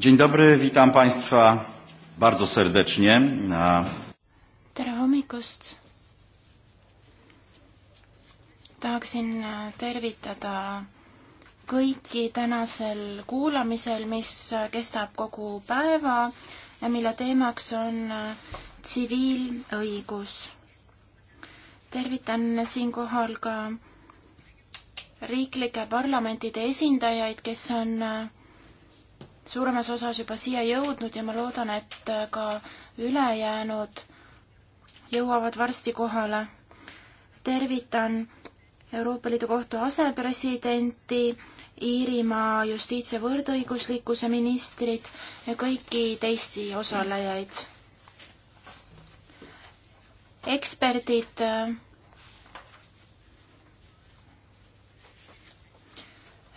Dzień dobry, witam Państwa bardzo serdecznie. Na... tere hommikust! tahaksin e, tervitada kõiki tänasel kuulamisel, mis e, kestab kogu päeva ja mille teemaks on e, tsiviilõigus. tervitan siinkohal ka riiklike parlamentide esindajaid, kes on suuremas osas juba siia jõudnud ja ma loodan, et ka ülejäänud jõuavad varsti kohale. tervitan Euroopa Liidu Kohtu asepresidenti, Iirimaa justiits- ja võrdõiguslikkuse ministrit ja kõiki teisi osalejaid. eksperdid äh,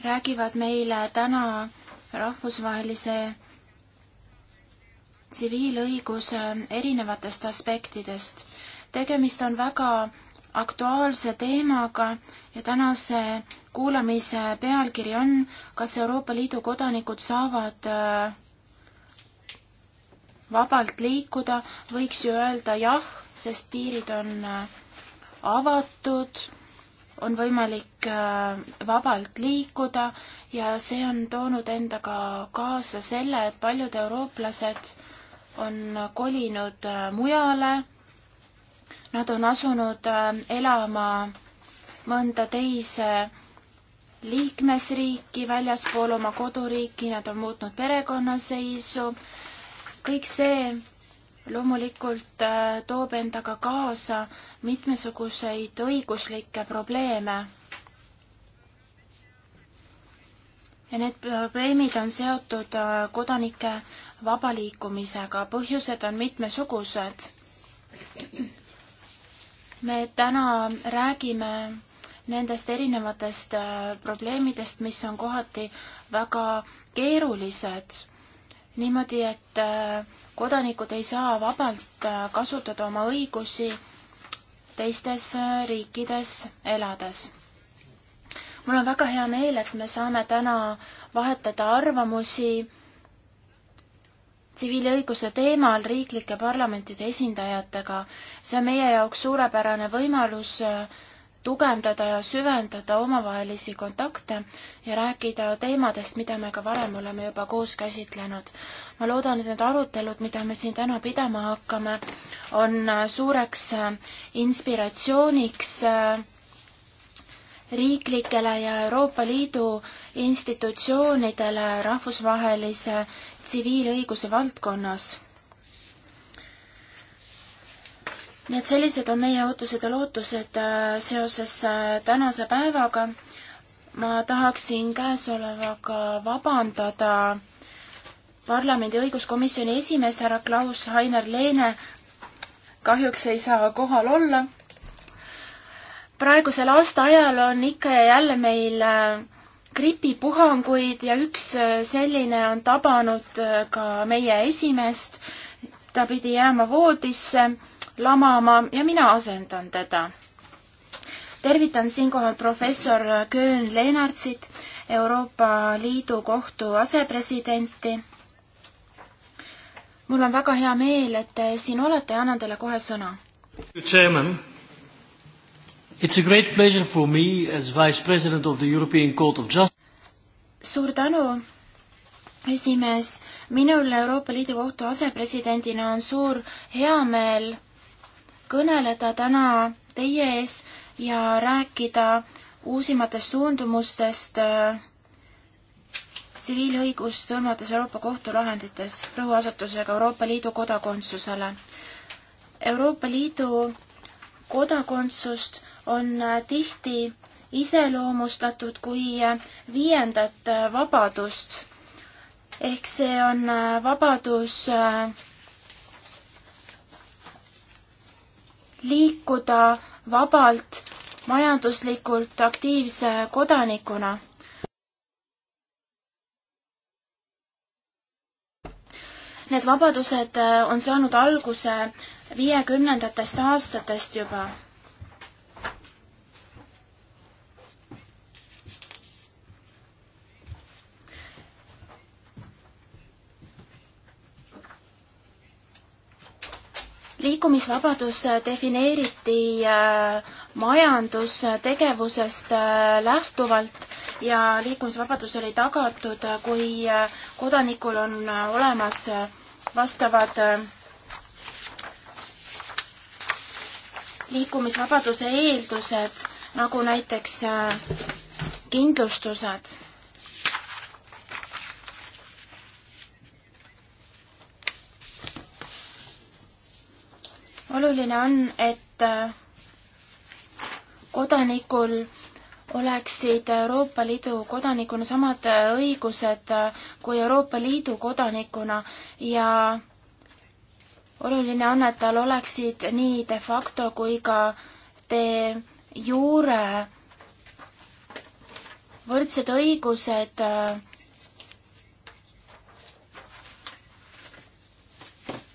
räägivad meile täna rahvusvahelise tsiviilõiguse erinevatest aspektidest. tegemist on väga aktuaalse teemaga ja tänase kuulamise pealkiri on, kas Euroopa Liidu kodanikud saavad äh, vabalt liikuda, võiks ju öelda jah, sest piirid on äh, avatud on võimalik äh, vabalt liikuda ja see on toonud endaga kaasa selle, et paljud eurooplased on kolinud äh, mujale. Nad on asunud äh, elama mõnda teise liikmesriiki väljaspool oma koduriiki, nad on muutnud perekonnaseisu. kõik see loomulikult äh, toob endaga kaasa mitmesuguseid õiguslikke probleeme. ja need probleemid on seotud äh, kodanike vaba liikumisega, põhjused on mitmesugused. me täna räägime nendest erinevatest äh, probleemidest, mis on kohati väga keerulised niimoodi, et äh, kodanikud ei saa vabalt äh, kasutada oma õigusi teistes äh, riikides elades. mul on väga hea meel, et me saame täna vahetada arvamusi tsiviilõiguse teemal riiklike parlamentide esindajatega. see on meie jaoks suurepärane võimalus äh, tugevdada ja süvendada omavahelisi kontakte ja rääkida teemadest, mida me ka varem oleme juba koos käsitlenud. ma loodan, et need arutelud, mida me siin täna pidama hakkame, on äh, suureks äh, inspiratsiooniks äh, riiklikele ja Euroopa Liidu institutsioonidele rahvusvahelise tsiviilõiguse valdkonnas nii et sellised on meie ootused ja lootused äh, seoses äh, tänase päevaga. ma tahaksin käesolevaga vabandada parlamendi õiguskomisjoni esimees härra Klaus-Hainer Leene. kahjuks ei saa kohal olla. praegusel aastaajal on ikka ja jälle meil äh, gripipuhanguid ja üks selline on tabanud ka meie esimeest. ta pidi jääma voodisse lamama ja mina asendan teda. tervitan siinkohal professor Köön Leenartsit, Euroopa Liidu kohtu asepresidenti. mul on väga hea meel, et te siin olete ja annan teile kohe sõna. Chairman, it's a great pleasure for me as vice president of the European Court of Justice suur tänu, esimees. minul Euroopa Liidu kohtu asepresidendina on suur heameel kõneleda täna teie ees ja rääkida uusimatest suundumustest äh, tsiviilõigust äh, hõlmates Euroopa Kohtu lahendites rõhuasetusega Euroopa Liidu kodakondsusele. Euroopa Liidu kodakondsust on äh, tihti iseloomustatud kui äh, viiendat vabadust. ehk see on vabadus äh, liikuda vabalt majanduslikult aktiivse kodanikuna. Need vabadused äh, on saanud alguse viiekümnendatest aastatest juba liikumisvabadus defineeriti äh, majandustegevusest äh, lähtuvalt ja liikumisvabadus oli tagatud, äh, kui kodanikul on olemas vastavad liikumisvabaduse eeldused, nagu näiteks kindlustused oluline on, et äh, kodanikul oleksid Euroopa Liidu kodanikuna samad äh, õigused äh, kui Euroopa Liidu kodanikuna ja oluline on, et tal oleksid nii de facto kui ka de jure võrdsed õigused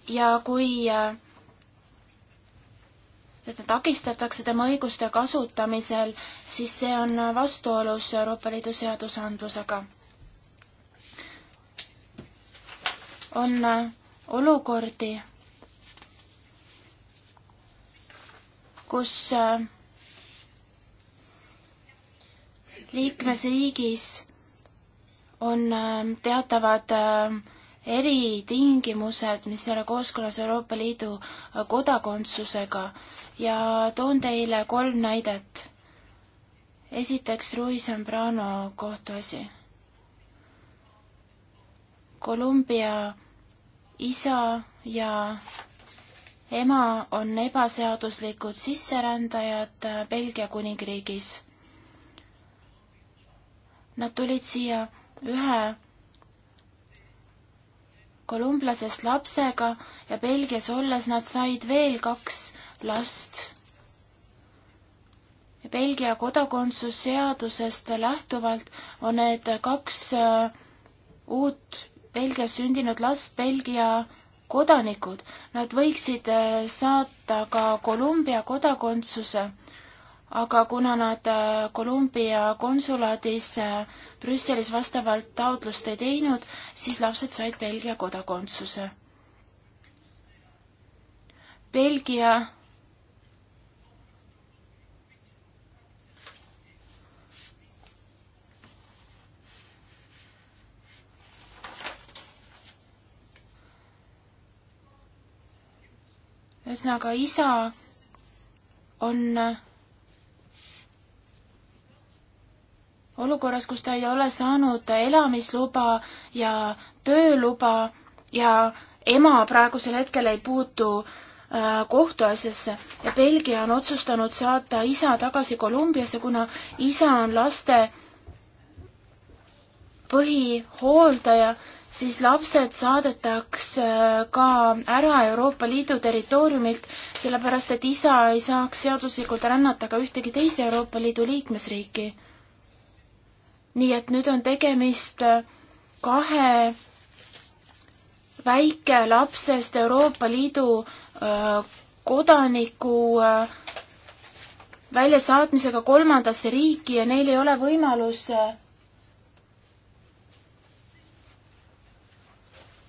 ja kui äh, teda takistatakse tema õiguste kasutamisel, siis see on vastuolus Euroopa Liidu seadusandlusega. on äh, olukordi, kus äh, liikmesriigis on äh, teatavad äh, eritingimused, mis ei ole kooskõlas Euroopa Liidu kodakondsusega ja toon teile kolm näidet. esiteks Rui Zambrano kohtuasi. Kolumbia isa ja ema on ebaseaduslikud sisserändajad Belgia kuningriigis. Nad tulid siia ühe kolumblasest lapsega ja Belgias olles nad said veel kaks last. Belgia kodakondsusseadusest lähtuvalt on need kaks äh, uut Belgias sündinud last Belgia kodanikud. Nad võiksid äh, saata ka Kolumbia kodakondsuse aga kuna nad äh, Kolumbia konsulaadis äh, Brüsselis vastavalt taotlust ei teinud, siis lapsed said Belgia kodakondsuse. Belgia ühesõnaga isa on olukorras, kus ta ei ole saanud elamisluba ja tööluba ja ema praegusel hetkel ei puutu äh, kohtuasjasse ja Belgia on otsustanud saata isa tagasi Kolumbiasse, kuna isa on laste põhihooldaja, siis lapsed saadetakse äh, ka ära Euroopa Liidu territooriumilt, sellepärast et isa ei saaks seaduslikult rännata ka ühtegi teise Euroopa Liidu liikmesriiki nii et nüüd on tegemist äh, kahe väikelapsest Euroopa Liidu äh, kodaniku äh, väljasaatmisega kolmandasse riiki ja neil ei ole võimalus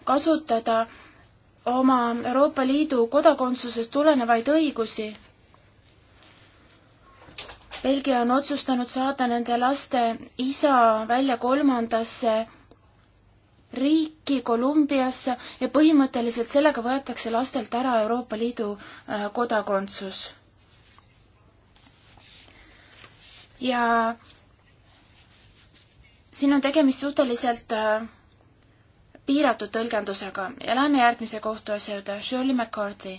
kasutada oma Euroopa Liidu kodakondsusest tulenevaid õigusi Belgia on otsustanud saada nende laste isa välja kolmandasse riiki, Kolumbiasse ja põhimõtteliselt sellega võetakse lastelt ära Euroopa Liidu äh, kodakondsus. ja siin on tegemist suhteliselt äh, piiratud tõlgendusega ja läheme järgmise kohtuasja juurde, Shirley McCarthy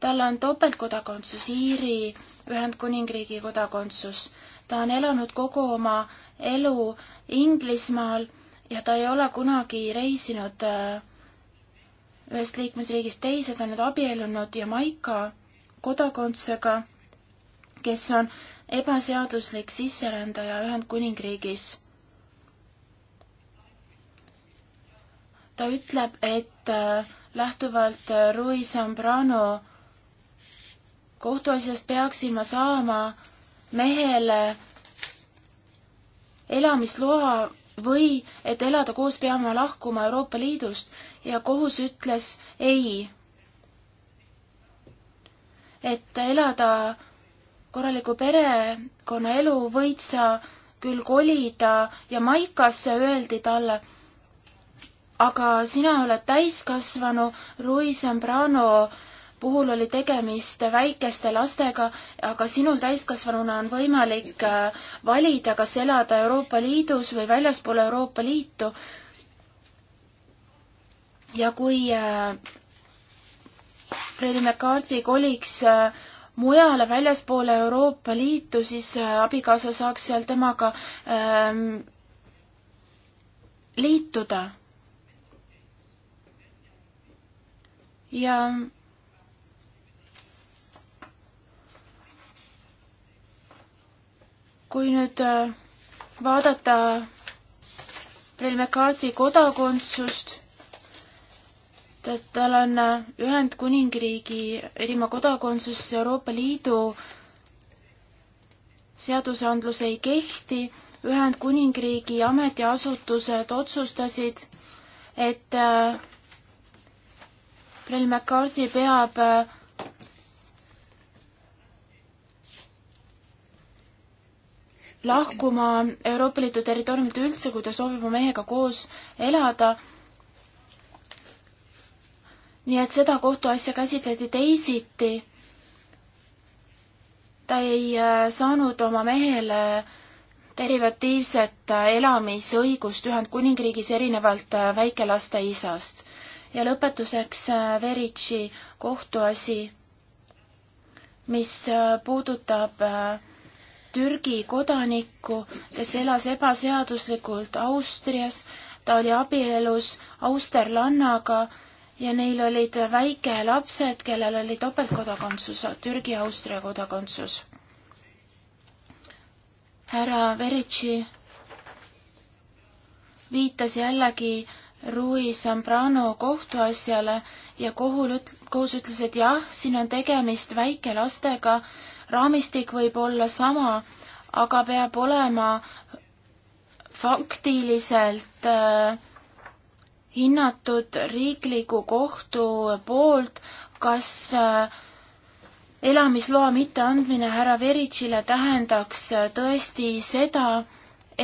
tal on topeltkodakondsus, Iiri Ühendkuningriigi kodakondsus. ta on elanud kogu oma elu Inglismaal ja ta ei ole kunagi reisinud äh, ühest liikmesriigist teise, ta on nüüd abiellunud Jamaica kodakondsusega, kes on ebaseaduslik sisserändaja Ühendkuningriigis ta ütleb, et äh, lähtuvalt Rui Zambrano kohtuasjas peaksin ma saama mehele elamisloa või et elada koos peame lahkuma Euroopa Liidust ja kohus ütles ei. et elada korraliku perekonnaelu võid sa küll kolida Jamaikasse, öeldi talle, aga sina oled täiskasvanu, Rui Zambrano puhul oli tegemist väikeste lastega, aga sinul täiskasvanuna on võimalik äh, valida, kas elada Euroopa Liidus või väljaspool Euroopa Liitu. ja kui äh, Freddie McCarthy koliks äh, mujale väljaspoole Euroopa Liitu, siis abikaasa saaks seal temaga ähm, liituda. ja kui nüüd äh, vaadata Rein McCarthy kodakondsust, et tal on äh, Ühendkuningriigi erima kodakondsus Euroopa Liidu seadusandlus ei kehti, Ühendkuningriigi ametiasutused otsustasid, et Rein äh, McCarthy peab lahkuma Euroopa Liidu territooriumilt üldse, kui ta soovib oma mehega koos elada. nii et seda kohtuasja käsitleti teisiti. ta ei äh, saanud oma mehele derivatiivset äh, elamisõigust Ühendkuningriigis erinevalt äh, väikelaste isast. ja lõpetuseks Veritši kohtuasi, mis puudutab äh, Türgi kodanikku, kes elas ebaseaduslikult Austrias, ta oli abielus austerlannaga ja neil olid väikelapsed, kellel oli topeltkodakondsus, Türgi ja Austria kodakondsus. härra Veritši viitas jällegi Rui Zambrano kohtuasjale ja kohul üt-, kohus ütles, et jah, siin on tegemist väikelastega, raamistik võib olla sama, aga peab olema faktiliselt äh, hinnatud riikliku kohtu poolt, kas äh, elamisloa mitteandmine härra Veritšile tähendaks äh, tõesti seda,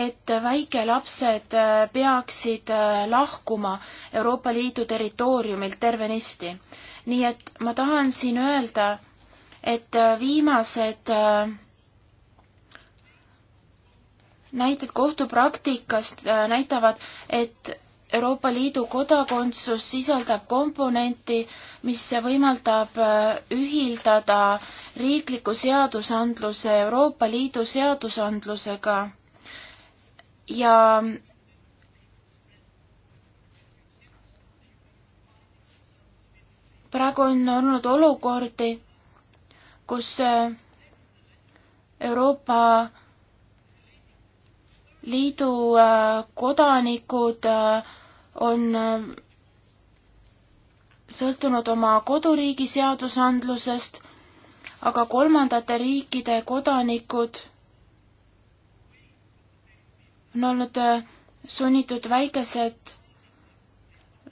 et väikelapsed äh, peaksid äh, lahkuma Euroopa Liidu territooriumilt tervenisti. nii et ma tahan siin öelda, et äh, viimased äh, näited kohtupraktikast äh, näitavad, et Euroopa Liidu kodakondsus sisaldab komponenti, mis võimaldab ühildada riikliku seadusandluse Euroopa Liidu seadusandlusega ja praegu on olnud olukordi, kus eh, Euroopa Liidu eh, kodanikud eh, on sõltunud oma koduriigi seadusandlusest, aga kolmandate riikide kodanikud on olnud sunnitud väikesed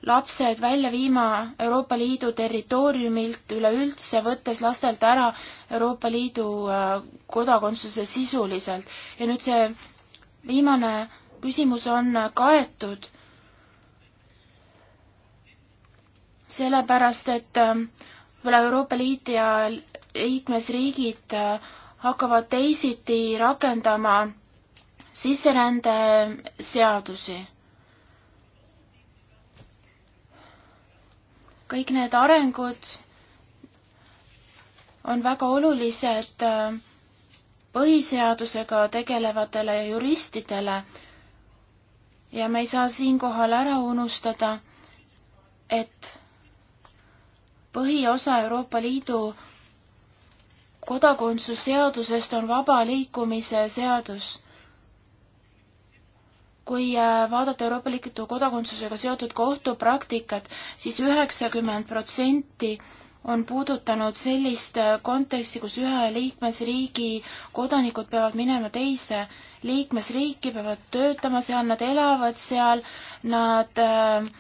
lapsed välja viima Euroopa Liidu territooriumilt üleüldse, võttes lastelt ära Euroopa Liidu äh, kodakondsuse sisuliselt. ja nüüd see viimane küsimus on kaetud, sellepärast et äh, võib-olla Euroopa Liit ja liikmesriigid äh, hakkavad teisiti rakendama sisserändeseadusi kõik need arengud on väga olulised äh, põhiseadusega tegelevatele juristidele ja me ei saa siinkohal ära unustada, et põhiosa Euroopa Liidu kodakondsusseadusest on vaba liikumise seadus kui äh, vaadata Euroopa Liidu kodakondsusega seotud kohtupraktikat siis, siis üheksakümmend protsenti on puudutanud sellist äh, konteksti, kus ühe liikmesriigi kodanikud peavad minema teise liikmesriiki, peavad töötama seal, nad elavad seal, nad äh,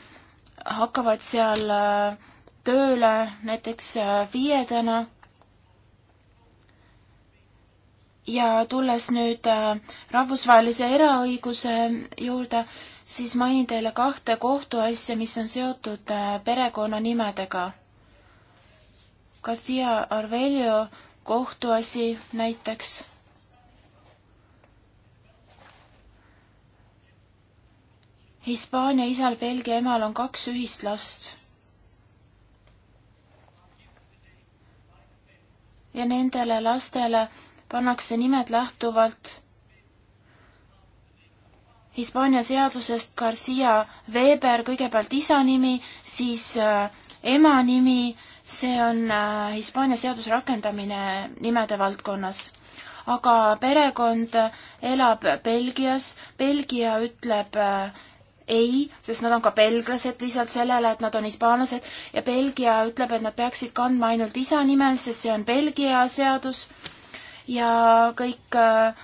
hakkavad seal äh, tööle näiteks äh, FIE-dena äh, ja tulles nüüd äh, rahvusvahelise eraõiguse juurde, siis mainin teile kahte kohtuasja, mis on seotud äh, perekonnanimedega. Garcia Arvelio kohtuasi näiteks. Hispaania isal, Belgia emal on kaks ühist last ja nendele lastele pannakse nimed lähtuvalt Hispaania seadusest Garcia Weber kõigepealt isa nimi, siis äh, ema nimi, see on äh, Hispaania seaduse rakendamine nimede valdkonnas. aga perekond äh, elab Belgias, Belgia ütleb ei, sest nad on ka belglased lisaks sellele, et nad on hispaanlased ja Belgia ütleb, et nad peaksid kandma ainult isa nime, sest see on Belgia seadus ja kõik äh,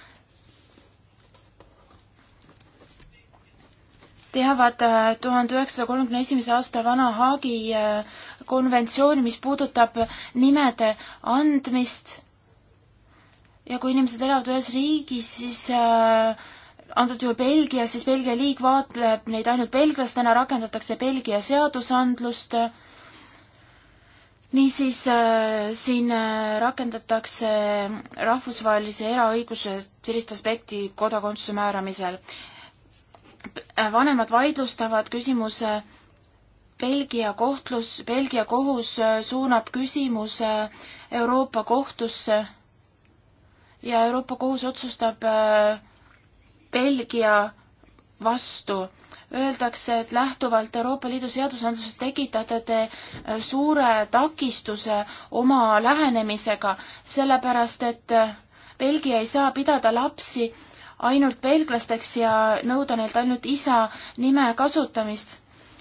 teavad äh, tuhande üheksasaja kolmekümne esimese aasta vana Haagi äh, konventsiooni, mis puudutab nimede andmist. ja kui inimesed elavad ühes riigis, siis äh, antud juhul Belgias, siis Belgia liig vaatleb neid ainult belglastena, rakendatakse Belgia seadusandlust äh, niisiis äh, siin äh, rakendatakse rahvusvahelise eraõiguse sellist aspekti kodakondsuse määramisel. Äh, vanemad vaidlustavad küsimuse Belgia kohtlus, Belgia kohus äh, suunab küsimuse Euroopa kohtusse ja Euroopa kohus otsustab Belgia vastu öeldakse, et lähtuvalt Euroopa Liidu seadusandlusest tekitate te äh, suure takistuse oma lähenemisega, sellepärast et äh, Belgia ei saa pidada lapsi ainult belglasteks ja nõuda neilt ainult isa nime kasutamist.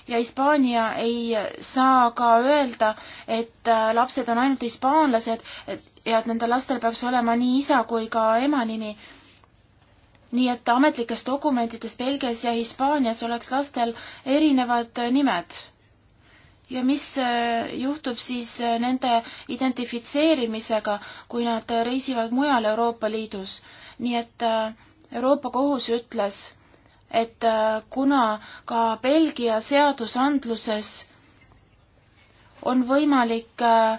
ja Hispaania ei saa ka öelda, et äh, lapsed on ainult hispaanlased ja et nendel lastel peaks olema nii isa kui ka ema nimi nii et ametlikes dokumentides Belgias ja Hispaanias oleks lastel erinevad äh, nimed. ja mis äh, juhtub siis äh, nende identifitseerimisega, kui nad reisivad mujal Euroopa Liidus? nii et Euroopa Kohus ütles, et kuna ka Belgia seadusandluses on võimalik äh,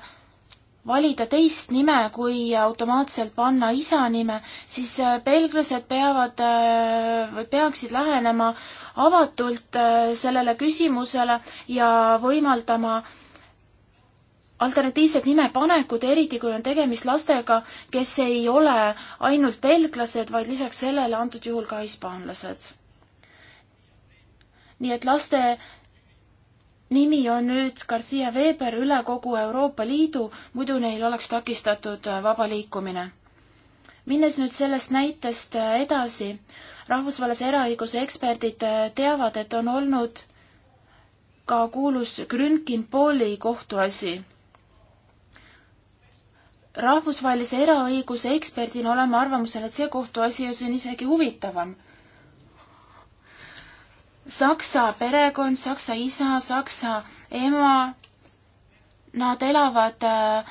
valida teist nime kui automaatselt panna isa nime, siis äh, belglased peavad, äh, peaksid lähenema avatult äh, sellele küsimusele ja võimaldama alternatiivsed nimepanekud, eriti kui on tegemist lastega, kes ei ole ainult belglased, vaid lisaks sellele antud juhul ka hispaanlased. nii et laste nimi on nüüd Garcia Weber üle kogu Euroopa Liidu, muidu neil oleks takistatud äh, vaba liikumine. minnes nüüd sellest näitest äh, edasi, rahvusvahelise eraõiguse eksperdid äh, teavad, et on olnud ka kuulus Grünkin-Pauli kohtuasi. rahvusvahelise eraõiguse eksperdina oleme arvamusel, et see kohtuasi on isegi huvitavam saksa perekond, saksa isa, saksa ema, nad elavad äh,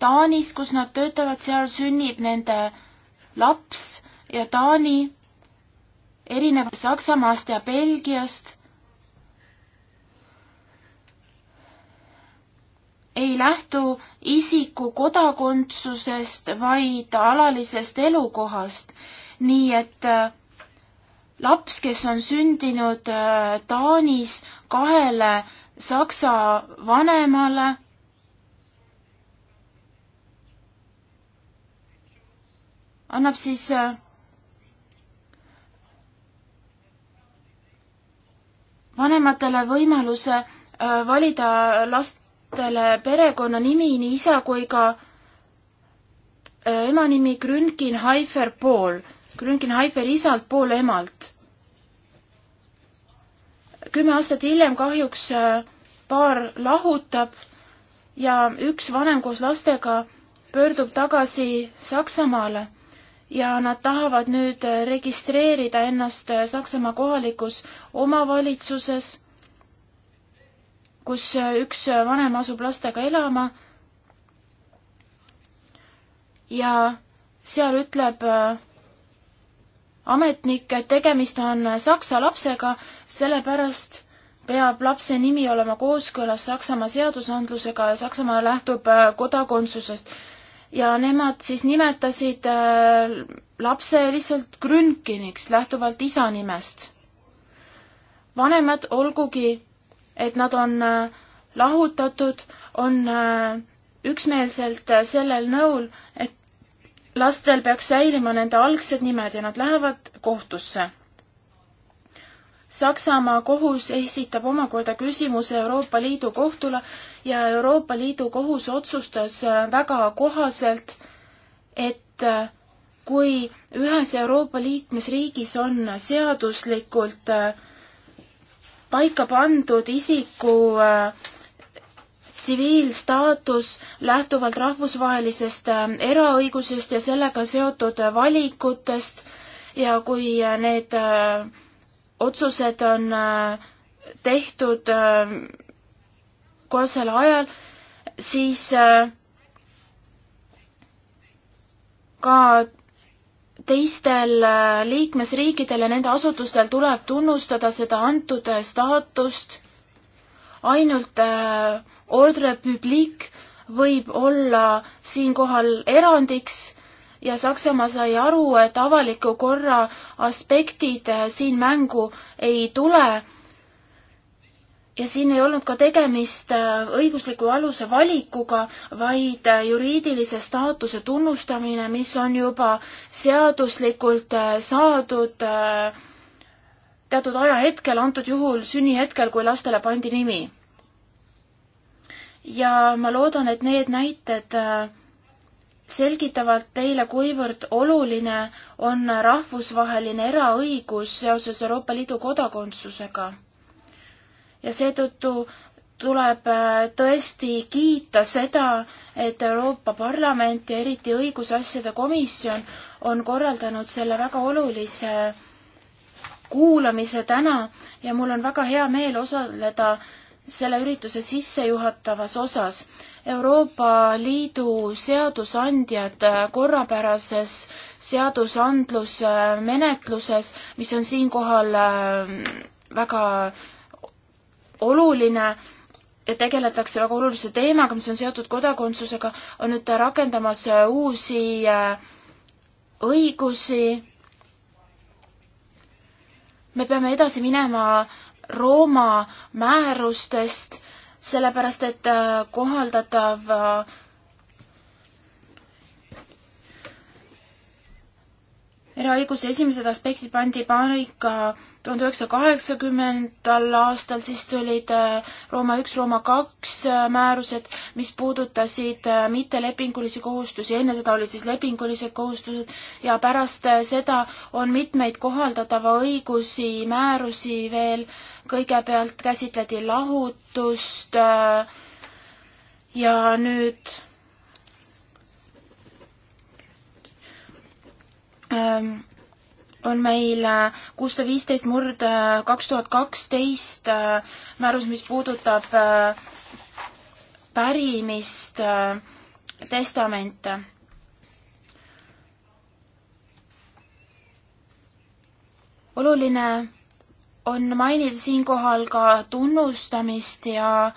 Taanis, kus nad töötavad, seal sünnib nende laps ja Taani erineb Saksamaast ja Belgiast. ei lähtu isiku kodakondsusest, vaid alalisest elukohast. nii et äh, laps, kes on sündinud äh, Taanis kahele saksa vanemale, annab siis äh, vanematele võimaluse äh, valida lastele perekonnanimi nii isa kui ka ema nimi Grünkin Haifer pool, Grünkin Haifer isalt, pool emalt kümme aastat hiljem kahjuks äh, paar lahutab ja üks vanem koos lastega pöördub tagasi Saksamaale ja nad tahavad nüüd äh, registreerida ennast äh, Saksamaa kohalikus omavalitsuses, kus üks vanem asub lastega elama. ja seal ütleb ametnik, et tegemist on saksa lapsega, sellepärast peab lapse nimi olema kooskõlas Saksamaa seadusandlusega ja Saksamaa lähtub äh, kodakondsusest. ja nemad siis nimetasid äh, lapse lihtsalt Grünkiniks lähtuvalt isa nimest. vanemad, olgugi et nad on äh, lahutatud, on üksmeelselt sellel nõul, et lastel peaks säilima nende algsed nimed ja nad lähevad kohtusse. Saksamaa kohus esitab omakorda küsimuse Euroopa Liidu kohtule ja Euroopa Liidu kohus otsustas äh, väga kohaselt, et äh, kui ühes Euroopa liikmesriigis on seaduslikult äh, paika pandud isiku äh, tsiviilstaatus lähtuvalt rahvusvahelisest äh, eraõigusest ja sellega seotud äh, valikutest ja kui äh, need otsused on tehtud kohasel ajal, siis ka teistel liikmesriikidel ja nende asutustel tuleb tunnustada seda antud staatust ainult äh, Ordre Public võib olla siinkohal erandiks ja Saksamaa sai aru, et avaliku korra aspektid eh, siin mängu ei tule. ja siin ei olnud ka tegemist eh, õigusliku aluse valikuga, vaid eh, juriidilise staatuse tunnustamine, mis on juba seaduslikult saadud teatud ajahetkel, antud juhul sünnihetkel, kui lastele pandi nimi ja ma loodan, et need näited äh, selgitavad teile, kuivõrd oluline on rahvusvaheline eraõigus seoses Euroopa Liidu kodakondsusega. ja seetõttu tuleb äh, tõesti kiita seda, et Euroopa Parlament ja eriti õigusasjade komisjon on korraldanud selle väga olulise kuulamise täna ja mul on väga hea meel osaleda selle ürituse sissejuhatavas osas. Euroopa Liidu seadusandjad korrapärases seadusandlusmenetluses, mis on siinkohal ähm, väga oluline ja tegeletakse väga olulise teemaga, mis on seotud kodakondsusega, on nüüd rakendamas äh, uusi äh, õigusi. me peame edasi minema äh, Rooma määrustest, sellepärast et äh, kohaldatav äh, eraõiguse esimesed aspektid pandi paika tuhande üheksasaja kaheksakümnendal aastal, siis tulid äh, Rooma üks, Rooma kaks äh, määrused, mis puudutasid äh, mittelepingulisi kohustusi, enne seda olid siis lepingulised kohustused ja pärast seda on mitmeid kohaldatava õigusi, määrusi veel, kõigepealt käsitleti lahutust ja nüüd Ehm, on meil äh, kuussada viisteist murd äh, kaks tuhat kaksteist äh, määrus, mis puudutab pärimist testamente. oluline on mainida siinkohal ka tunnustamist ja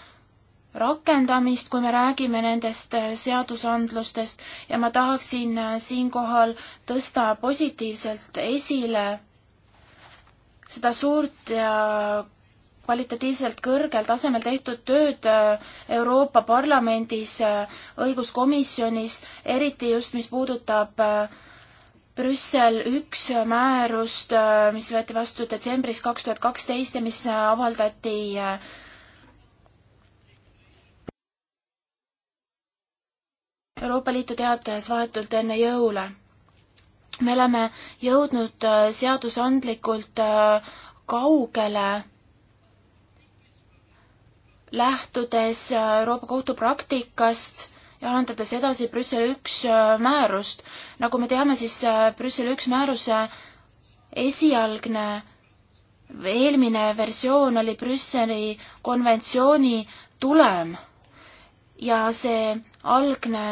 rakendamist, kui me räägime nendest äh, seadusandlustest ja ma tahaksin äh, siinkohal tõsta positiivselt esile seda suurt ja kvalitatiivselt kõrgel tasemel tehtud tööd äh, Euroopa Parlamendis, õiguskomisjonis, eriti just, mis puudutab Brüssel üks määrust, mis võeti vastu detsembris kaks tuhat kaksteist ja mis avaldati Euroopa Liitu teatajas vahetult enne jõule. me oleme jõudnud äh, seadusandlikult äh, kaugele, lähtudes äh, Euroopa Kohtu praktikast ja arendades edasi Brüssel üks määrust. nagu me teame, siis Brüssel üks määruse esialgne eelmine versioon oli Brüsseli konventsiooni tulem ja see algne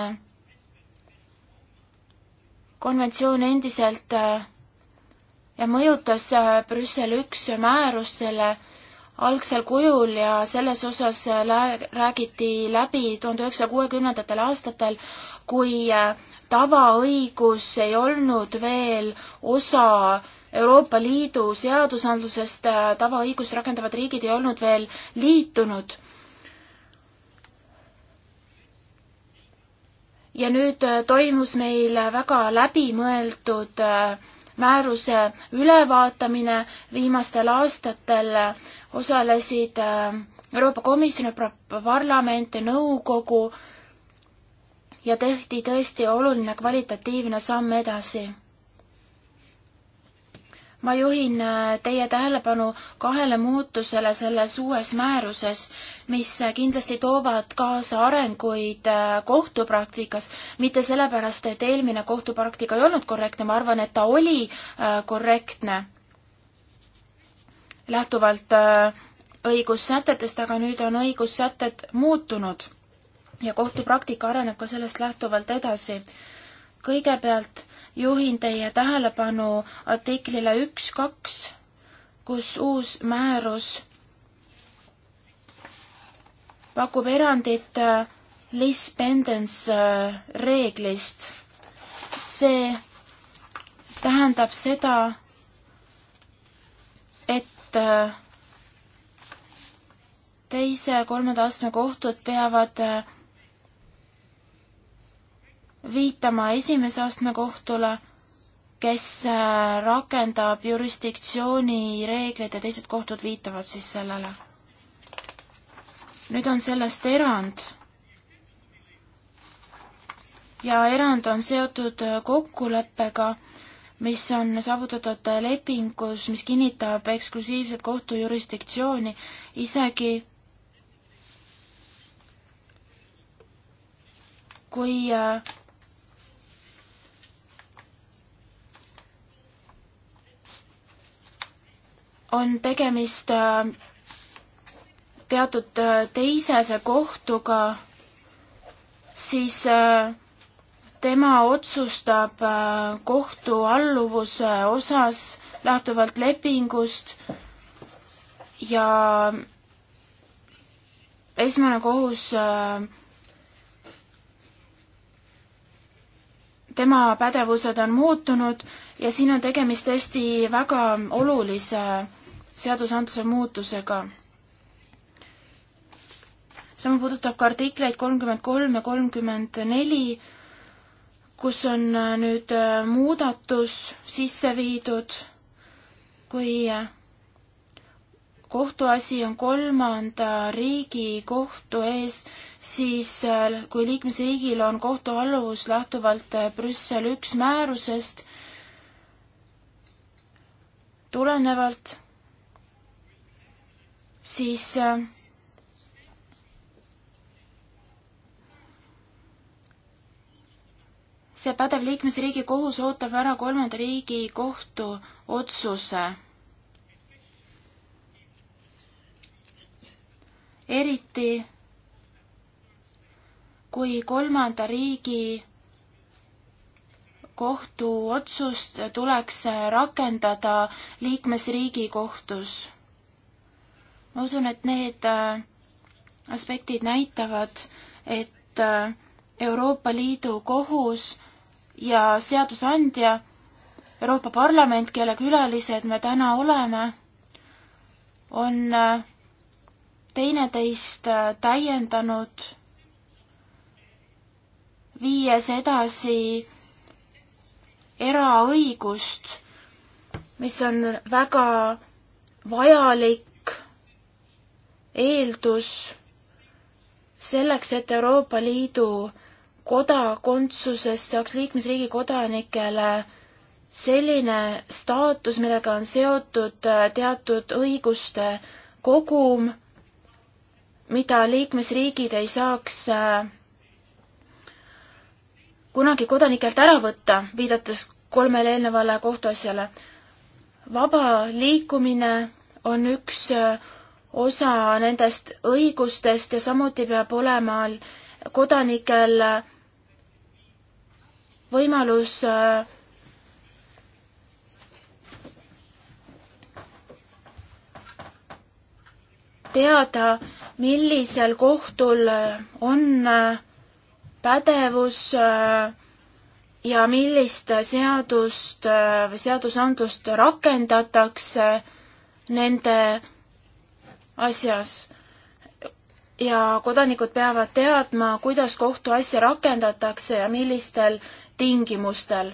konventsioon endiselt äh, ja mõjutas äh, Brüssel üks määrust selle algsel kujul ja selles osas äh, räägiti läbi tuhande üheksasaja kuuekümnendatel aastatel, kui tavaõigus ei olnud veel osa Euroopa Liidu seadusandlusest, tavaõigust rakendavad riigid ei olnud veel liitunud ja nüüd äh, toimus meil väga läbimõeldud äh, määruse ülevaatamine viimastel aastatel äh, osalesid Euroopa Komisjon, Euroopa Parlament ja Nõukogu ja tehti tõesti oluline kvalitatiivne samm edasi ma juhin äh, teie tähelepanu kahele muutusele selles uues määruses, mis äh, kindlasti toovad kaasa arenguid äh, kohtupraktikas. mitte sellepärast, et eelmine kohtupraktika ei olnud korrektne, ma arvan, et ta oli korrektne lähtuvalt õigussätetest, aga nüüd on õigussätted muutunud ja kohtupraktika areneb ka sellest lähtuvalt edasi. kõigepealt juhin teie tähelepanu artiklile üks, kaks, kus uus määrus pakub erandit äh, lispendence äh, reeglist. see tähendab seda, et äh, teise ja kolmanda astme kohtud peavad viitama esimese astme kohtule, kes äh, rakendab jurisdiktsiooni reegleid ja teised kohtud viitavad siis sellele. nüüd on sellest erand. ja erand on seotud äh, kokkuleppega, mis on saavutatud äh, lepingus, mis kinnitab eksklusiivset kohtu jurisdiktsiooni, isegi kui äh, on tegemist äh, teatud äh, teisese kohtuga, siis äh, tema otsustab kohtu alluvuse osas lähtuvalt lepingust ja esmane kohus tema pädevused on muutunud ja siin on tegemist tõesti väga olulise seadusandluse muutusega. sama puudutab ka artikleid kolmkümmend kolm ja kolmkümmend neli, kus on äh, nüüd äh, muudatus sisse viidud, kui äh, kohtuasi on kolmanda riigi kohtu ees, siis kui liikmesriigil on kohtualluvus lähtuvalt Brüssel üks määrusest, tulenevalt siis äh, see pädev liikmesriigi kohus ootab ära kolmanda riigi kohtu otsuse. eriti kui kolmanda riigi kohtuotsust tuleks rakendada liikmesriigi kohtus ma usun, et need äh, aspektid näitavad, et äh, Euroopa Liidu kohus ja seadusandja, Euroopa Parlament, kelle külalised me täna oleme, on äh, teineteist täiendanud, viies edasi eraõigust, mis on väga vajalik eeldus selleks, et Euroopa Liidu kodakondsusest saaks liikmesriigi kodanikele selline staatus, millega on seotud äh, teatud õiguste kogum, mida liikmesriigid ei saaks äh, kunagi kodanikelt ära võtta, viidates kolmele eelnevale kohtuasjale. vaba liikumine on üks äh, osa nendest õigustest ja samuti peab olema kodanikel võimalus äh, teada, millisel kohtul on äh, pädevus äh, ja millist seadust või seadusandlust rakendatakse nende asjas ja kodanikud peavad teadma, kuidas kohtuasja rakendatakse ja millistel tingimustel.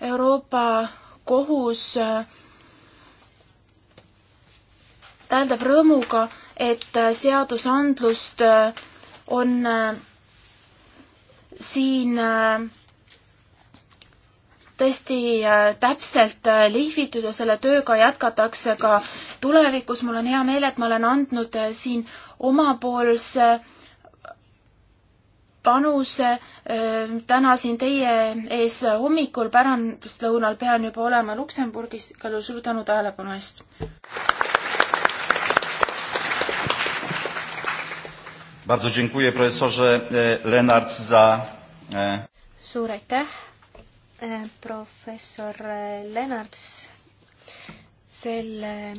Euroopa kohus äh, tähendab rõõmuga, et äh, seadusandlust äh, on siin tõesti äh, täpselt äh, lihvitud ja selle tööga jätkatakse ka tulevikus. mul on hea meel, et ma olen andnud äh, siin omapoolse panuse täna siin teie ees hommikul, pärastlõunal pean juba olema Luksemburgis. Kalju, suur tänu tähelepanu eest! Bardzo dziękuję profesorze e, Lenart za... E, suur aitäh, Eh, professor Lennarts selle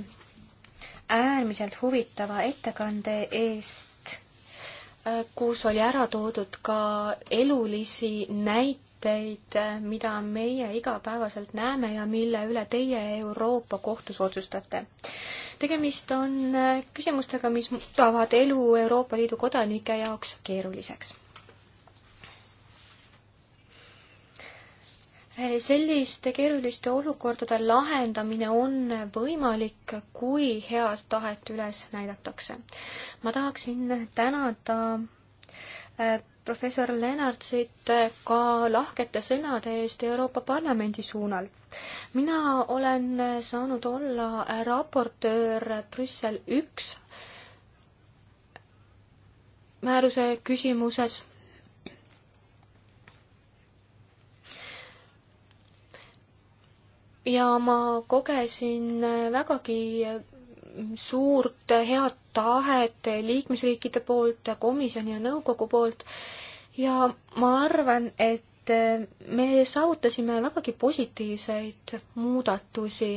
äärmiselt huvitava ettekande eest, eh, kus oli ära toodud ka elulisi näiteid, eh, mida meie igapäevaselt näeme ja mille üle teie Euroopa Kohtus otsustate. tegemist on küsimustega, mis muudavad elu Euroopa Liidu kodanike jaoks keeruliseks selliste keeruliste olukordade lahendamine on võimalik, kui head tahet üles näidatakse. ma tahaksin tänada äh, professor Lennartsit äh, ka lahkete sõnade eest Euroopa Parlamendi suunal. mina olen äh, saanud olla raportöör Brüssel üks määruse küsimuses ja ma kogesin vägagi suurt head tahet liikmesriikide poolt, komisjoni ja nõukogu poolt ja ma arvan, et me saavutasime vägagi positiivseid muudatusi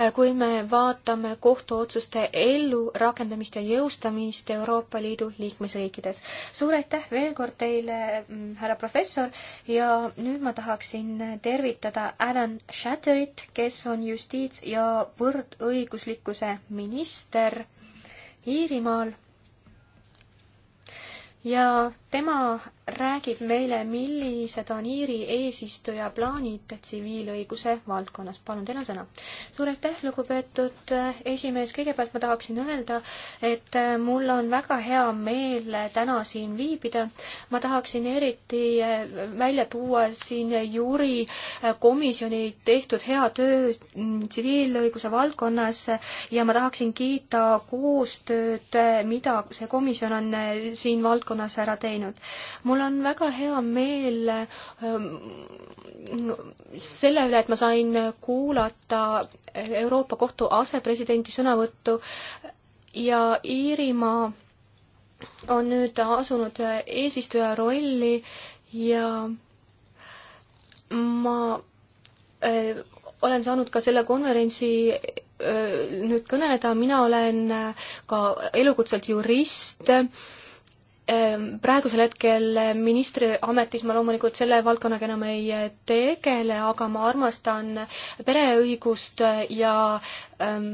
Äh, kui me vaatame kohtuotsuste ellurakendamist ja jõustamist Euroopa Liidu liikmesriikides. suur aitäh veel kord teile, mm, härra professor, ja nüüd ma tahaksin tervitada Alan Shatterit, kes on justiits- ja võrdõiguslikkuse minister Iirimaal ja tema räägib meile, millised on Iiri eesistuja plaanid tsiviilõiguse valdkonnas. palun, teil on sõna. suur aitäh, lugupeetud äh, esimees, kõigepealt ma tahaksin öelda, et äh, mul on väga hea meel äh, täna siin viibida. ma tahaksin eriti välja tuua siin Juri komisjoni tehtud hea töö mm, tsiviilõiguse valdkonnas ja ma tahaksin kiita koostööd, mida see komisjon on siin valdkonnas ära teinud teinud. mul on väga hea meel ähm, selle üle, et ma sain kuulata Euroopa Kohtu asepresidendi sõnavõttu ja Iirimaa on nüüd asunud eesistuja rolli ja ma öö, äh, olen saanud ka selle konverentsi öö, äh, nüüd kõneleda, mina olen äh, ka elukutselt jurist Ehm, praegusel hetkel ministri ametis ma loomulikult selle valdkonnaga enam ei eh, tegele, aga ma armastan pereõigust eh, ja ähm,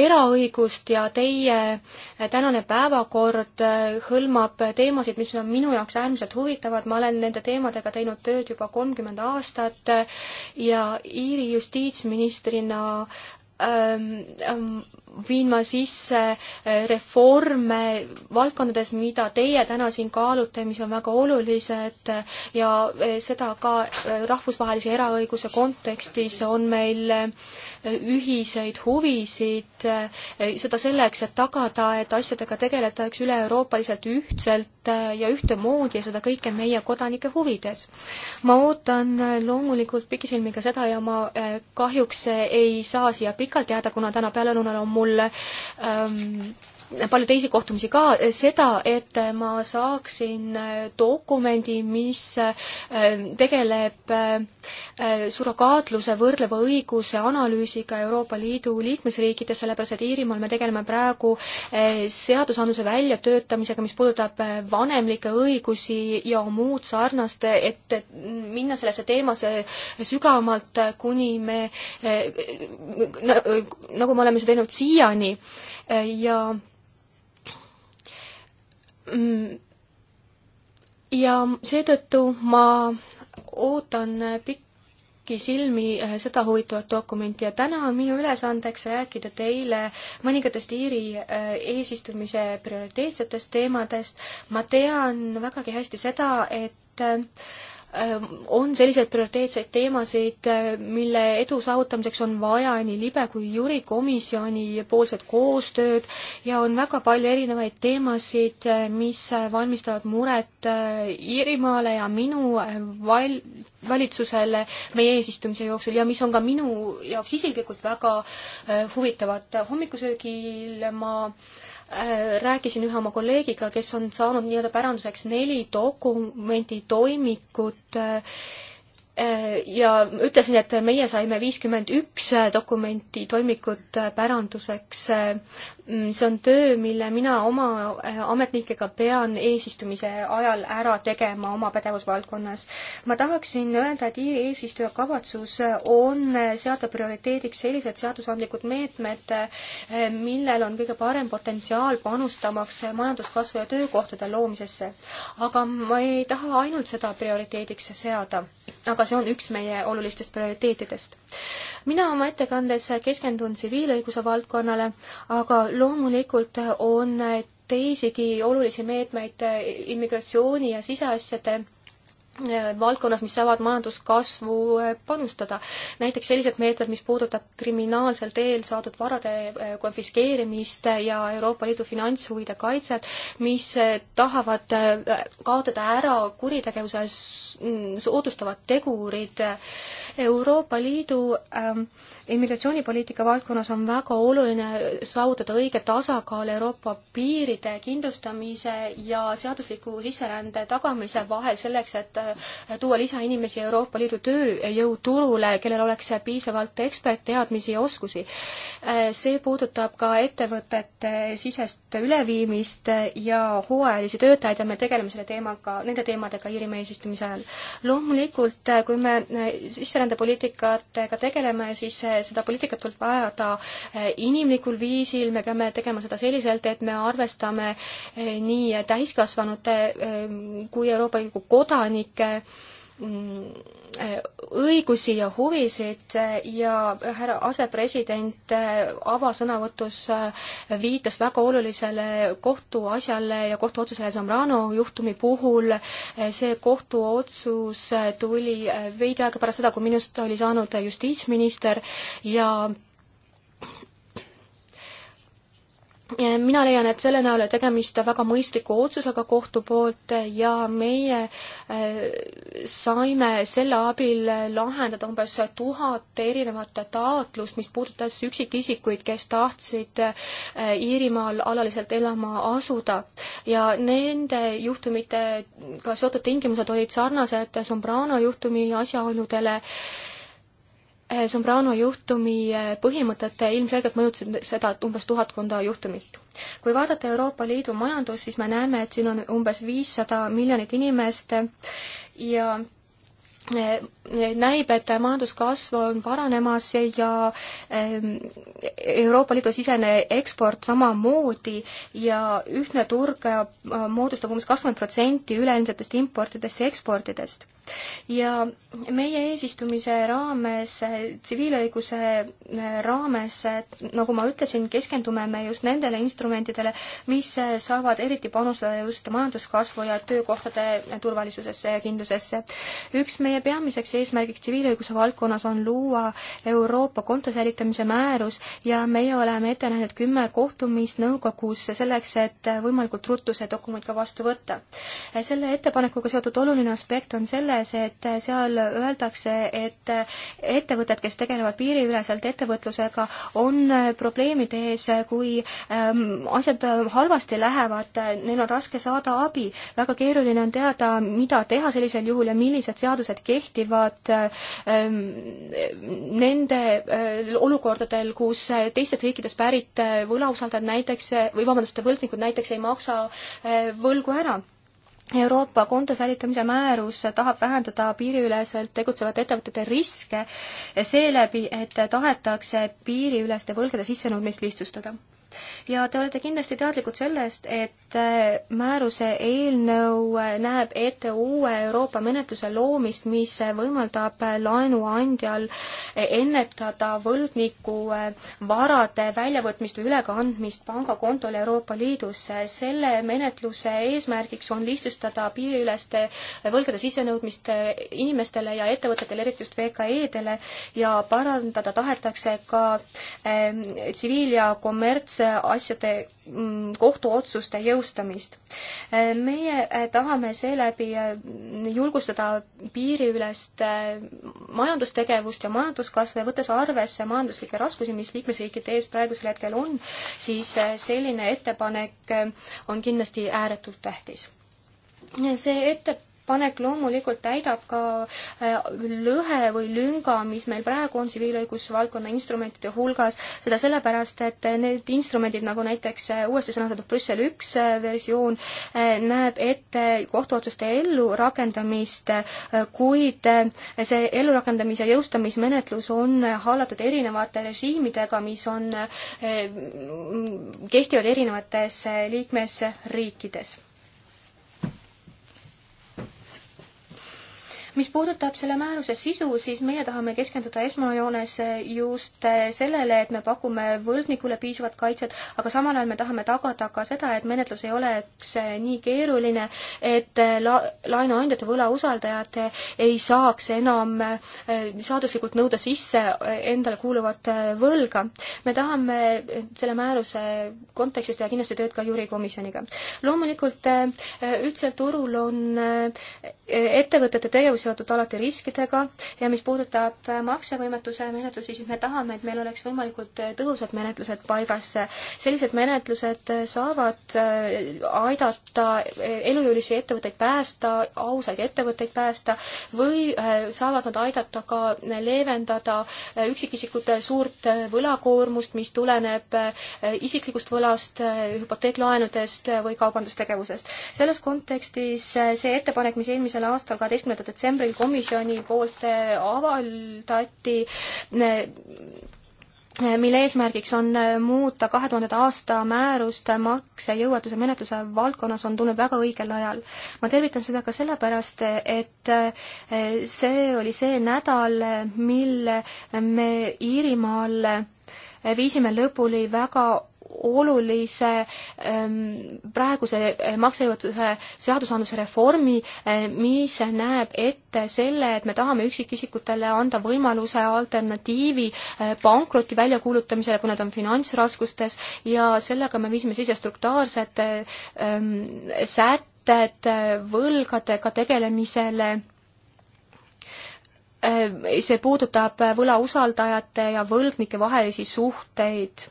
eraõigust ja teie eh, tänane päevakord hõlmab teemasid, mis on minu jaoks äärmiselt huvitavad, ma olen nende teemadega teinud tööd juba kolmkümmend aastat ja Iiri justiitsministrina ähm, ähm, viima sisse eh, reforme valdkondades, mida teie täna siin kaalute, mis on väga olulised ja eh, seda ka eh, rahvusvahelise eraõiguse kontekstis on meil ühiseid huvisid, seda selleks, et tagada, et asjadega tegeletakse üle-euroopaliselt ühtselt ühtselt äh, ja ühtemoodi ja seda kõike meie kodanike huvides. ma ootan äh, loomulikult pikisilmi ka seda ja ma äh, kahjuks ei saa siia pikalt jääda, kuna täna pealelõunal on mul ähm, palju teisi kohtumisi ka, seda, et ma saaksin dokumendi, mis ähm, tegeleb äh, surrogaatluse võrdleva õiguse analüüsiga Euroopa Liidu liikmesriikides, sellepärast et Iirimaal me tegeleme praegu äh, seadusandluse väljatöötamisega, mis puudutab äh, vanemlikke õigusi ja muud sarnast, et minna sellesse teemasse sügavamalt, kuni me, nagu me oleme seda teinud siiani ja Mm. ja seetõttu ma ootan pikisilmi eh, seda huvitavat dokumenti ja täna on minu ülesandeks rääkida teile mõningatest Iiri eh, eesistumise prioriteetsetest teemadest. ma tean vägagi hästi seda, et eh, Ehm, on selliseid prioriteetseid teemasid, eh, mille edu saavutamiseks on vaja nii libe kui juri komisjoni poolset koostööd ja on väga palju erinevaid teemasid, eh, mis valmistavad muret eh, Iirimaale ja minu val-, valitsusele meie eesistumise jooksul ja mis on ka minu jaoks isiklikult väga huvitavad. hommikusöögil ma äh, Äh, rääkisin ühe oma kolleegiga, kes on saanud nii-öelda päranduseks neli dokumenditoimikut äh, ja ütlesin, et meie saime viiskümmend üks dokumenti toimikut päranduseks. see on töö, mille mina oma ametnikega pean eesistumise ajal ära tegema oma pädevusvaldkonnas. ma tahaksin öelda, et Iiri eesistuja kavatsus on seada prioriteediks sellised seadusandlikud meetmed, millel on kõige parem potentsiaal panustamaks majanduskasvu ja töökohtade loomisesse. aga ma ei taha ainult seda prioriteediks seada, aga see on üks meie olulistest prioriteetidest. mina oma ettekandes keskendun tsiviilõiguse valdkonnale, aga loomulikult on teisigi olulisi meetmeid immigratsiooni ja siseasjade Äh, valdkonnas, mis saavad majanduskasvu äh, panustada. näiteks sellised meetmed, mis puudutab kriminaalsel teel saadud varade äh, konfiskeerimist ja Euroopa Liidu finantshuvide kaitset, mis tahavad kaotada ära kuritegevuse mm, soodustavad tegurid. Euroopa Liidu ähm, immigratsioonipoliitika valdkonnas on väga oluline saavutada õige tasakaal Euroopa piiride kindlustamise ja seadusliku sisserände tagamise vahel selleks, et äh, tuua lisainimesi Euroopa Liidu tööjõuturule, kellel oleks piisavalt ekspertteadmisi ja oskusi. Äh, see puudutab ka ettevõtete sisest üleviimist ja hooajalisi töötajaid ja me tegeleme selle teemaga, nende teemadega Iirimaa eesistumise ajal. loomulikult, äh, kui me sisserändepoliitikatega tegeleme, siis seda poliitikat tuleb ajada eh, inimlikul viisil, me peame tegema seda selliselt, et me arvestame eh, nii täiskasvanute eh, kui Euroopa Liidu kodanike mm, õigusi ja huvisid ja härra asepresident avasõnavõtus viitas väga olulisele kohtuasjale ja kohtuotsusele Zambrano juhtumi puhul. see kohtuotsus tuli veidi aega pärast seda, kui minust oli saanud justiitsminister ja Eh, mina leian, et selle näol on tegemist väga mõistliku otsusega kohtu poolt ja meie eh, saime selle abil lahendada umbes tuhat erinevat taotlust, mis puudutas üksikisikuid, kes tahtsid eh, Iirimaal alaliselt elama asuda. ja nende juhtumitega seotud tingimused olid sarnased Sombrano juhtumi asjaoludele Eh, Sombrano juhtumi eh, põhimõtted ilmselgelt mõjutasid seda umbes tuhatkonda juhtumit. kui vaadata Euroopa Liidu majandust, siis me näeme, et siin on umbes viissada miljonit inimest eh, ja näib, et majanduskasv on paranemas ja ähm, Euroopa Liidu sisene eksport samamoodi ja ühtne turg äh, moodustab umbes kakskümmend protsenti üleilmsetest importidest ja eksportidest. ja meie eesistumise raames, äh, tsiviilõiguse äh, raames, nagu ma ütlesin, keskendume me just nendele instrumentidele, mis saavad eriti panustada just majanduskasvu ja töökohtade turvalisusesse ja kindlusesse. üks meie peamiseks eesmärgiks tsiviilõiguse valdkonnas on luua Euroopa konto säilitamise määrus ja meie oleme ette näinud kümme kohtumist nõukogus selleks, et võimalikult ruttu see dokument ka vastu võtta. selle ettepanekuga seotud oluline aspekt on selles, et seal öeldakse, et ettevõtted, kes tegelevad piiriüleselt ettevõtlusega, on probleemide ees, kui ähm, asjad halvasti lähevad, neil on raske saada abi, väga keeruline on teada, mida teha sellisel juhul ja millised seadused kehtivad, peavad ähm, nende äh, olukordadel, kus äh, teistest riikidest pärit äh, võlausaldajad näiteks või vabandust, võlgnikud näiteks ei maksa võlgu ära Euroopa konto säilitamise määrus tahab vähendada piiriüleselt tegutsevate ettevõtete riske seeläbi, et tahetakse piiriüleste võlgade sissenõudmist lihtsustada ja te olete kindlasti teadlikud sellest, et äh, määruse eelnõu äh, näeb ette uue Euroopa menetluse loomist, mis äh, võimaldab laenuandjal ennetada võlgniku varade väljavõtmist või ülekandmist pangakontole Euroopa Liidus. selle menetluse eesmärgiks on lihtsustada piiriüleste võlgade sissenõudmist inimestele ja ettevõtetele, eriti just VKE-dele, ja parandada tahetakse ka tsiviil- ja kommerts asjade mm, kohtuotsuste jõustamist. Äh, meie äh, tahame seeläbi äh, julgustada piiriülest majandustegevust ja majanduskasvu ja võttes arvesse majanduslikke raskusi, mis liikmesriikide ees praegusel hetkel on, siis selline ettepanek on kindlasti ääretult tähtis. see ette, panek loomulikult täidab ka äh, lõhe või lünga, mis meil praegu on tsiviilõigusvaldkonna instrumentide hulgas, seda sellepärast, et need instrumendid, nagu näiteks äh, uuesti sõnastatud Brüssel üks äh, versioon, näeb ette kohtuotsuste ellurakendamist, kuid see ellurakendamise jõustamismenetlus on hallatud erinevate režiimidega, mis on, kehtivad erinevates liikmesriikides mis puudutab selle määruse sisu, siis meie tahame keskenduda esmajoones just eh, sellele, et me pakume võlgnikule piisavat kaitset, aga samal ajal me tahame tagada ka seda, et menetlus ei oleks eh, nii keeruline, et eh, la-, laenuandjate, võlausaldajad ei saaks enam seaduslikult nõuda sisse endale kuuluvat võlga. me tahame selle määruse kontekstis teha kindlasti tööd ka juurikomisjoniga. loomulikult ühtsel turul on ettevõtete tegevus seotud alati riskidega ja mis puudutab äh, maksevõimetuse menetlusi, siis me tahame, et meil oleks võimalikult äh, tõhusad menetlused paigas. sellised menetlused äh, saavad aidata elujõulisi ettevõtteid päästa, ausaid ettevõtteid päästa või saavad nad aidata ka leevendada üksikisikute suurt võlakoormust, mis tuleneb isiklikust võlast, hüpoteeklaenudest või kaubandustegevusest. selles kontekstis see ettepanek, mis eelmisel aastal kaheteistkümnendal detsembril detsembril komisjoni poolt eh, avaldati eh, mille eesmärgiks on eh, muuta kahe tuhandenda aasta määrust maksejõuetuse menetluse valdkonnas, on tulnud väga õigel ajal. ma tervitan seda ka sellepärast, et see oli see nädal, mil me Iirimaal viisime lõpuni väga olulise ähm, praeguse äh, maksejõuetuse seadusandluse reformi, äh, mis näeb ette selle, et me tahame üksikisikutele anda võimaluse alternatiivi äh, pankroti väljakuulutamisele, kui nad on finantsraskustes ja sellega me viisime sisse struktaarsed ähm, sätted võlgadega tegelemisele see puudutab võlausaldajate ja võlgnike vahelisi suhteid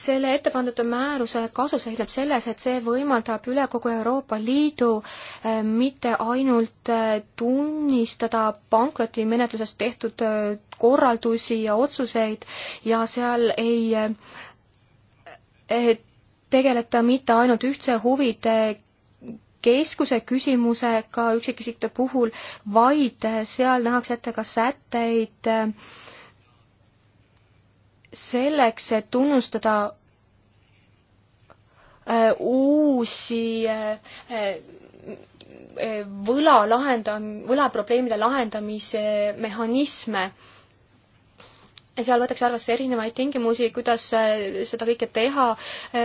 selle ette pandud määruse kasu seisneb selles, et see võimaldab üle kogu Euroopa Liidu äh, mitte ainult äh, tunnistada pankrotimenetluses tehtud äh, korraldusi ja otsuseid ja seal ei tegeleta mitte ainult ühtse huvide keskuse küsimusega üksikisikute puhul, vaid seal nähakse ette ka sätteid äh, selleks, et tunnustada äh, uusi äh, äh, võla lahendam-, võlaprobleemide lahendamise mehhanisme. seal võetakse arvesse erinevaid tingimusi, kuidas seda kõike teha,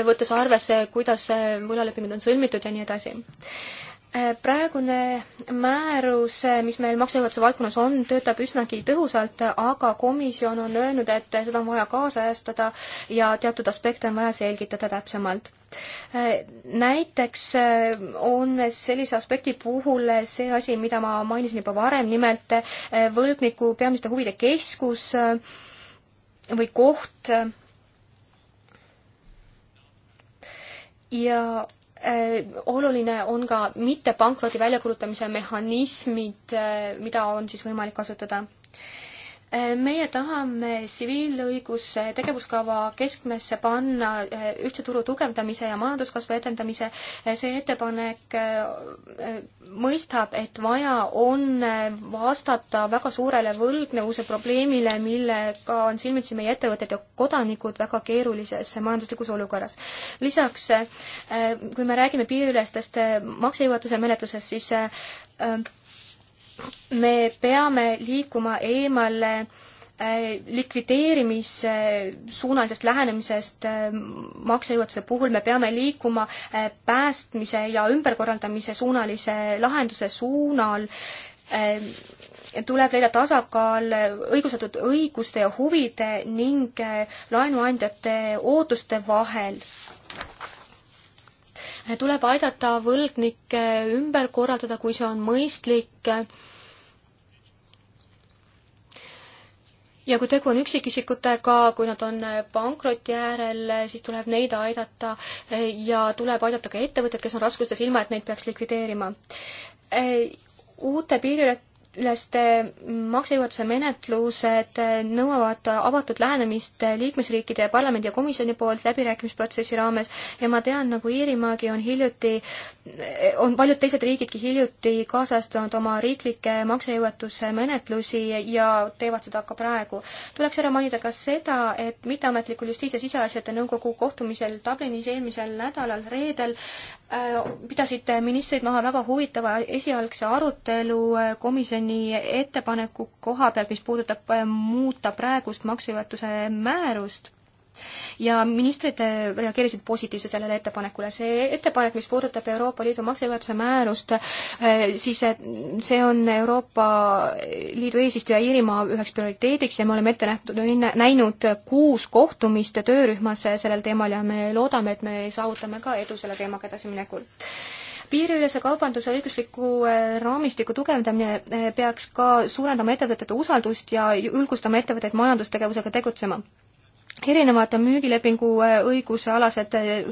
võttes arvesse, kuidas võlalepingud on sõlmitud ja nii edasi praegune määrus, mis meil maksejõuetuse valdkonnas on, töötab üsnagi tõhusalt, aga komisjon on öelnud, et seda on vaja kaasajastada ja teatud aspekte on vaja selgitada täpsemalt. näiteks eh, on sellise aspekti puhul see asi, mida ma mainisin juba varem, nimelt eh, võlgniku peamiste huvide keskus eh, või koht ja Äh, oluline on ka mitte pankroti väljakuulutamise mehhanismid, äh, mida on siis võimalik kasutada meie tahame tsiviilõiguse tegevuskava keskmesse panna eh, ühtse turu tugevdamise ja majanduskasvu edendamise. Eh, see ettepanek eh, mõistab, et vaja on vastata väga suurele võlgnevuse probleemile, millega on silmitsi meie ettevõtted ja kodanikud väga keerulises majanduslikus olukorras. lisaks, kui me räägime piiriülestest maksejõuetuse menetlusest, siis me peame liikuma eemale äh, likvideerimissuunalisest äh, lähenemisest äh, maksejõuetuse puhul me peame liikuma päästmise ja ümberkorraldamise suunalise lahenduse suunal tuleb leida tasakaal õigustatud õiguste ja huvide ning laenuandjate ootuste vahel tuleb aidata võlgnikke ümber korraldada, kui see on mõistlik. ja kui tegu on üksikisikutega, kui nad on pankroti äärel, siis tuleb neid aidata ja tuleb aidata ka ettevõtted, kes on raskustes, ilma et neid peaks likvideerima uute piiriületajate millest maksejuhatuse menetlused nõuavad avatud lähenemist liikmesriikide ja parlamendi ja komisjoni poolt läbirääkimisprotsessi raames ja ma tean, nagu Iirimaagi on hiljuti, on paljud teised riigidki hiljuti kaasajastanud oma riiklikke maksejõuetuse menetlusi ja teevad seda ka praegu. tuleks ära mainida ka seda, et mitteametlikul justiits- ja siseasjade nõukogu kohtumisel Dublinis eelmisel nädalal reedel Äh, pidasid ministrid maha väga huvitava esialgse arutelu äh, komisjoni ettepaneku koha pealt, mis puudutab äh, muuta praegust maksejõuetuse määrust ja ministrid eh, reageerisid positiivselt sellele ettepanekule. see ettepanek, mis puudutab Euroopa Liidu maksejõuetuse määrust, eh, siis eh, see on Euroopa Liidu eesistuja Iirimaa üheks prioriteediks ja me oleme ette nähtud, näinud kuus kohtumist töörühmas sellel teemal ja me loodame, et me saavutame ka edu selle teemaga edasiminekul piiriülese kaubanduse õigusliku raamistiku tugevdamine peaks ka suurendama ettevõtete usaldust ja julgustama ettevõtteid majandustegevusega tegutsema erinevad müügilepingu äh, õigusealased äh,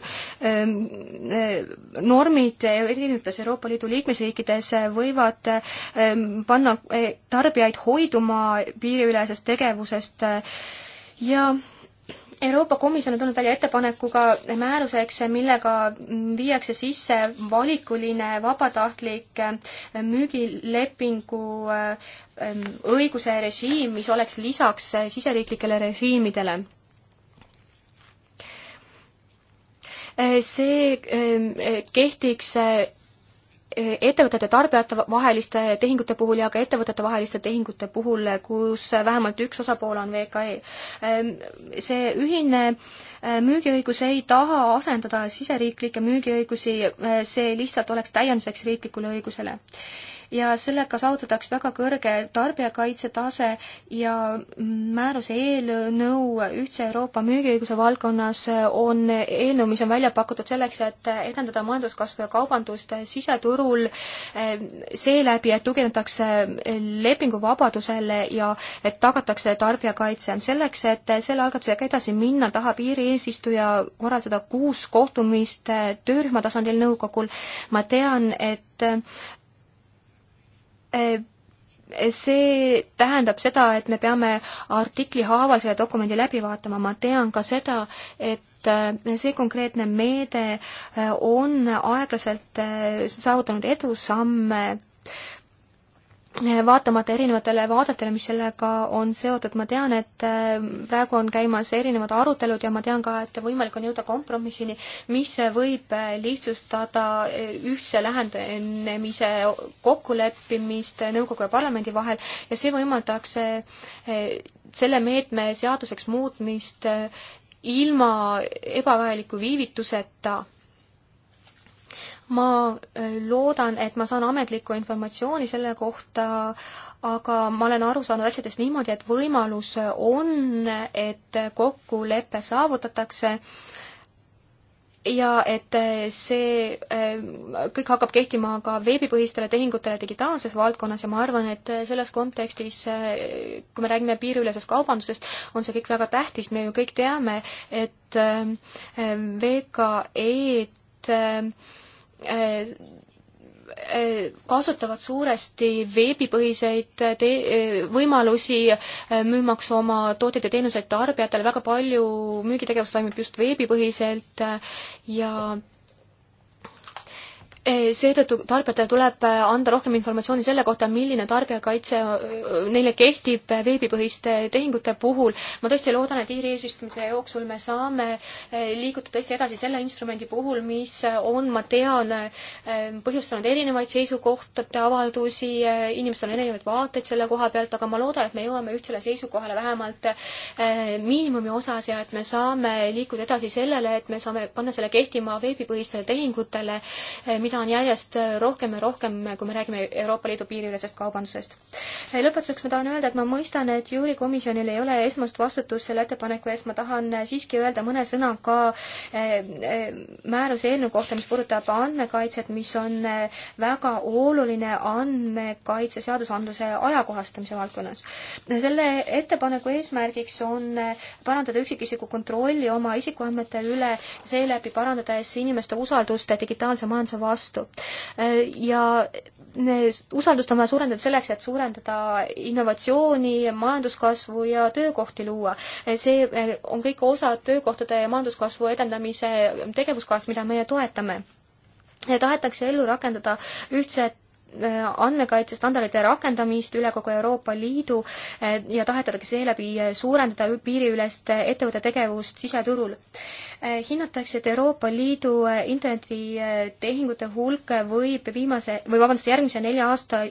ähm, äh, normid erinevates Euroopa Liidu liikmesriikides võivad ähm, panna tarbijaid hoiduma piiriülesest tegevusest ja Euroopa Komisjon on tulnud välja ettepanekuga määruseks, millega viiakse sisse valikuline vabatahtlik müügilepingu ähm, õiguse režiim, mis oleks lisaks siseriiklikele režiimidele Eh, see ehm, eh, kehtiks eh, ettevõtete tarbijate vaheliste tehingute puhul ja ka ettevõtete vaheliste tehingute puhul, kus vähemalt üks osapool on VKE. Ehm, see ühine müügiõigus ei taha asendada siseriiklikke müügiõigusi, see lihtsalt oleks täienduseks riiklikule õigusele ja sellega saavutatakse väga kõrge tarbijakaitsetase ja määruse eelnõu ühtse Euroopa müügiõiguse valdkonnas on eelnõu, mis on välja pakutud selleks, et edendada majanduskasvu ja kaubandust siseturul eh, seeläbi, et tugevdatakse lepinguvabadusele ja et tagatakse tarbijakaitse. selleks, et selle algatusega edasi minna, tahab Iiri eesistuja korraldada kuus kohtumist töörühma tasandil nõukogul. ma tean, et Eh, see tähendab seda, et me peame artikli haaval selle dokumendi läbi vaatama, ma tean ka seda, et eh, see konkreetne meede eh, on aeglaselt saavutanud edusamme vaatamata erinevatele vaadetele, mis sellega on seotud, ma tean, et äh, praegu on käimas erinevad arutelud ja ma tean ka, et võimalik on jõuda kompromissini, mis võib äh, lihtsustada äh, ühtse lähenemise kokkuleppimist nõukogu ja parlamendi vahel ja see võimaldaks selle meetme seaduseks muutmist ilma ebavajaliku viivituseta ma äh, loodan, et ma saan ametlikku informatsiooni selle kohta, aga ma olen aru saanud asjadest niimoodi, et võimalus on, et kokkulepe saavutatakse ja et äh, see äh, kõik hakkab kehtima ka veebipõhistele tehingutele digitaalses valdkonnas ja ma arvan, et selles kontekstis, kui me räägime piiriülesest kaubandusest, on see kõik väga tähtis, me ju kõik teame, et VKE-d kasutavad suuresti veebipõhiseid te-, võimalusi, eh, müümaks oma tooteid ja teenuseid tarbijatele, väga palju müügitegevus toimub just veebipõhiselt eh, ja Eh, seetõttu tarbijatele tuleb eh, anda rohkem informatsiooni selle kohta, milline tarbijakaitse eh, neile kehtib veebipõhiste tehingute puhul. ma tõesti loodan, et Iiri eesistumise jooksul me saame liiguda tõesti edasi selle instrumendi puhul, mis on, ma tean, põhjustanud erinevaid seisukohtade avaldusi, inimestel on erinevaid vaateid selle koha pealt, aga ma loodan, et me jõuame ühtsele seisukohale vähemalt miinimumi osas ja et me saame liikuda edasi sellele, et me saame panna selle kehtima veebipõhistele tehingutele, mida mida on järjest rohkem ja rohkem, kui me räägime Euroopa Liidu piiriülesest kaubandusest. lõpetuseks ma tahan öelda, et ma mõistan, et juuri komisjonil ei ole esmast vastutust selle ettepaneku eest, ma tahan siiski öelda mõne sõna ka eh, eh, määruse eelnõu kohta, mis puudutab andmekaitset, mis on eh, väga oluline andmekaitse seadusandluse ajakohastamise valdkonnas. selle ettepaneku eesmärgiks on parandada üksikisiku kontrolli oma isikuandmete üle, seeläbi parandades inimeste usaldust digitaalse majanduse vastu, vastu. ja usaldust on vaja suurendada selleks, et suurendada innovatsiooni, majanduskasvu ja töökohti luua. see on kõik osa töökohtade ja majanduskasvu edendamise tegevuskohast, mida meie toetame tahetakse ellu rakendada ühtset Äh, andmekaitsestandardite rakendamist üle kogu Euroopa Liidu äh, ja tahetatakse seeläbi äh, suurendada piiriülest ettevõtte tegevust siseturul. hinnatakse, et Euroopa Liidu internetitehingute hulk võib viimase või vabandust, järgmise nelja aasta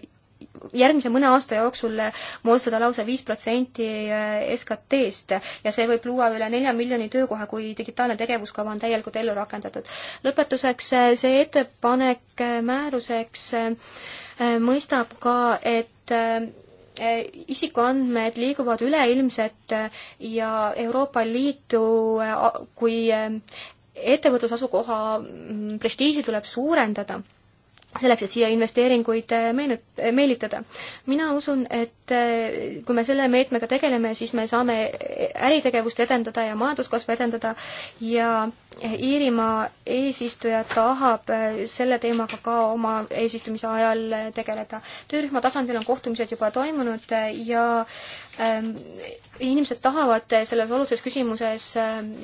järgmise mõne aasta jooksul moodustada lausa viis protsenti äh, SKT-st ja see võib luua üle nelja miljoni töökoha, kui digitaalne tegevuskava on täielikult ellu rakendatud. lõpetuseks, äh, see ettepanek äh, määruseks mõistab ka, et isikuandmed liiguvad üleilmselt ja Euroopa Liitu kui ettevõtlusasukoha mm, prestiiži tuleb suurendada selleks, et siia investeeringuid äh, meenut-, äh, meelitada. mina usun, et äh, kui me selle meetmega tegeleme, siis me saame äritegevust edendada ja majanduskasvu edendada ja Iirimaa eesistuja tahab selle teemaga ka oma eesistumise ajal tegeleda. töörühma tasandil on kohtumised juba toimunud ja ähm, inimesed tahavad selles olulises küsimuses ähm,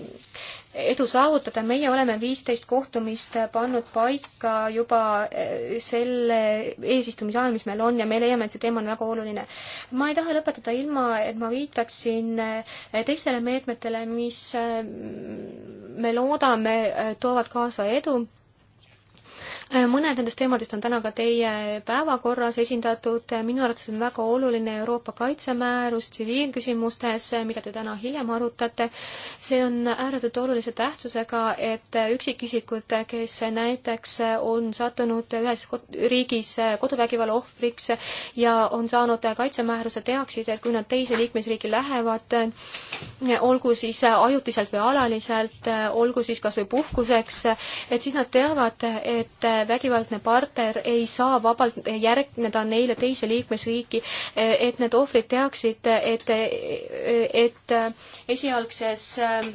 edu saavutada, meie oleme viisteist kohtumist pannud paika juba eh, selle eesistumise ajal, mis meil on ja me leiame, et see teema on väga oluline. ma ei taha lõpetada ilma, et ma viitaksin eh, teistele meetmetele, mis eh, me loodame, toovad kaasa edu Äh, mõned nendest teemadest on täna ka teie päevakorras esindatud, äh, minu arvates on väga oluline Euroopa kaitsemäärus tsiviilküsimustes, äh, mida te täna hiljem arutate. see on ääretult olulise tähtsusega, et üksikisikud, kes näiteks on sattunud ühes riigis koduvägivalla ohvriks ja on saanud kaitsemääruse, teaksid, et kui nad teise liikmesriigi lähevad, olgu siis ajutiselt või alaliselt, olgu siis kas või puhkuseks, et siis nad teavad, et vägivaldne partner ei saa vabalt järgneda neile teise liikmesriiki, et need ohvrid teaksid, et, et esialgses äh,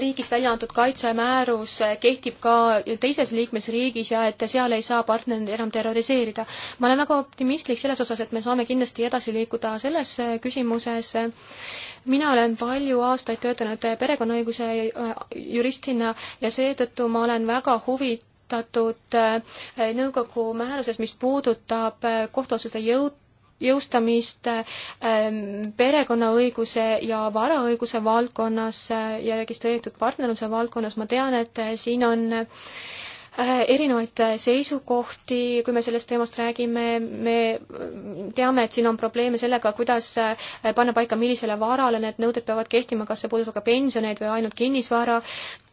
riigis välja antud kaitsemäärus kehtib ka teises liikmesriigis ja et seal ei saa partnerid enam terroriseerida. ma olen väga optimistlik selles osas, et me saame kindlasti edasi liikuda selles äh, küsimuses. mina olen palju aastaid töötanud perekonnaõiguse äh, juristina ja seetõttu ma olen väga huvi-, nimetatud äh, nõukogu määruses, mis puudutab äh, kohtuotsuste jõud, jõustamist ähm, perekonnaõiguse ja varaõiguse valdkonnas äh, ja registreeritud partnerluse valdkonnas, ma tean, et siin on erinevaid seisukohti, kui me sellest teemast räägime, me teame, et siin on probleeme sellega, kuidas panna paika, millisele varale need nõuded peavad kehtima, kas see puudutab ka pensioneid või ainult kinnisvara.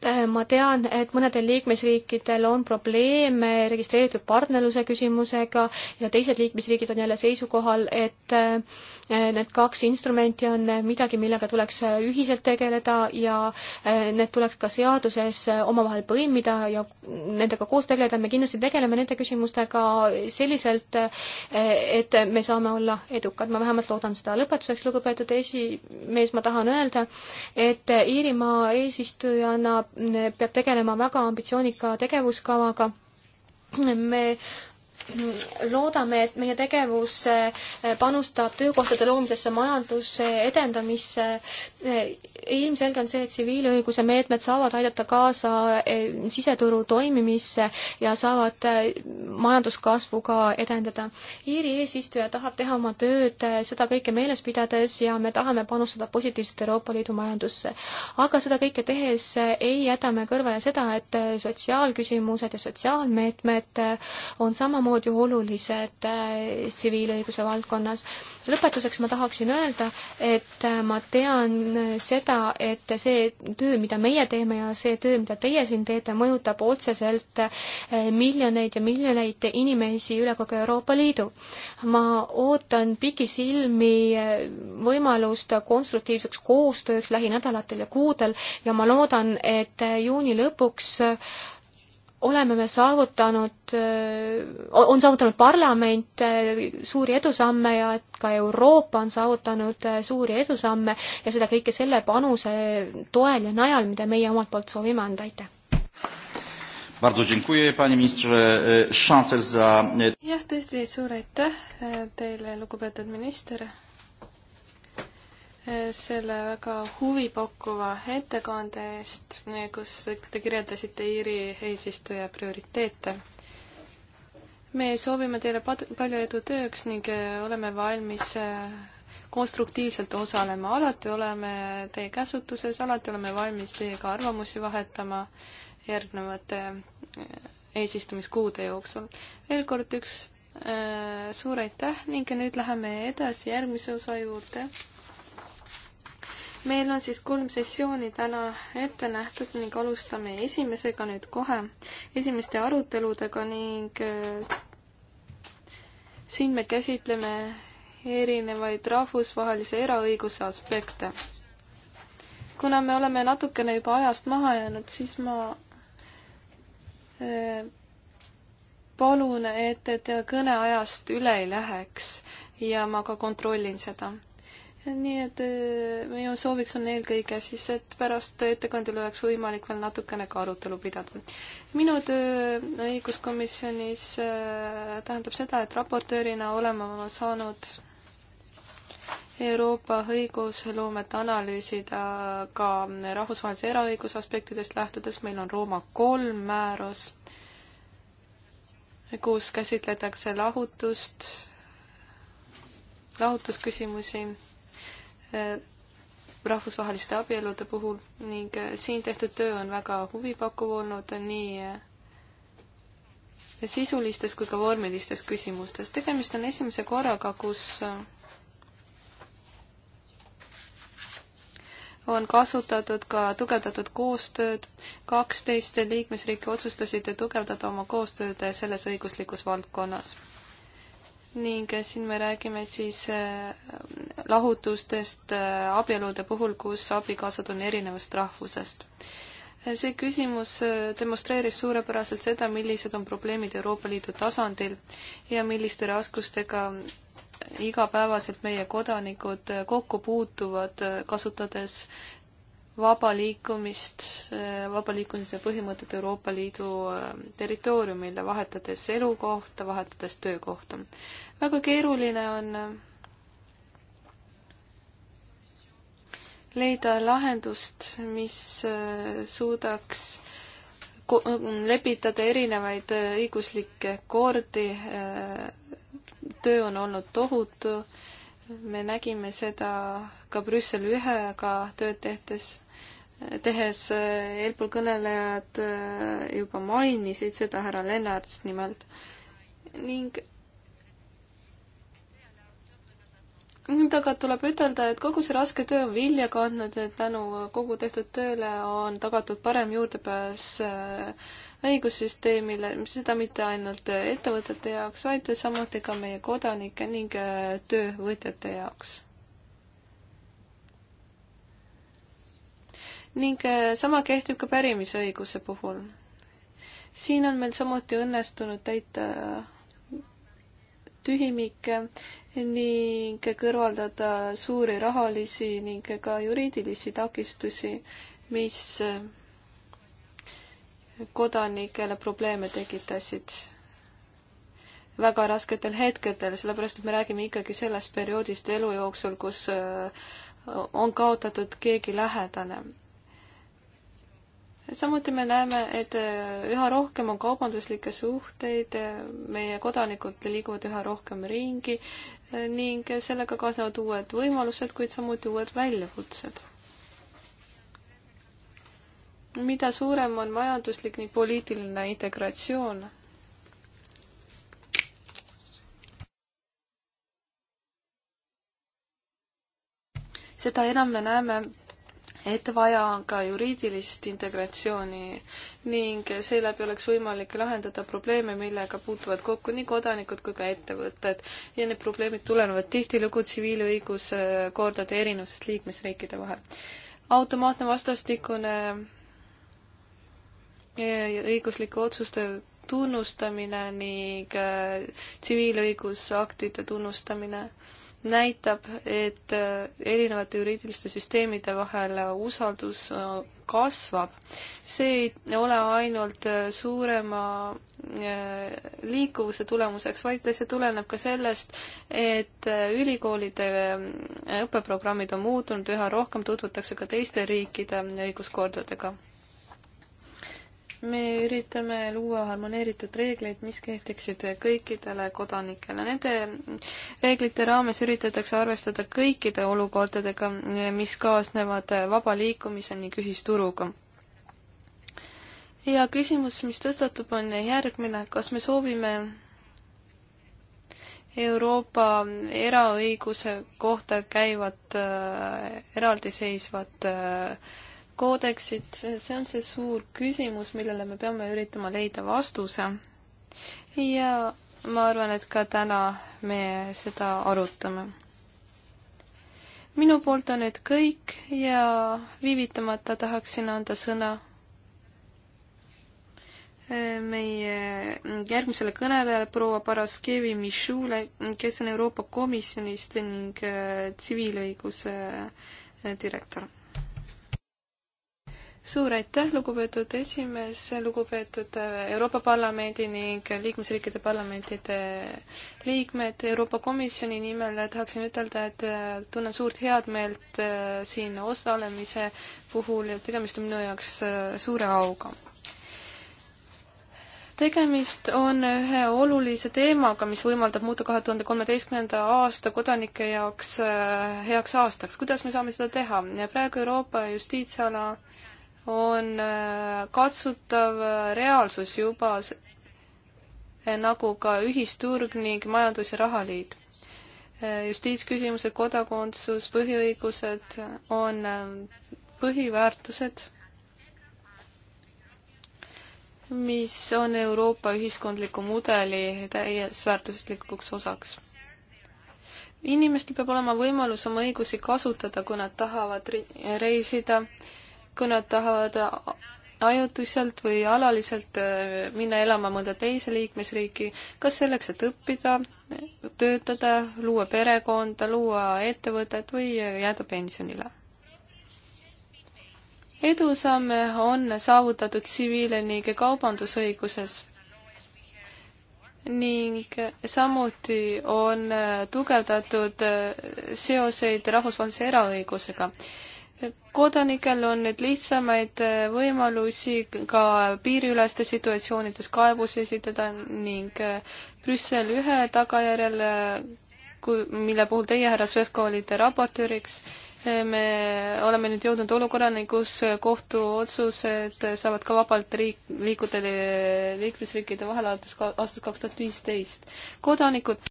Äh, ma tean, et mõnedel liikmesriikidel on probleeme registreeritud partnerluse küsimusega ja teised liikmesriigid on jälle seisukohal, et äh, need kaks instrumenti on midagi, millega tuleks äh, ühiselt tegeleda ja need tuleks ka seaduses omavahel põimida ja nendega koos tegeleda. me kindlasti tegeleme nende küsimustega selliselt, et me saame olla edukad, ma vähemalt loodan seda. lõpetuseks, lugupeetud esimees, ma tahan öelda, et Iirimaa eesistujana peab tegelema väga ambitsioonika tegevuskavaga. me loodame, et meie tegevus panustab töökohtade loomisesse, majanduse edendamisse. ilmselge on see, et tsiviilõiguse meetmed saavad aidata kaasa eh, siseturu toimimisse ja saavad eh, majanduskasvu ka edendada. Iiri eesistuja tahab teha oma tööd eh, seda kõike meeles pidades ja me tahame panustada positiivselt Euroopa Liidu majandusse. aga seda kõike tehes ei jäta me kõrvale seda, et sotsiaalküsimused ja sotsiaalmeetmed on samamoodi samamoodi olulised äh, tsiviilõiguse valdkonnas. lõpetuseks ma tahaksin öelda, et äh, ma tean äh, seda, et see töö, mida meie teeme ja see töö, mida teie siin teete, mõjutab otseselt miljoneid ja miljoneid inimesi üle kogu Euroopa Liidu. ma ootan pikisilmi võimalust konstruktiivseks koostööks lähinädalatel ja kuudel ja ma loodan, et juuni lõpuks oleme me saavutanud, on saavutanud parlament suuri edusamme ja et ka Euroopa on saavutanud suuri edusamme ja seda kõike selle panuse toel ja najal, mida meie omalt poolt soovime anda, aitäh! E, e, jah, tõesti suur aitäh e, teile, lugupeetud minister, selle väga huvipakkuva ettekande eest, kus te kirjeldasite Iiri eesistuja prioriteete. me soovime teile palju edu tööks ning eh, oleme valmis eh, konstruktiivselt osalema, alati oleme teie käsutuses, alati oleme valmis teiega arvamusi vahetama järgnevate eh, eesistumiskuude jooksul. veel kord üks suur aitäh ning nüüd läheme edasi järgmise osa juurde meil on siis kolm sessiooni täna ette nähtud ning alustame esimesega nüüd kohe, esimeste aruteludega ning äh, siin me käsitleme erinevaid rahvusvahelise eraõiguse aspekte. kuna me oleme natukene juba ajast maha jäänud, siis ma äh, palun, et te kõneajast üle ei läheks ja ma ka kontrollin seda nii et äh, minu sooviks on eelkõige siis, et pärast ettekandel oleks võimalik veel natukene ka arutelu pidada. minu töö õiguskomisjonis äh, tähendab seda, et raportöörina olema ma saanud Euroopa õigusloomet analüüsida ka rahvusvahelise eraõiguse aspektidest lähtudes, meil on Rooma kolm määrus, kus käsitletakse lahutust, lahutusküsimusi Äh, rahvusvaheliste abielude puhul ning äh, siin tehtud töö on väga huvipakkuv olnud nii äh, sisulistes kui ka vormilistes küsimustes. tegemist on esimese korraga, kus on kasutatud ka tugevdatud koostööd. kaksteist liikmesriiki otsustasid tugevdada oma koostööd selles õiguslikus valdkonnas ning eh, siin me räägime siis eh, lahutustest eh, abielude puhul, kus abikaasad on erinevast rahvusest. see küsimus demonstreeris suurepäraselt seda, millised on probleemid Euroopa Liidu tasandil ja milliste raskustega igapäevaselt meie kodanikud kokku puutuvad, kasutades vaba liikumist, vaba liikumise põhimõtet Euroopa Liidu äh, territooriumil, vahetades elukohta, vahetades töökohta. väga keeruline on äh, leida lahendust, mis äh, suudaks lepitada erinevaid õiguslikke kordi, töö on olnud tohutu, me nägime seda ka Brüssel ühega tööd tehtes tehes äh, eelpool kõnelejad äh, juba mainisid seda härra Lennarts nimelt ning nüüd aga tuleb ütelda, et kogu see raske töö on vilja kandnud, et tänu kogu tehtud tööle on tagatud parem juurdepääs äh, õigussüsteemile, seda mitte ainult ettevõtete jaoks, vaid samuti ka meie kodanike ning töövõtjate jaoks ning äh, sama kehtib ka pärimisõiguse puhul. siin on meil samuti õnnestunud täita äh, tühimikke ning kõrvaldada suuri rahalisi ning ka juriidilisi takistusi, mis äh, kodanikele probleeme tekitasid väga rasketel hetkedel, sellepärast et me räägime ikkagi sellest perioodist elu jooksul, kus on kaotatud keegi lähedane samuti me näeme, et äh, üha rohkem on kaubanduslikke suhteid, äh, meie kodanikud liiguvad üha rohkem ringi äh, ning sellega kaasnevad uued võimalused, kuid samuti uued väljakutsed. mida suurem on majanduslik ning poliitiline integratsioon, seda enam me näeme et vaja on ka juriidilist integratsiooni ning seeläbi oleks võimalik lahendada probleeme, millega puutuvad kokku nii kodanikud kui ka ettevõtted ja need probleemid tulenevad tihtilugu tsiviilõiguskordade erinevusest liikmesriikide vahel. automaatne vastastikune õiguslike otsuste tunnustamine ning äh, tsiviilõigusaktide tunnustamine äh, näitab, et äh, erinevate juriidiliste süsteemide vahel usaldus äh, kasvab. see ei ole ainult äh, suurema liikuvuse tulemuseks, vaid see tuleneb ka sellest, et ülikoolide õppeprogrammid on muutunud, üha rohkem tutvutakse ka teiste riikide õiguskordadega me üritame luua harmoneeritud reegleid, mis kehtiksid kõikidele kodanikele. Nende reeglite raames üritatakse arvestada kõikide olukordadega, mis kaasnevad vaba liikumise ning ühisturuga ja küsimus, mis tõstatub, on järgmine, kas me soovime Euroopa eraõiguse kohta käivat äh, eraldiseisvat äh, koodeksit, see on see suur küsimus, millele me peame üritama leida vastuse. ja ma arvan, et ka täna me seda arutame. minu poolt on nüüd kõik ja viivitamata tahaksin anda sõna meie järgmisele kõnelejale proua Paraskevi Michule, kes on Euroopa Komisjonist ning äh, tsiviilõiguse äh, direktor suur aitäh, lugupeetud esimees, lugupeetud äh, Euroopa Parlamendi ning liikmesriikide parlamentide liikmed. Euroopa Komisjoni nimel tahaksin ütelda, et äh, tunnen suurt headmeelt äh, siin osalemise puhul ja tegemist on minu jaoks suure auga tegemist on ühe olulise teemaga, mis võimaldab muuta kahe tuhande kolmeteistkümnenda aasta kodanike jaoks heaks aastaks. kuidas me saame seda teha? praegu Euroopa justiitsala on äh, katsutav äh, reaalsus juba äh, nagu ka ühisturg ning majandus- ja rahaliit. justiitsküsimused, kodakondsus, põhiõigused on põhiväärtused, mis on Euroopa ühiskondliku mudeli täies väärtuslikuks osaks. inimestel peab olema võimalus oma õigusi kasutada, kui nad tahavad reisida, kui nad tahavad ajutiselt või alaliselt äh, minna elama mõnda teise liikmesriiki, kas selleks, et õppida, töötada, luua perekonda, luua ettevõtet või jääda pensionile. edusamme on saavutatud tsiviilenike kaubandusõiguses ning samuti on tugevdatud äh, seoseid rahvusvahelise eraõigusega kodanikel on nüüd lihtsamaid äh, võimalusi ka piiriüleste situatsioonides kaebusi esitada ning äh, Brüssel ühe tagajärjel, äh, kui, mille puhul teie, härra Svevko, olite raportööriks, me oleme nüüd jõudnud olukorrani, kus kohtuotsused saavad ka vabalt riik, liikuda liikmesriikide vahel alates ka aastast kaks tuhat viisteist. kodanikud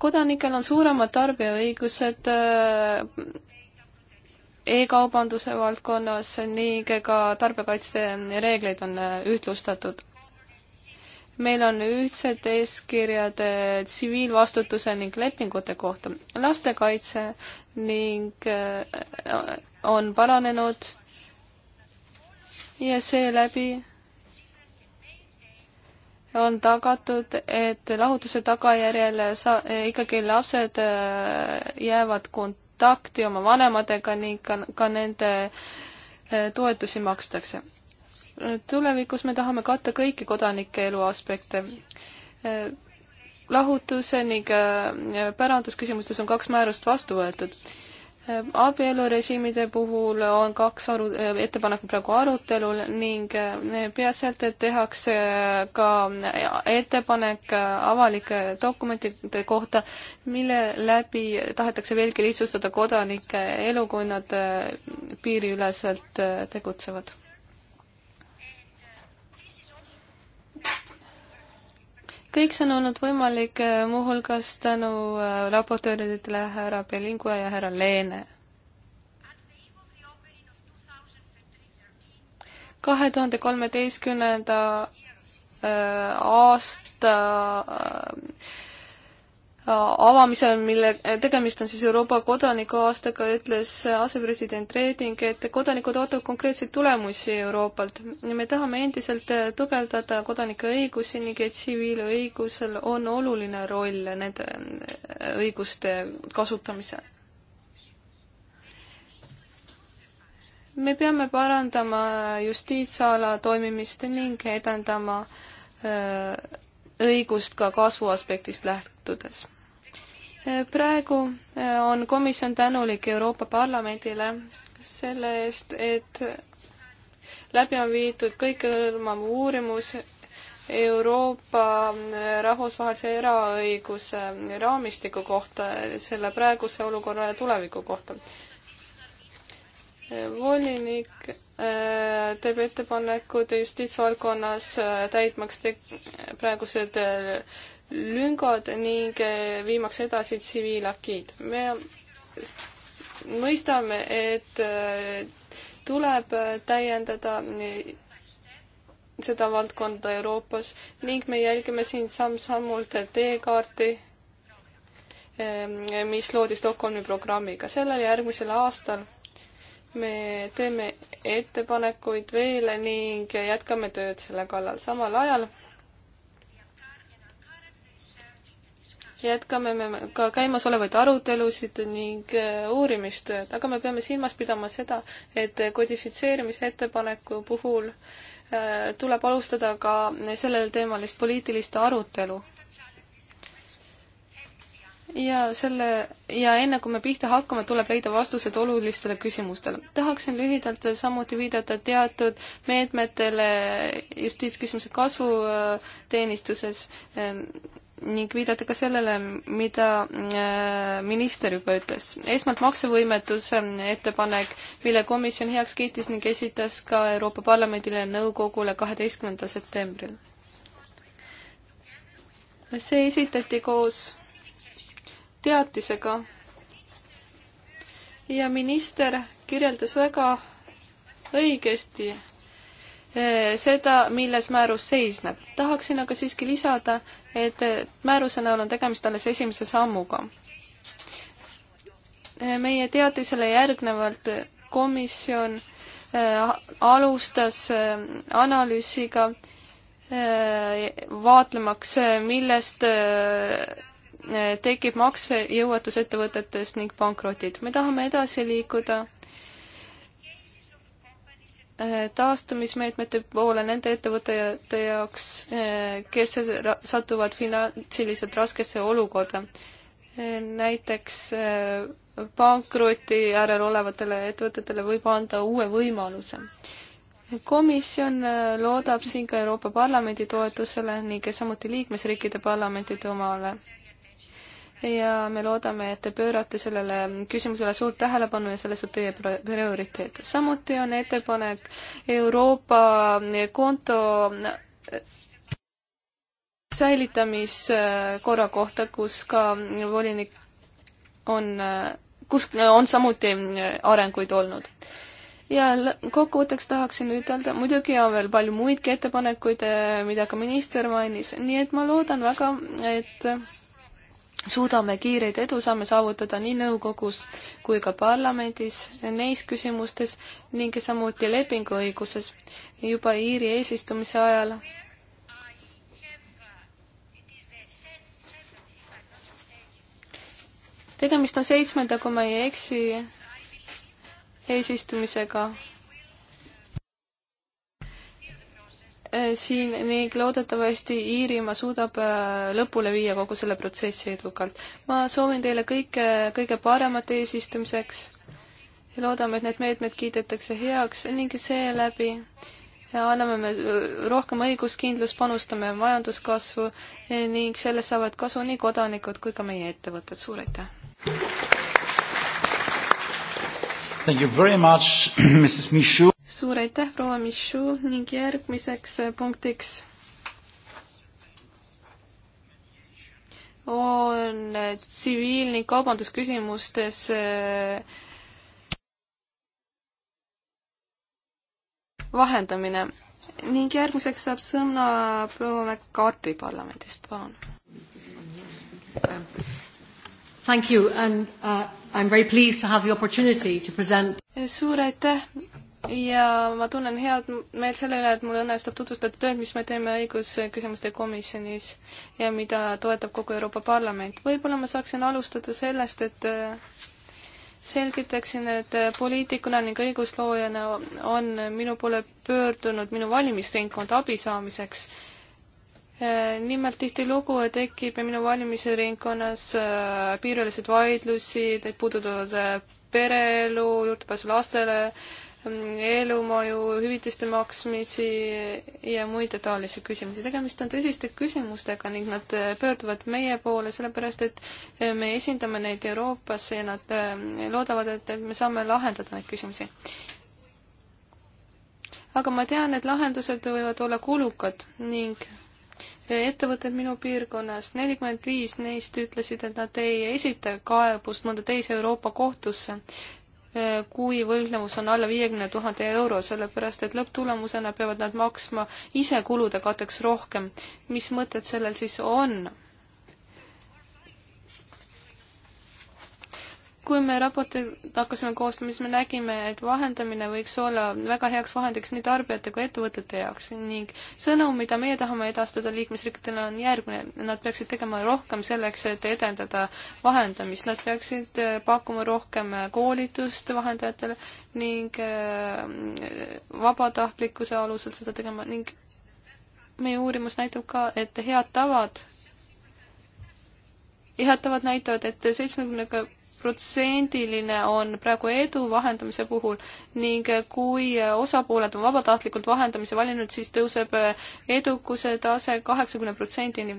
kodanikel on suuremad tarbijaõigused äh, e-kaubanduse valdkonnas ning ka tarbijakaitsereegleid on äh, ühtlustatud. meil on ühtsed eeskirjad äh, tsiviilvastutuse ning lepingute kohta. lastekaitse ning on paranenud ja seeläbi on tagatud, et lahutuse tagajärjel sa-, ikkagi lapsed äh, jäävad kontakti oma vanematega ning ka, ka nende äh, toetusi makstakse. tulevikus me tahame katta kõiki kodanike elu aspekte. Äh, lahutuse ning pärandusküsimustes on kaks määrust vastu võetud Äh, abielurežiimide puhul on kaks aru, äh, ettepanekut praegu arutelul ning äh, peaasjalt tehakse ka ettepanek avalike dokumentide kohta, mille läbi tahetakse veelgi lihtsustada kodanike elu, kui nad piiriüleselt tegutsevad kõik see on olnud võimalik eh, muuhulgas tänu eh, raportööridele härra Belingua ja härra Leene. kahe tuhande kolmeteistkümnenda eh, aasta avamisel, mille eh, tegemist on siis Euroopa kodanikuaastaga, ütles asepresident Reding, et kodanikud ootavad konkreetseid tulemusi Euroopalt. me tahame endiselt eh, tugevdada kodanike õigusi ning et tsiviilõigusel on oluline roll nende eh, õiguste kasutamisel. me peame parandama justiitsala toimimist ning edendama õigust ka kasvu aspektist lähtudes praegu eh, on komisjon tänulik Euroopa Parlamendile selle eest, et läbi on viidud kõikehõlmav uurimus Euroopa eh, rahvusvahelise eraõiguse eh, raamistiku kohta, selle praeguse olukorra ja tuleviku kohta. volinik teeb ettepanekud justiitsvaldkonnas täitmaks te praegused lüngad ning eh, viimaks edasi tsiviilakid. me mõistame, et eh, tuleb eh, täiendada seda valdkonda Euroopas ning me jälgime siin samm-sammult teekaarti, mis loodi Stockholmi programmiga. sellel järgmisel aastal me teeme ettepanekuid veel ning jätkame tööd selle kallal. samal ajal jätkame me ka käimasolevaid arutelusid ning äh, uurimist, aga me peame silmas pidama seda, et kodifitseerimise ettepaneku puhul äh, tuleb alustada ka sellel teemalist poliitilist arutelu ja selle ja enne kui me pihta hakkame, tuleb leida vastused olulistele küsimustele. tahaksin lühidalt samuti viidata teatud meetmetele justiitsküsimuse kasvu teenistuses ning viidata ka sellele, mida äh, minister juba ütles. esmalt maksevõimetuse ettepanek, mille komisjon heaks kiitis ning esitas ka Euroopa Parlamendile ja nõukogule kaheteistkümnendal septembril. see esitati koos teatisega ja minister kirjeldas väga õigesti äh, seda, milles määrus seisneb. tahaksin aga siiski lisada, et määruse näol on tegemist alles esimese sammuga. meie teadisele järgnevalt komisjon äh, alustas äh, analüüsiga, äh, vaatlemaks, millest tekib maksejõuetus ettevõtetes ning pankrotid. me tahame edasi liikuda Eh, taastumismeetmete poole nende ettevõtete jaoks, eh, kes satuvad finantsiliselt raskesse olukorda. Eh, näiteks pankroti järel olevatele ettevõtetele võib anda uue võimaluse. komisjon loodab siin ka Euroopa Parlamendi toetusele ning samuti liikmesriikide parlamentide omale ja me loodame, et te pöörate sellele küsimusele suurt tähelepanu ja selles on teie prioriteet. samuti on ettepanek Euroopa konto äh, säilitamiskorra kohta, kus ka volinik on, kus on samuti arenguid olnud ja kokkuvõtteks tahaksin ütelda, muidugi on veel palju muidki ettepanekuid, äh, mida ka minister mainis, nii et ma loodan väga, et suudame kiireid edusamme saavutada nii nõukogus kui ka parlamendis neis küsimustes ning samuti lepinguõiguses juba Iiri eesistumise ajal. tegemist on seitsmenda, kui ma ei eksi, eesistumisega Äh, siin ning loodetavasti Iirimaa suudab äh, lõpule viia kogu selle protsessi edukalt. ma soovin teile kõike kõige paremat eesistumiseks ja loodame, et need meetmed kiidetakse heaks ning seeläbi anname me äh, rohkem õiguskindlust, panustame majanduskasvu eh, ning sellest saavad kasu nii kodanikud kui ka meie ettevõtted. suur aitäh! Thank you very much, Mrs Michu suur aitäh, proua Michu ning järgmiseks äh, punktiks on äh, tsiviil- ning kaubandusküsimustes äh, vahendamine ning järgmiseks saab sõna proua McCarthy parlamendist, palun. Thank you and uh, I am very pleased to have the opportunity to present suur aitäh ja ma tunnen head meelt selle üle, et mul õnnestub tutvustada tööd, mis me teeme õigusküsimuste komisjonis ja mida toetab kogu Euroopa Parlament. võib-olla ma saaksin alustada sellest, et äh, selgitaksin, et äh, poliitikuna ning õigusloojana on minu poole pöördunud minu valimisringkond abi saamiseks. Äh, nimelt tihtilugu tekib minu valimisringkonnas piiriüleseid vaidlusi, need puudutavad pereelu, juurdepääsu lastele, elumaju hüvitiste maksmisi ja muid taolisi küsimusi. tegemist on tõsiste küsimustega ning nad pöörduvad meie poole sellepärast, et me esindame neid Euroopas ja nad äh, loodavad, et me saame lahendada neid küsimusi. aga ma tean, et lahendused võivad olla kulukad ning ettevõtted minu piirkonnas, nelikümmend viis neist ütlesid, et nad ei esita kaebust mõnda teise Euroopa kohtusse kui võlgnevus on alla viiekümne tuhande euro, sellepärast et lõpptulemusena peavad nad maksma ise kulude katteks rohkem. mis mõtet sellel siis on? kui me raporteid hakkasime koostama, siis me nägime, et vahendamine võiks olla väga heaks vahendiks nii tarbijate kui ettevõtete jaoks ning sõnum, mida meie tahame edastada liikmesriikidele, on järgmine. Nad peaksid tegema rohkem selleks, et edendada vahendamist, nad peaksid äh, pakkuma rohkem äh, koolitust vahendajatele ning äh, vabatahtlikkuse alusel seda tegema ning meie uurimus näitab ka, et head tavad head tavad näitavad et, et seitsmekümnega protsendiline on praegu edu vahendamise puhul ning kui osapooled on vabatahtlikult vahendamise valinud, siis tõuseb edukuse tase kaheksakümne protsendini.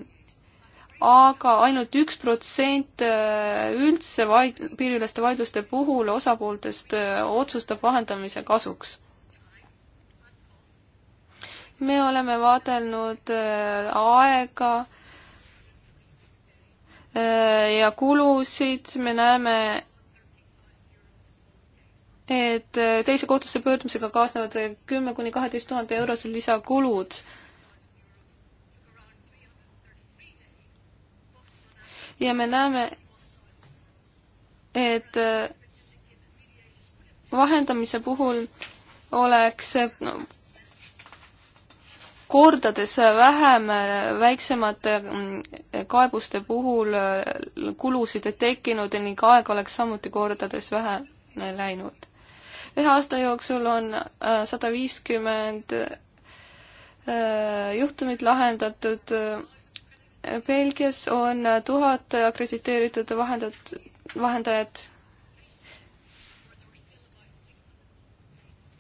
aga ainult üks protsent äh, üldse vaid-, piiriüleste vaidluste puhul osapooltest äh, otsustab vahendamise kasuks me oleme vaadelnud äh, aega Äh, ja kulusid, me näeme, et äh, teise kohtusse pöördumisega kaasnevad kümme kuni kaheteist tuhande eurosed lisakulud. ja me näeme, et äh, vahendamise puhul oleks kordades vähem väiksemate mm, kaebuste puhul äh, kulusid tekkinud ning aeg oleks samuti kordades vähe läinud. ühe aasta jooksul on äh, sada viiskümmend äh, juhtumit lahendatud. Belgias on tuhat akrediteeritud vahendat-, vahendajat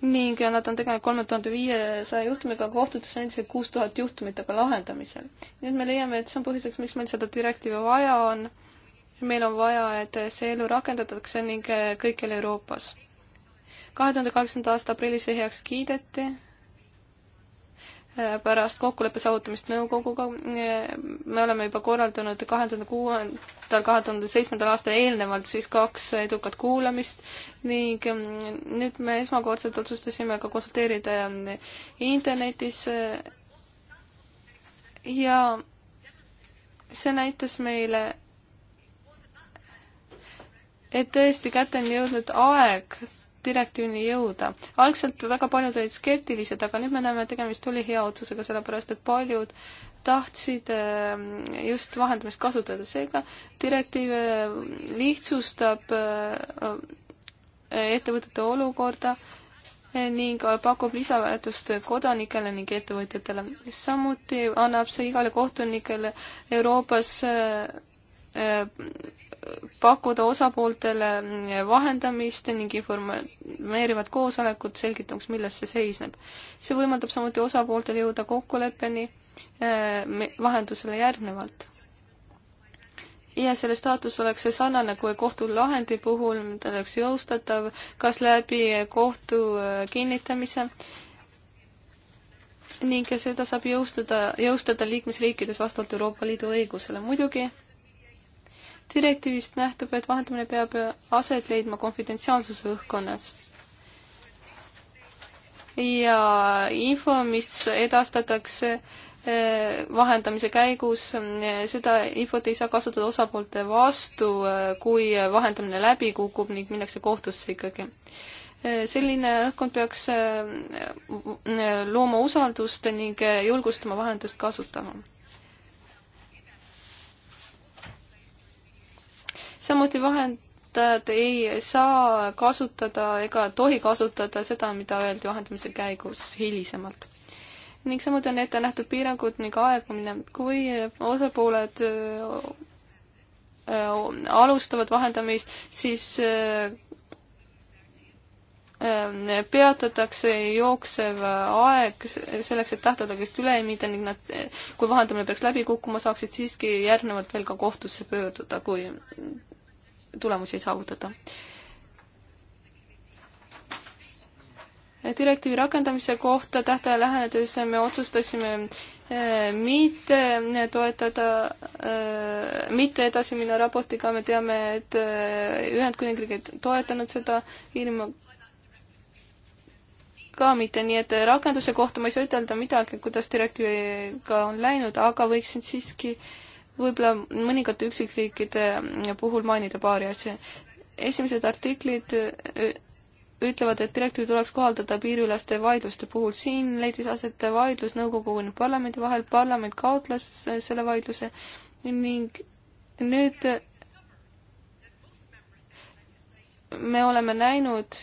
ning nad on tegelenud kolme tuhande viiesaja juhtumiga, kohtutes on endiselt kuus tuhat juhtumit aga lahendamisel. nii et me leiame, et see on põhjuseks, miks meil seda direktiivi vaja on. meil on vaja, et see elu rakendatakse ning eh, kõikjal Euroopas. kahe tuhande kaheksanda aasta aprillis see heaks kiideti Äh, pärast kokkuleppe saavutamist nõukoguga. Äh, me oleme juba korraldanud kahe tuhande kuuendal, kahe tuhande seitsmendal aastal eelnevalt siis kaks edukat kuulamist ning äh, nüüd me esmakordselt otsustasime ka konsulteerida internetis. ja see näitas meile, et tõesti kätte on jõudnud aeg direktiivini jõuda. algselt väga paljud olid skeptilised, aga nüüd me näeme, et tegemist oli hea otsusega, sellepärast et paljud tahtsid ehm, just vahendamist kasutada, seega direktiiv ehm, lihtsustab ehm, ettevõtete olukorda eh, ning eh, pakub lisaväärtust kodanikele ning ettevõtjatele. samuti annab see igale kohtunikele Euroopas pakkuda osapooltele vahendamist ning informeerivat koosolekut, selgitamaks, milles see seisneb. see võimaldab samuti osapooltel jõuda kokkuleppeni eh, vahendusele järgnevalt. ja selle staatus oleks see sarnane kui kohtulahendi puhul, ta oleks jõustatav kas läbi kohtu eh, kinnitamise ning seda saab jõustada, jõustada liikmesriikides vastavalt Euroopa Liidu õigusele. muidugi direktiivist nähtub, et vahendamine peab aset leidma konfidentsiaalsuse õhkkonnas. ja info, mis edastatakse eh, vahendamise käigus, eh, seda infot ei saa kasutada osapoolte vastu, eh, kui vahendamine läbi kukub ning minnakse kohtusse ikkagi. selline õhkkond peaks looma usaldust ning julgustama vahendust kasutama samuti vahendajad ei saa kasutada ega tohi kasutada seda, mida öeldi vahendamise käigus hilisemalt ning samuti on ette nähtud piirangud ning aegumine, kui osapooled äh, alustavad vahendamist, siis äh, äh, peatatakse jooksev aeg selleks, et tähtedest üle ei minda ning nad, kui vahendamine peaks läbi kukkuma, saaksid siiski järgnevalt veel ka kohtusse pöörduda, kui tulemusi saavutada. direktiivi rakendamise kohta tähtaja lähenedes me otsustasime eh, mitte toetada, eh, mitte edasi minna raportiga, me teame, et eh, Ühendkuningriik ei toetanud seda ilma ka mitte, nii et rakenduse kohta ma ei saa ütelda midagi, kuidas direktiiviga on läinud, aga võiksin siiski äh, võib-olla mõningate üksikriikide puhul mainida paari asja. esimesed artiklid ütlevad, et direktiivi tuleks kohaldada piiriüleste vaidluste puhul. siin leidis aset vaidlus nõukogu ning parlamendi vahel, parlament kaotles selle vaidluse ning nüüd me oleme näinud,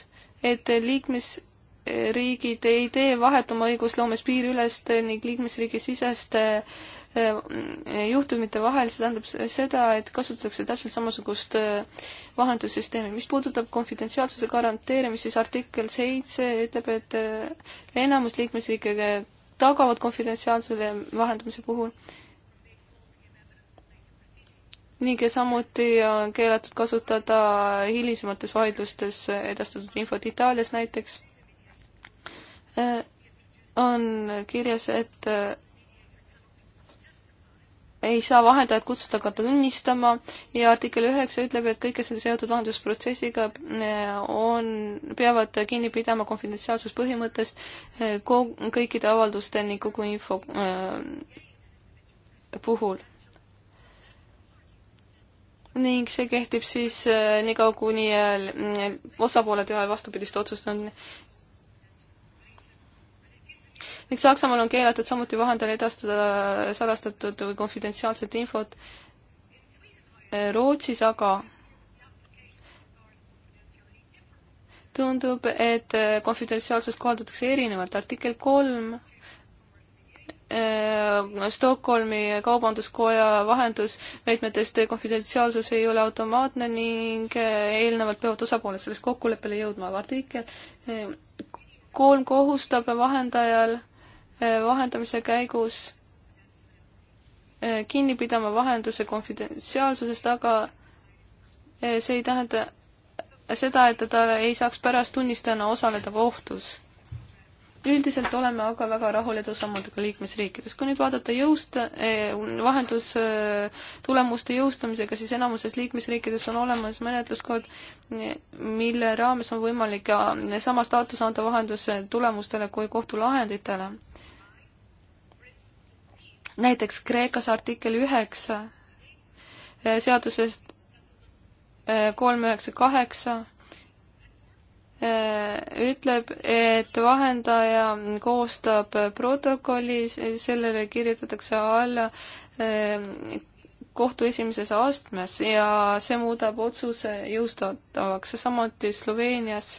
et liikmesriigid ei tee vahet oma õigusloomes piiriüleste ning liikmesriigi siseste äh, Äh, juhtumite vahel, see tähendab seda, et kasutatakse täpselt samasugust äh, vahendussüsteemi. mis puudutab konfidentsiaalsuse garanteerimist, siis artikkel seitse ütleb, et äh, enamus liikmesriike tagavad konfidentsiaalsuse vahendamise puhul ning samuti on keelatud kasutada hilisemates vaidlustes edastatud infot Itaalias näiteks. on kirjas, et ei saa vahendajaid kutsuda ka tunnistama ja artikkel üheksa ütleb, et kõik, kes on seotud lahendusprotsessiga, eh, on, peavad kinni pidama konfidentsiaalsuspõhimõttest eh, kõikide avalduste ning kogu info äh, puhul. ning see kehtib siis äh, niikaua, kuni äh, osapooled ei ole vastupidist otsustanud ning Saksamaal on keelatud samuti vahendada, edastada salastatud või konfidentsiaalset infot. Rootsis aga tundub, et konfidentsiaalsust kohaldatakse erinevalt. artikkel kolm äh, Stockholmi Kaubanduskoja vahendusmeetmetest konfidentsiaalsus ei ole automaatne ning äh, eelnevalt peavad osapooled sellest kokkuleppele jõudma. artikkel äh, kolm kohustab vahendajal Äh, vahendamise käigus äh, kinni pidama vahenduse konfidentsiaalsusest, aga äh, see ei tähenda seda, et ta ei saaks pärast tunnistajana osaleda kohtus. üldiselt oleme aga väga rahul edusammudega liikmesriikides. kui nüüd vaadata jõust-, vahendustulemuste jõustamisega, siis enamuses liikmesriikides on olemas menetluskord, mille raames on võimalik sama staatus anda vahenduse tulemustele kui kohtulahenditele näiteks Kreekas artikkel üheksa eh, seadusest eh, kolm üheksa kaheksa eh, ütleb, et vahendaja koostab protokolli, sellele kirjutatakse alla kohtu esimeses astmes ja see muudab otsuse jõustatavaks, samuti Sloveenias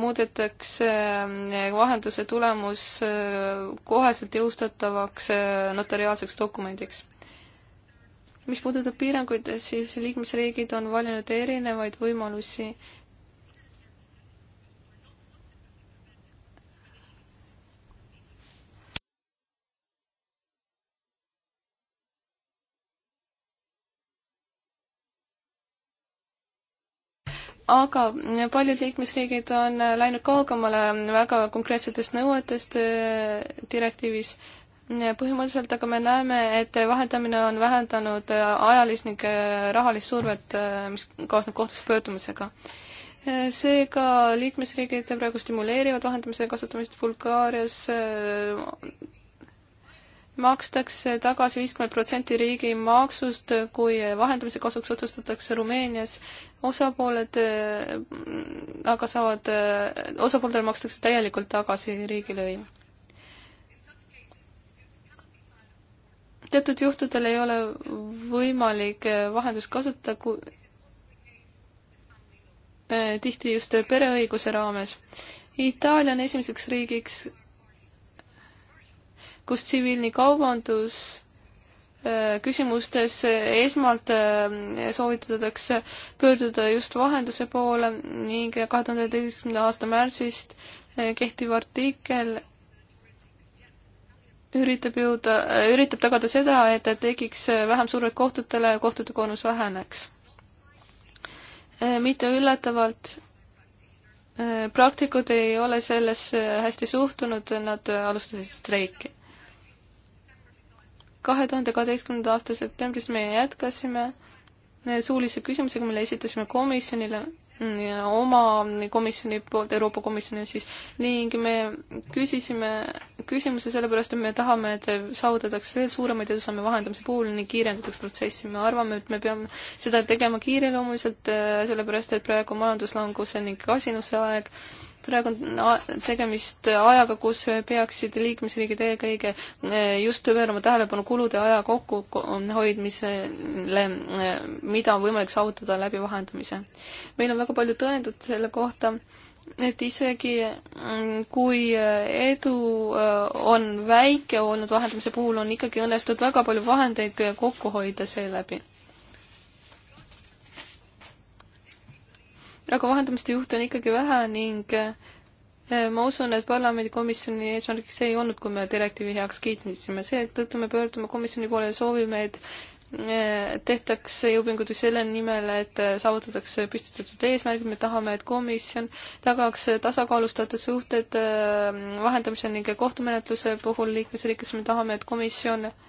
muudetakse äh, vahenduse tulemus äh, koheselt jõustatavaks äh, notariaalseks dokumendiks. mis puudutab piiranguid, siis liikmesriigid on valinud erinevaid võimalusi aga paljud liikmesriigid on läinud kaugemale väga konkreetsetest nõuetest äh, direktiivis. põhimõtteliselt aga me näeme, et vahendamine on vähendanud äh, ajalist ning äh, rahalist survet, mis kaasneb kohtusse pöördumisega. seega liikmesriigid praegu stimuleerivad vahendamise kasutamist Bulgaarias makstakse tagasi viiskümmend protsenti riigi maksust, kui vahendamise kasuks otsustatakse Rumeenias osapooled mm, aga saavad, osapooltele makstakse täielikult tagasi riigilõiv. teatud juhtudel ei ole võimalik vahendust kasutada, kui eh, tihti just pereõiguse raames. Itaalia on esimeseks riigiks, kus tsiviilne kaubandus Äh, küsimustes esmalt äh, soovitatakse pöörduda just vahenduse poole ning kahe tuhande üheteistkümnenda aasta märtsist äh, kehtiv artikkel üritab jõuda, üritab tagada seda, et tekiks vähem survet kohtutele ja kohtute koormus väheneks. mitte üllatavalt praktikud ei ole sellesse hästi suhtunud, nad alustasid streiki kahe tuhande kaheteistkümnenda aasta septembris me jätkasime suulise küsimusega, mille esitasime komisjonile oma komisjoni poolt, Euroopa Komisjoni siis, ning me küsisime küsimuse sellepärast, et me tahame, et saavutataks veel suuremaid edusamme vahendamise puhul ning kiirendataks protsessi. me arvame, et me peame seda tegema kiireloomuliselt, sellepärast et praegu majanduslanguse ning kasinuse aeg praegu on tegemist ajaga, kus peaksid liikmesriigid eelkõige eh, just pöörama tähelepanu kulude aja kokkuhoidmisele, eh, mida on võimalik saavutada läbi vahendamise. meil on väga palju tõendeid selle kohta, et isegi mm, kui eh, edu on väike olnud vahendamise puhul, on ikkagi õnnestunud väga palju vahendeid kokku hoida seeläbi aga vahendamiste juhte on ikkagi vähe ning eh, ma usun, et parlamendikomisjoni eesmärgiks ei olnud, kui me direktiivi heaks kiitmisime, seetõttu me pöördume komisjoni poole ja soovime, et eh, tehtakse jõupingutusi selle nimel, et eh, saavutatakse püstitatud eesmärgid, me tahame, et komisjon tagaks tasakaalustatud suhted vahendamise ning kohtumenetluse puhul liikmesriikides, me tahame, et komisjon äh,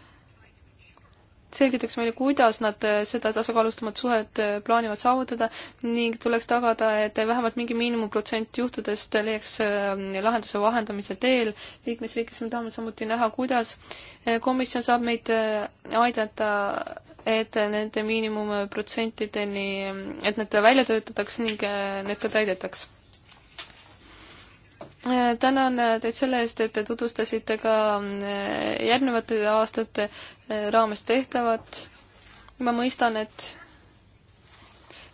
selgitaks meile, kuidas nad äh, seda tasakaalustamat suhet äh, plaanivad saavutada ning tuleks tagada, et vähemalt mingi miinimumprotsent juhtudest leiaks äh, lahenduse vahendamise teel liikmesriikides. me tahame samuti näha, kuidas komisjon saab meid aidata, et nende miinimumprotsentideni, et need välja töötataks ning need ka täidetaks tänan teid selle eest, et te tutvustasite ka eh, järgnevate aastate eh, raames tehtavat. ma mõistan, et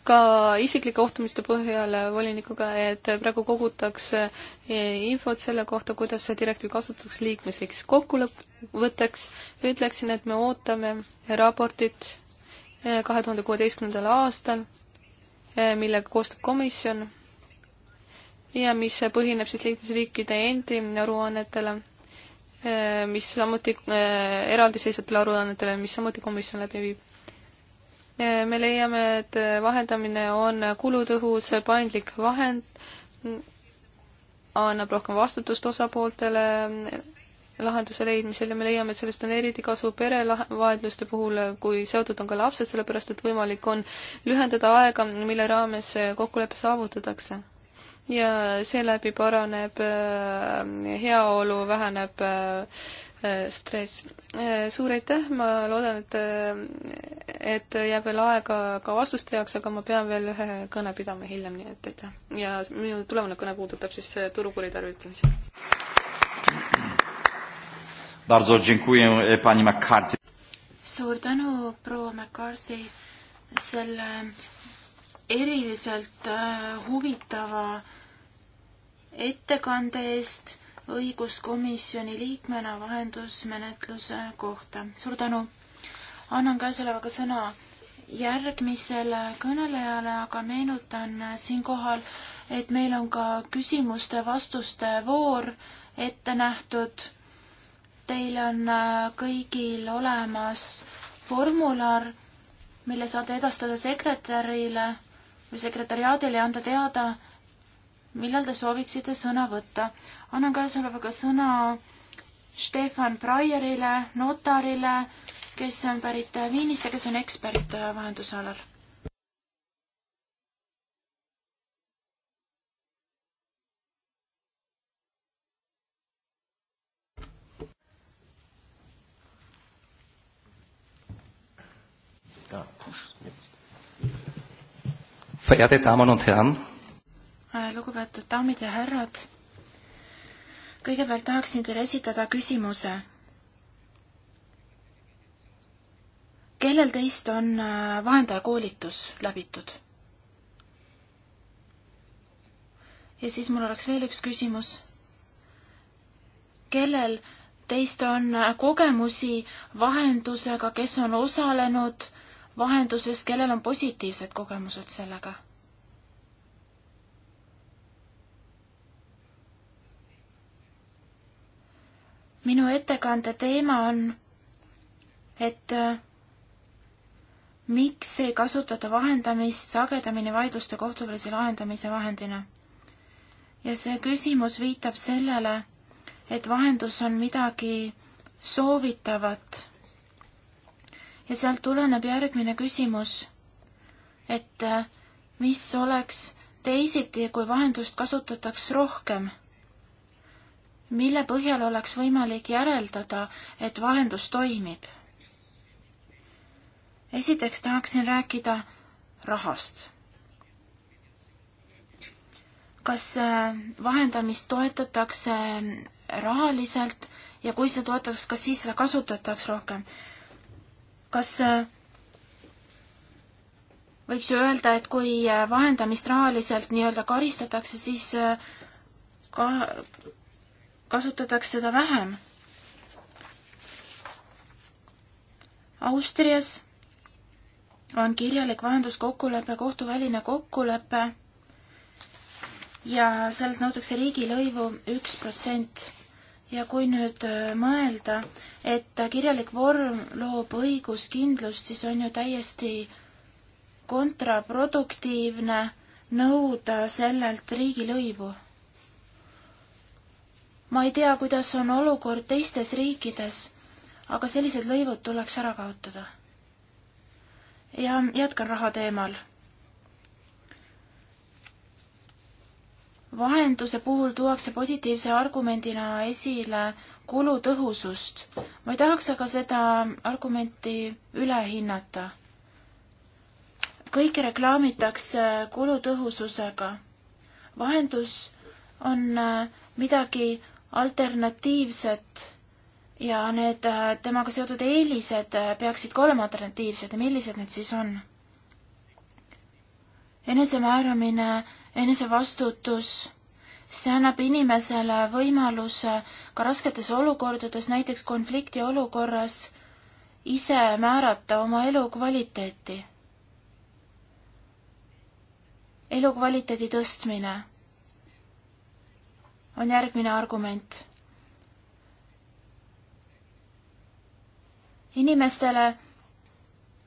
ka isiklike kohtumiste põhjal volinikuga, et praegu kogutakse eh, infot selle kohta, kuidas see direktiiv kasutatakse liikmesriigis. kokkuvõtteks ütleksin, et me ootame raportit kahe tuhande kuueteistkümnendal aastal, mille koostab komisjon ja mis põhineb siis liikmesriikide endi aruannetele, eh, mis samuti äh,, eraldiseisvatele aruannetele, mis samuti komisjon läbi viib. Eh, me leiame, et vahendamine on kulutõhus, paindlik vahend, annab rohkem vastutust osapooltele lahenduse leidmisel ja me leiame, et sellest on eriti kasu perevaidluste puhul, kui seotud on ka lapsed, sellepärast et võimalik on lühendada aega, mille raames kokkulepe saavutatakse ja seeläbi paraneb äh, heaolu, väheneb äh, stress. Äh, suur aitäh, ma loodan, et, et jääb veel aega ka vastuste jaoks, aga ma pean veel ühe kõne pidama hiljem, nii et aitäh. ja minu tulevane kõne puudutab siis turu kuritarvitamisi. E, suur tänu, proua McCarthy, selle eriliselt äh, huvitava ettekande eest õiguskomisjoni liikmena vahendusmenetluse kohta. suur tänu! annan käesolevaga sõna järgmisele kõnelejale, aga meenutan siinkohal, et meil on ka küsimuste-vastuste voor ette nähtud. Teil on äh, kõigil olemas formular, mille saate edastada sekretärile või sekretäriaadile anda teada, millal te sooviksite sõna võtta. annan käesolevaga sõna Stefan Breierile, notarile, kes on pärit Viinist ja kes on ekspert vahendusalal. Da, push. Verehrte Damen und Herren. lugupeetud daamid ja härrad. kõigepealt tahaksin teile esitada küsimuse. kellel teist on äh, vahendajakoolitus läbitud? ja siis mul oleks veel üks küsimus. kellel teist on äh, kogemusi vahendusega, kes on osalenud vahenduses, kellel on positiivsed kogemused sellega? minu ettekande teema on, et äh, miks ei kasutata vahendamist sagedamini vaidluste kohtuvälise lahendamise vahendina. ja see küsimus viitab sellele, et vahendus on midagi soovitavat ja sealt tuleneb järgmine küsimus, et äh, mis oleks teisiti, kui vahendust kasutataks rohkem? mille põhjal oleks võimalik järeldada, et vahendus toimib? esiteks tahaksin rääkida rahast. kas äh, vahendamist toetatakse rahaliselt ja kui seda toetatakse, kas siis seda kasutatakse rohkem? kas äh, võiks ju öelda, et kui äh, vahendamist rahaliselt nii-öelda karistatakse, siis äh, ka kasutatakse seda vähem. Austrias on kirjalik vahenduskokkulepe kohtuväline kokkulepe ja sealt nõutakse riigilõivu üks protsent ja kui nüüd äh, mõelda, et kirjalik vorm loob õiguskindlust, siis on ju täiesti kontraproduktiivne nõuda sellelt riigilõivu. ma ei tea, kuidas on olukord teistes riikides, aga sellised lõivud tuleks ära kaotada. ja jätkan raha teemal vahenduse puhul tuuakse positiivse argumendina esile kulutõhusust. ma ei tahaks aga seda argumenti üle hinnata. kõike reklaamitakse kulutõhususega. vahendus on äh, midagi alternatiivset ja need äh, temaga seotud eelised äh, peaksid ka olema alternatiivsed ja millised need siis on? enesemääramine enesevastutus, see annab inimesele võimaluse ka rasketes olukordades, näiteks konflikti olukorras, ise määrata oma elukvaliteeti. elukvaliteedi tõstmine on järgmine argument. inimestele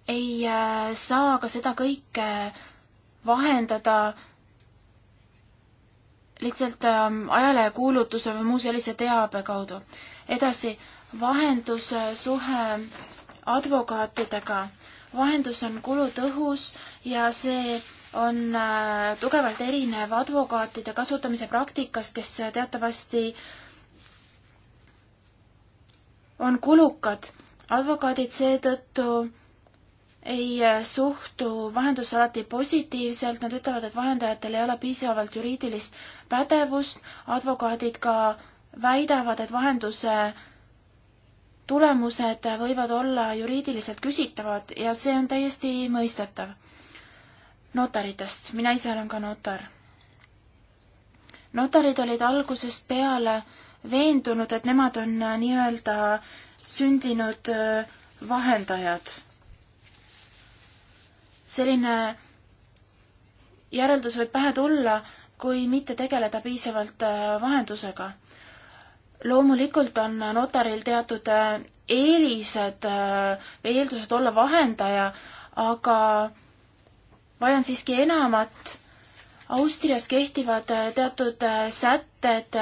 ei äh, saa ka seda kõike vahendada lihtsalt ähm, ajalehekuulutuse või muu sellise teabe kaudu. edasi, vahendussuhe advokaatidega. vahendus on kulutõhus ja see on äh, tugevalt erinev advokaatide kasutamise praktikast, kes teatavasti on kulukad. advokaadid seetõttu ei äh, suhtu vahendusse alati positiivselt, nad ütlevad, et vahendajatel ei ole piisavalt juriidilist pädevust, advokaadid ka väidavad, et vahenduse tulemused võivad olla juriidiliselt küsitavad ja see on täiesti mõistetav. notaritest, mina ise olen ka notar. notarid olid algusest peale veendunud, et nemad on äh, nii-öelda sündinud äh, vahendajad selline järeldus võib pähe tulla, kui mitte tegeleda piisavalt äh, vahendusega. loomulikult on notaril teatud äh, eelised äh, või eeldused olla vahendaja, aga vajan siiski enamat. Austrias kehtivad teatud sätted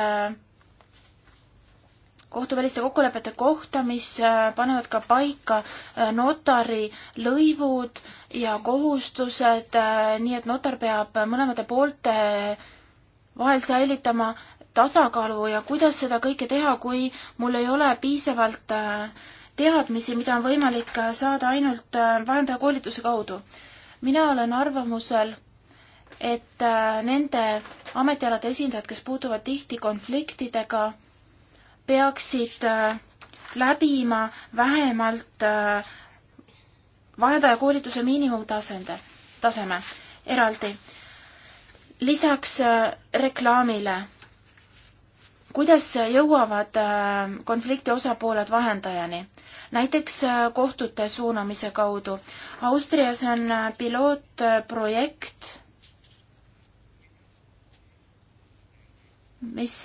kohtuväliste kokkulepete kohta, mis äh, panevad ka paika äh, notari lõivud ja kohustused, äh, nii et notar peab mõlemate poolte vahel säilitama tasakaalu ja kuidas seda kõike teha, kui mul ei ole piisavalt teadmisi, mida on võimalik saada ainult vahendajakoolituse kaudu. mina olen arvamusel, et nende ametialade esindajad, kes puutuvad tihti konfliktidega, peaksid äh, läbima vähemalt äh, vahendaja koolituse miinimumtasende, taseme eraldi. lisaks äh, reklaamile. kuidas jõuavad konflikti osapooled vahendajani? näiteks kohtute suunamise kaudu. Austrias on pilootprojekt, mis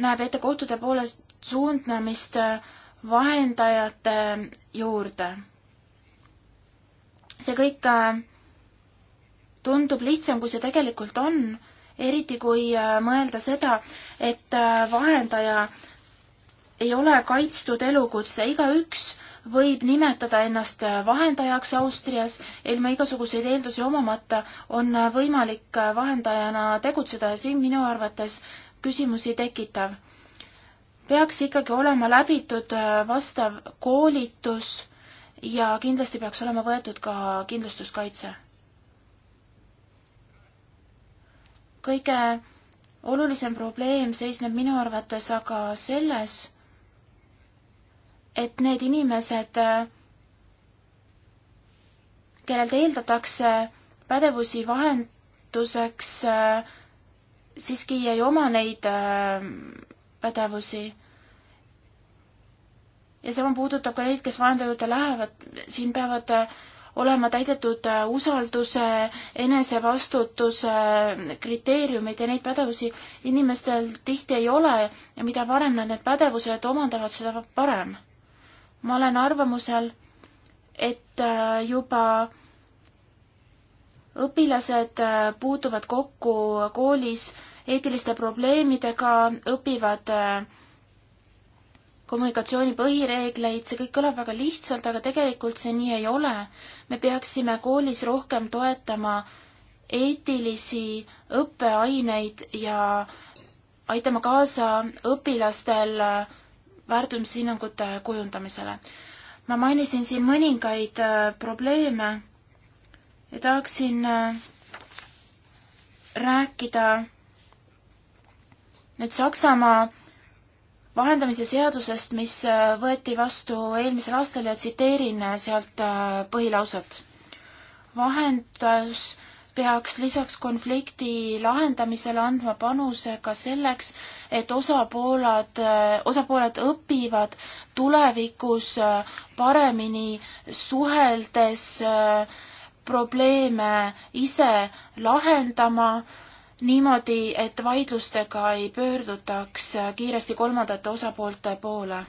näeb ette kohtade poolest suundamist vahendajate juurde. see kõik äh, tundub lihtsam, kui see tegelikult on, eriti kui äh, mõelda seda, et äh, vahendaja ei ole kaitstud elukutse, igaüks võib nimetada ennast vahendajaks Austrias, ilma igasuguseid eeldusi omamata on võimalik vahendajana tegutseda ja siin minu arvates küsimusi tekitav. peaks ikkagi olema läbitud äh, vastav koolitus ja kindlasti peaks olema võetud ka kindlustuskaitse. kõige olulisem probleem seisneb minu arvates aga selles, et need inimesed, äh, kellelt eeldatakse pädevusi vahenduseks äh, siiski ei oma neid äh, pädevusi. ja sama puudutab ka neid, kes vaenlase juurde lähevad, siin peavad äh, olema täidetud äh, usalduse, enesevastutuse kriteeriumid ja neid pädevusi inimestel tihti ei ole ja mida varem nad need pädevused omandavad, seda parem. ma olen arvamusel, et juba õpilased äh, puutuvad kokku koolis eetiliste probleemidega, õpivad äh, kommunikatsiooni põhireegleid, see kõik kõlab väga lihtsalt, aga tegelikult see nii ei ole. me peaksime koolis rohkem toetama eetilisi õppeaineid ja aitama kaasa õpilastel äh, väärtumishinnangute kujundamisele. ma mainisin siin mõningaid probleeme ja tahaksin äh, rääkida nüüd Saksamaa vahendamise seadusest, mis äh, võeti vastu eelmisel aastal ja tsiteerin äh, sealt põhilauset. vahendus peaks lisaks konflikti lahendamisele andma panuse ka selleks, et osapoolad, osapooled õpivad tulevikus paremini suheldes äh, probleeme ise lahendama niimoodi, et vaidlustega ei pöördutaks kiiresti kolmandate osapoolte poole.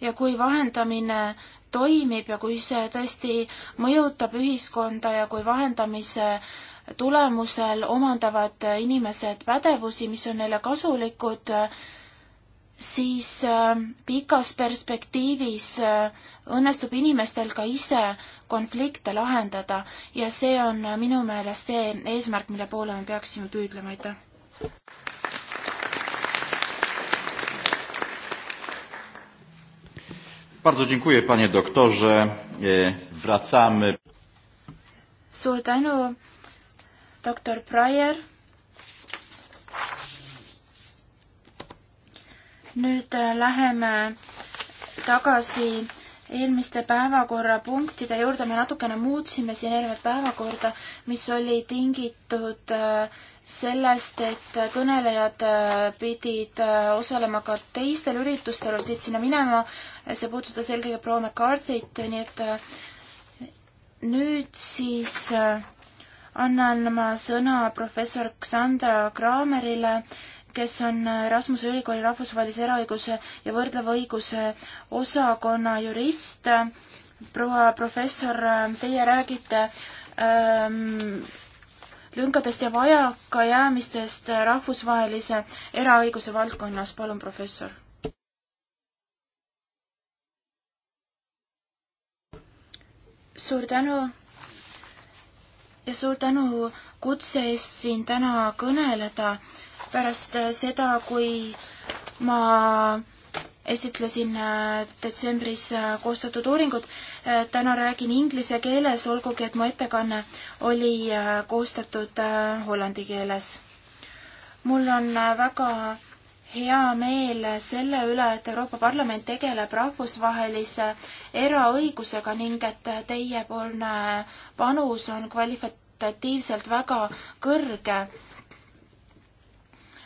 ja kui vahendamine toimib ja kui see tõesti mõjutab ühiskonda ja kui vahendamise tulemusel omandavad inimesed pädevusi, mis on neile kasulikud, siis äh, pikas perspektiivis äh, õnnestub inimestel ka ise konflikte lahendada ja see on äh, minu meelest see eesmärk, mille poole me peaksime püüdlema, aitäh. Bardzo dziękuję, panie doktorze. E, wracamy. Suur tänu, doktor Breyer nüüd äh, läheme tagasi eelmiste päevakorrapunktide juurde, me natukene muutsime siin eelnevat päevakorda, mis oli tingitud äh, sellest, et kõnelejad äh, pidid osalema ka teistel üritustel, pidid sinna minema, see puudutas eelkõige proua McCarthy't, nii et nüüd siis annan ma sõna professor Ksandra Kraamerile, kes on Rasmuse ülikooli rahvusvahelise eraõiguse ja võrdleva õiguse osakonna jurist. proua professor, teie räägite ähm, lünkadest ja vajakajäämistest rahvusvahelise eraõiguse valdkonnas, palun professor. suur tänu ja suur tänu kutse eest siin täna kõneleda äh, pärast äh, seda, kui ma esitlesin äh, detsembris äh, koostatud uuringut. täna räägin inglise keeles, olgugi et mu ettekanne oli koostatud hollandi keeles. mul on väga hea meel selle üle, et Euroopa Parlament tegeleb rahvusvahelise eraõigusega ning et teiepoolne panus on kvalifikatiivselt väga kõrge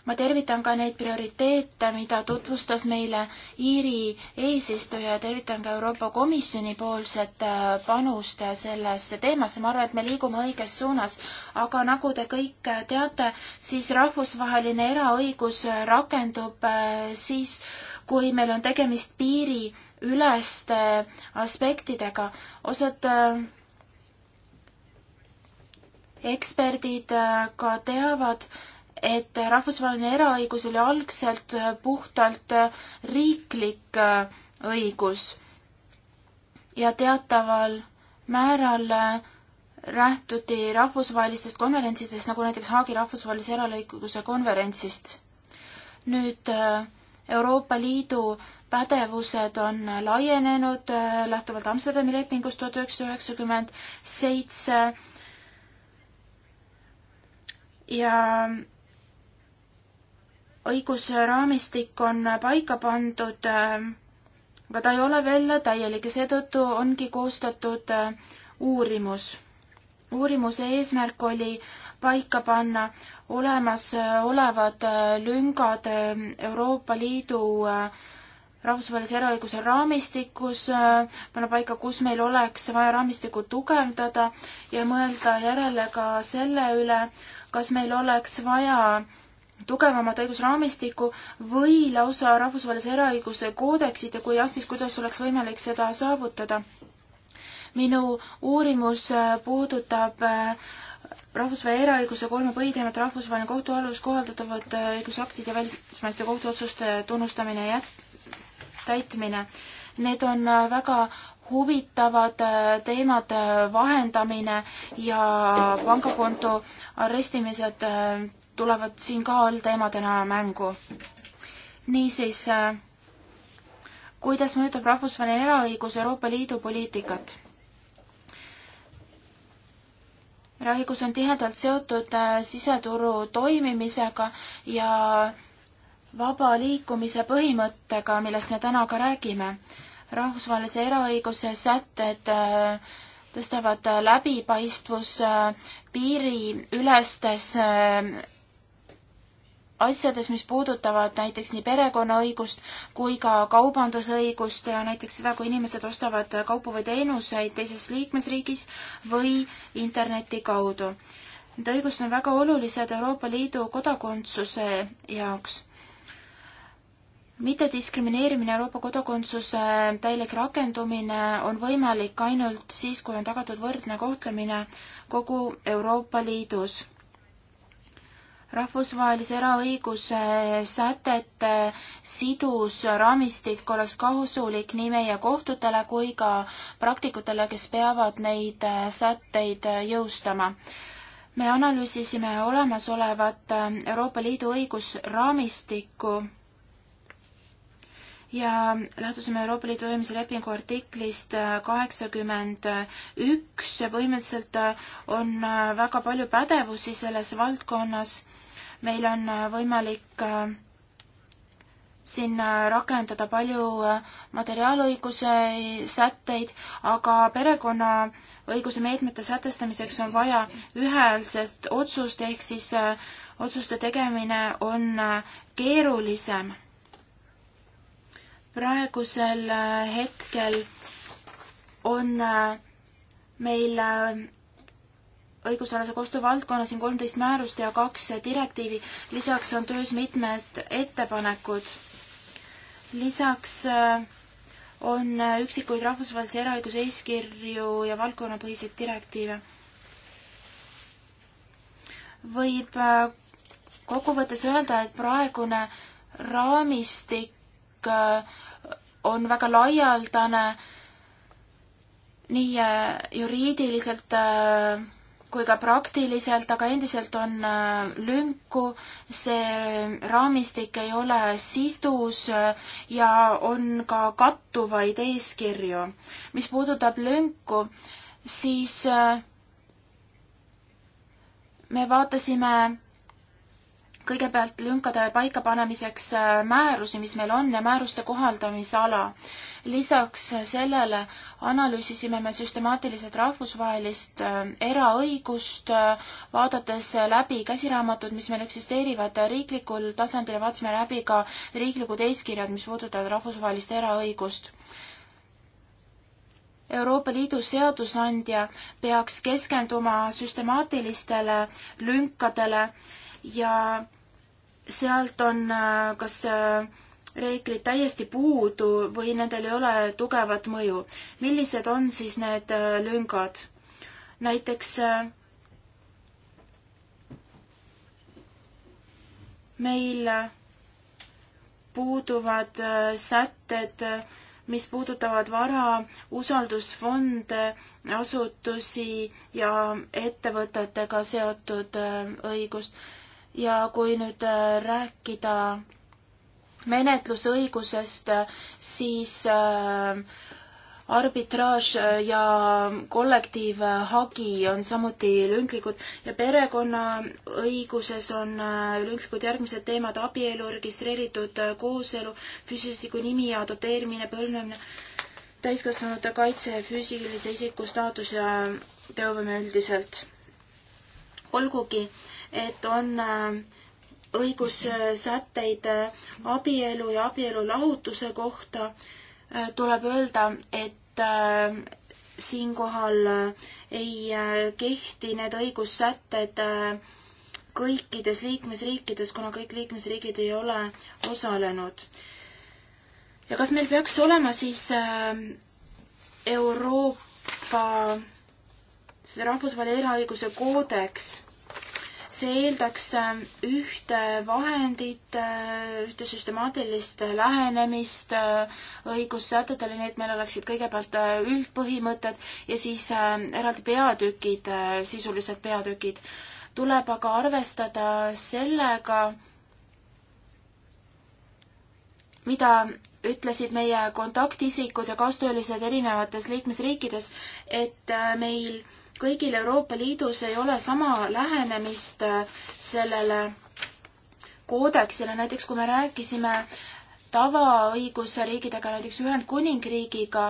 ma tervitan ka neid prioriteete, mida tutvustas meile Iiri eesistuja ja tervitan ka Euroopa Komisjoni poolset äh, panust sellesse teemasse, ma arvan, et me liigume õiges suunas. aga nagu te kõik äh, teate, siis rahvusvaheline eraõigus äh, rakendub siis, kui meil on tegemist piiriüleste aspektidega. osad eksperdid ka teavad, et rahvusvaheline eraõigus oli algselt äh, puhtalt äh, riiklik äh, õigus ja teataval määral lähtuti rahvusvahelistest konverentsidest, nagu näiteks Haagi rahvusvahelise eraõiguse konverentsist. nüüd Euroopa Liidu pädevused on laienenud lähtuvalt Amsterdami lepingust tuhat üheksasada üheksakümmend seitse ja õigusraamistik on paika pandud, äh, aga ta ei ole veel täielik ja seetõttu ongi koostatud äh, uurimus. uurimuse eesmärk oli paika panna olemasolevad äh, lüngad Euroopa Liidu rahvusvahelise eraõiguse raamistikus, panna paika, kus meil oleks vaja raamistikku tugevdada ja mõelda järele ka selle üle, kas meil oleks vaja tugevamat õigusraamistikku või lausa rahvusvahelise eraõiguse koodeksit ja kui jah, siis kuidas oleks võimalik seda saavutada? minu uurimus äh, puudutab äh, rahvusvahelise eraõiguse kolme põhiteemat, rahvusvaheline kohtu alus, kohaldatavad äh, õigusaktid ja välismaiste kohtuotsuste tunnustamine ja täitmine. Need on väga huvitavad teemad, vahendamine ja pangakonto arestimised tulevad siin ka all teemadena mängu. niisiis, äh, kuidas mõjutab rahvusvaheline eraõigus Euroopa Liidu poliitikat? eraõigus on tihedalt seotud äh, siseturu toimimisega ja vaba liikumise põhimõttega, millest me täna ka räägime. rahvusvahelise eraõiguse sätted äh, tõstavad läbipaistvus piiriülestes asjades, mis puudutavad näiteks nii perekonnaõigust kui ka kaubandusõigust, näiteks seda, kui inimesed ostavad kaupu või teenuseid teises liikmesriigis või interneti kaudu. Need õigused on väga olulised Euroopa Liidu kodakondsuse jaoks. mittediskrimineerimine, Euroopa kodakondsuse täielik rakendumine on võimalik ainult siis, kui on tagatud võrdne kohtlemine kogu Euroopa Liidus rahvusvahelise eraõiguse sätete sidus raamistik oleks kasulik nii meie kohtutele kui ka praktikutele, kes peavad neid sätteid jõustama. me analüüsisime olemasolevat Euroopa Liidu õigusraamistikku ja lähtusime Euroopa Liidu toimimise lepingu artiklist kaheksakümmend üks ja põhimõtteliselt on väga palju pädevusi selles valdkonnas meil on äh, võimalik äh, siin äh, rakendada palju materiaalõiguse sätteid, aga perekonnaõiguse meetmete sätestamiseks on vaja ühehäälset otsust, ehk siis otsuste tegemine on keerulisem. praegusel hetkel on meil õigusalase koostöö valdkonnas on kolmteist määrust ja kaks direktiivi, lisaks on töös mitmed ettepanekud. lisaks äh, on äh, üksikuid rahvusvahelise eraõiguse eeskirju ja valdkonnapõhiseid direktiive. võib äh, kokkuvõttes öelda, et praegune raamistik on väga laialdane nii juriidiliselt kui ka praktiliselt, aga endiselt on äh, lünku, see raamistik ei ole sisus äh, ja on ka kattuvaid eeskirju. mis puudutab lünku, siis äh, me vaatasime kõigepealt lünkade paikapanemiseks määrusi, mis meil on ja määruste kohaldamise ala lisaks sellele analüüsisime me süstemaatiliselt rahvusvahelist äh, eraõigust, äh, vaadates läbi käsiraamatud, mis meil eksisteerivad riiklikul tasandil ja vaatasime läbi ka riiklikud eeskirjad, mis puudutavad rahvusvahelist eraõigust Euroopa Liidu seadusandja peaks keskenduma süstemaatilistele lünkadele ja sealt on äh, kas äh, reeglid täiesti puudu või nendel ei ole tugevat mõju. millised on siis need äh, lüngad? näiteks äh, meil äh, puuduvad sätted, mis puudutavad vara, usaldusfonde, asutusi ja ettevõtetega seotud õigust. ja kui nüüd rääkida menetlusõigusest, siis äh, arbitraaž äh, ja kollektiivhagi on samuti lünklikud ja perekonnaõiguses on äh, lünklikud järgmised teemad abielu, registreeritud kooselu, füüsilisiku nimi ja doteerimine, põlvnemine, täiskasvanute kaitse, füüsilise isiku staatus ja teovõime üldiselt. olgugi, et on äh, õigussätteid äh, abielu ja abielu lahutuse kohta, äh, tuleb öelda, et äh, siinkohal ei kehti need õigussätted kõikides liikmesriikides, kuna kõik liikmesriigid ei ole osalenud. ja kas meil peaks olema siis Euroopa rahvusvahelise eraõiguse koodeks see eeldaks ähm, ühte vahendit, äh, ühte süstemaatilist lähenemist äh, õigussätetele, nii et meil oleksid kõigepealt äh, üldpõhimõtted ja siis ähm, eraldi peatükid, sisulised peatükid. tuleb aga arvestada sellega, mida ütlesid meie kontaktisikud ja kaastöölised erinevates liikmesriikides, et meil äh, kõigil Euroopa Liidus ei ole sama lähenemist äh, sellele koodeksile, näiteks kui me rääkisime tavaõigusriikidega, näiteks Ühendkuningriigiga,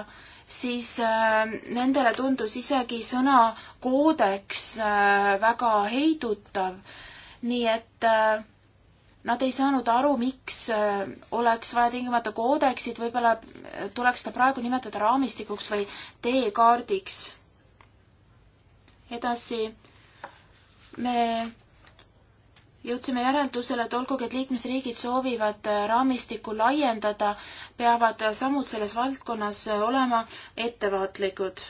siis äh, nendele tundus isegi sõna koodeks äh, väga heidutav. nii et äh, nad ei saanud aru, miks äh, oleks vaja tingimata koodeksit, võib-olla äh, tuleks seda praegu nimetada raamistikuks või teekaardiks edasi me jõudsime järeldusele, et olgugi, et liikmesriigid soovivad äh, raamistikku laiendada, peavad äh, sammud selles valdkonnas äh, olema ettevaatlikud.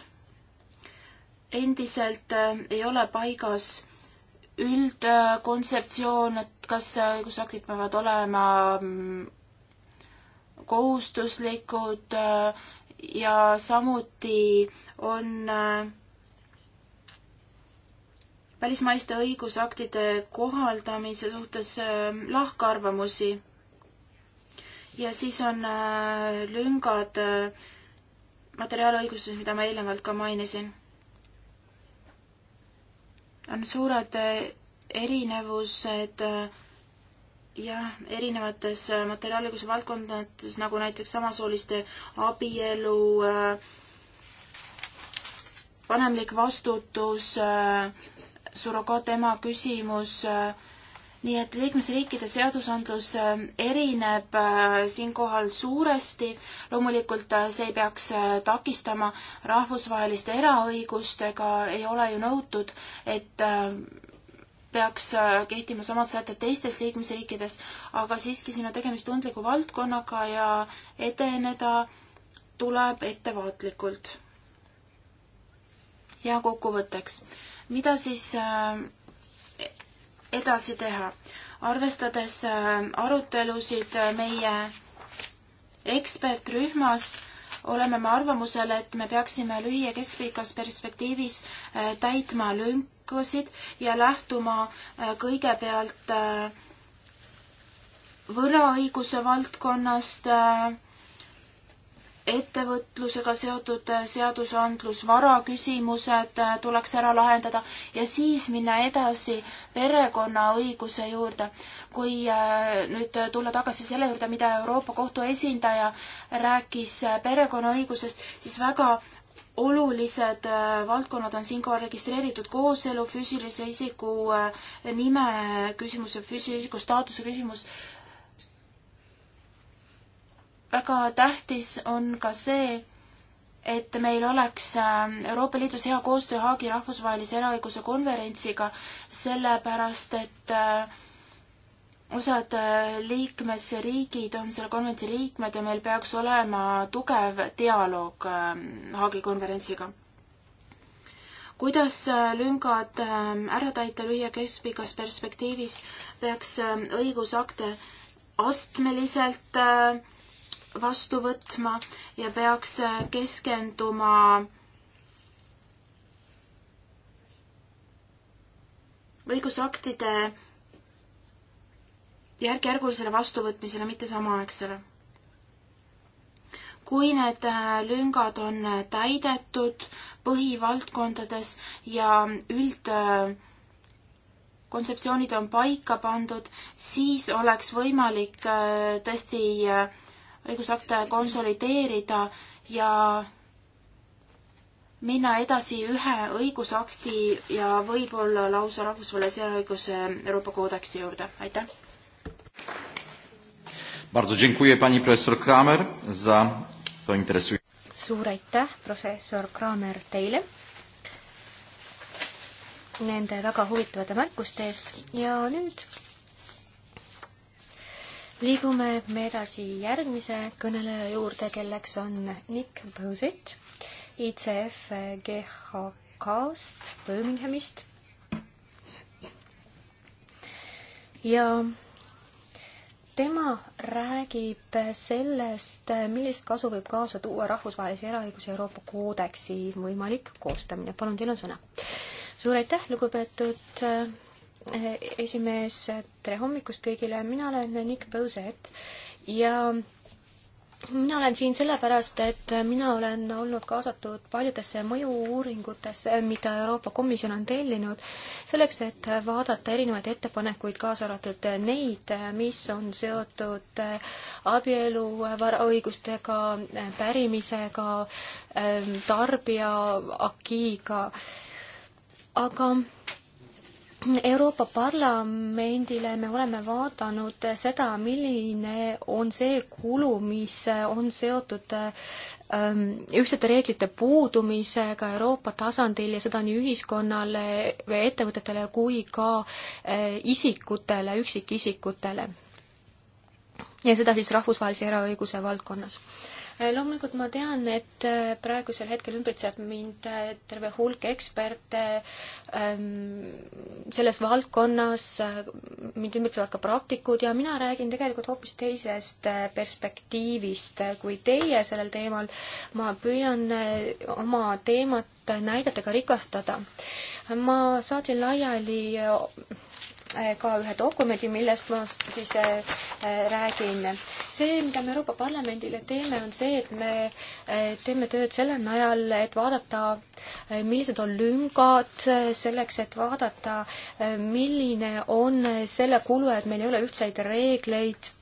endiselt ei ole paigas üldkontseptsioon, et kas õigusaktid peavad olema mm, kohustuslikud ja samuti on äh, välismaiste õigusaktide kohaldamise suhtes ähm, lahkarvamusi. ja siis on äh, lüngad äh, materiaalõiguses, mida ma eelnevalt ka mainisin. on suured äh, erinevused jah, erinevates materiaalõiguse valdkondades, nagu näiteks samasooliste abielu, vanemlik vastutus äh,, surrogaatema küsimus, äh, nii et liikmesriikide seadusandlus äh, erineb äh, siinkohal suuresti, loomulikult see ei peaks takistama rahvusvahelist eraõigust ega ei ole ju nõutud, et peaks kehtima samad sätted teistes liikmesriikides, aga siiski siin on tegemist tundliku valdkonnaga ja edeneda tuleb ettevaatlikult. ja kokkuvõtteks mida siis äh, edasi teha? arvestades äh, arutelusid äh, meie ekspertrühmas, oleme me arvamusel, et me peaksime lühi- ja keskpikas perspektiivis täitma lünkasid ja lähtuma kõigepealt võlaõiguse valdkonnast äh, ettevõtlusega seotud seadusandlus, varaküsimused äh, tuleks ära lahendada ja siis minna edasi perekonnaõiguse juurde. kui äh, nüüd tulla tagasi selle juurde, mida Euroopa Kohtu esindaja rääkis äh, perekonnaõigusest, siis väga olulised valdkonnad on siinkohal registreeritud kooselu, füüsilise isiku nime küsimus ja füüsilise isiku staatuse küsimus väga tähtis on ka see, et meil oleks ähm, Euroopa Liidus hea koostöö Haagi rahvusvahelise eraõiguse konverentsiga, sellepärast et äh, osad äh, liikmesriigid on selle konventsi liikmed ja meil peaks olema tugev dialoog ähm, Haagi konverentsiga. kuidas äh, lüngad ähm, ära täita lühi- ja keskpikas perspektiivis, peaks õigusakte astmeliselt äh, vastu võtma ja peaks keskenduma õigusaktide järk-järgulisele vastuvõtmisele, mitte samaaegsele. kui need äh, lüngad on äh, täidetud põhivaldkondades ja üld äh, kontseptsioonid on paika pandud, siis oleks võimalik tõesti õigusakte konsolideerida ja minna edasi ühe õigusakti ja võib-olla lausa rahvusvahelise õiguse Euroopa koodeksi juurde, aitäh! suur aitäh, professor Kramer, teile nende väga huvitavate märkuste eest ja nüüd liigume me edasi järgmise kõneleja juurde, kelleks on Nick Bosit ICF GHK-st Birminghamist. ja tema räägib sellest, millist kasu võib kaasa tuua rahvusvahelise eraõiguse Euroopa koodeksi võimalik koostamine. palun, teil on sõna. suur aitäh, lugupeetud Eh, esimees, tere hommikust kõigile, mina olen Nick Bõuset ja mina olen siin sellepärast, et mina olen olnud kaasatud paljudesse mõju-uuringutesse, mida Euroopa Komisjon on tellinud, selleks, et vaadata erinevaid ettepanekuid, kaasa arvatud neid, mis on seotud abielu varaõigustega, pärimisega, ehm, tarbija akiiga, aga Euroopa Parlamendile me oleme vaadanud seda, milline on see kulu, mis on seotud ähm, ühtsete reeglite puudumisega Euroopa tasandil ja seda nii ühiskonnale, ettevõtetele kui ka äh, isikutele, üksikisikutele. ja seda siis rahvusvahelise eraõiguse valdkonnas loomulikult ma tean, et äh, praegusel hetkel ümbritseb mind äh, terve hulk eksperte ähm, selles valdkonnas, äh, mind ümbritsevad ka praktikud ja mina räägin tegelikult hoopis teisest perspektiivist kui teie sellel teemal. ma püüan oma teemat näidetega rikastada. ma saatsin laiali Eh, ka ühe dokumendi, millest ma siis eh, eh, räägin. see, mida me Euroopa Parlamendile teeme, on see, et me teeme tööd selle najal, et vaadata, millised on lüngad selleks, et vaadata, milline on selle kulu, et meil ei ole ühtseid reegleid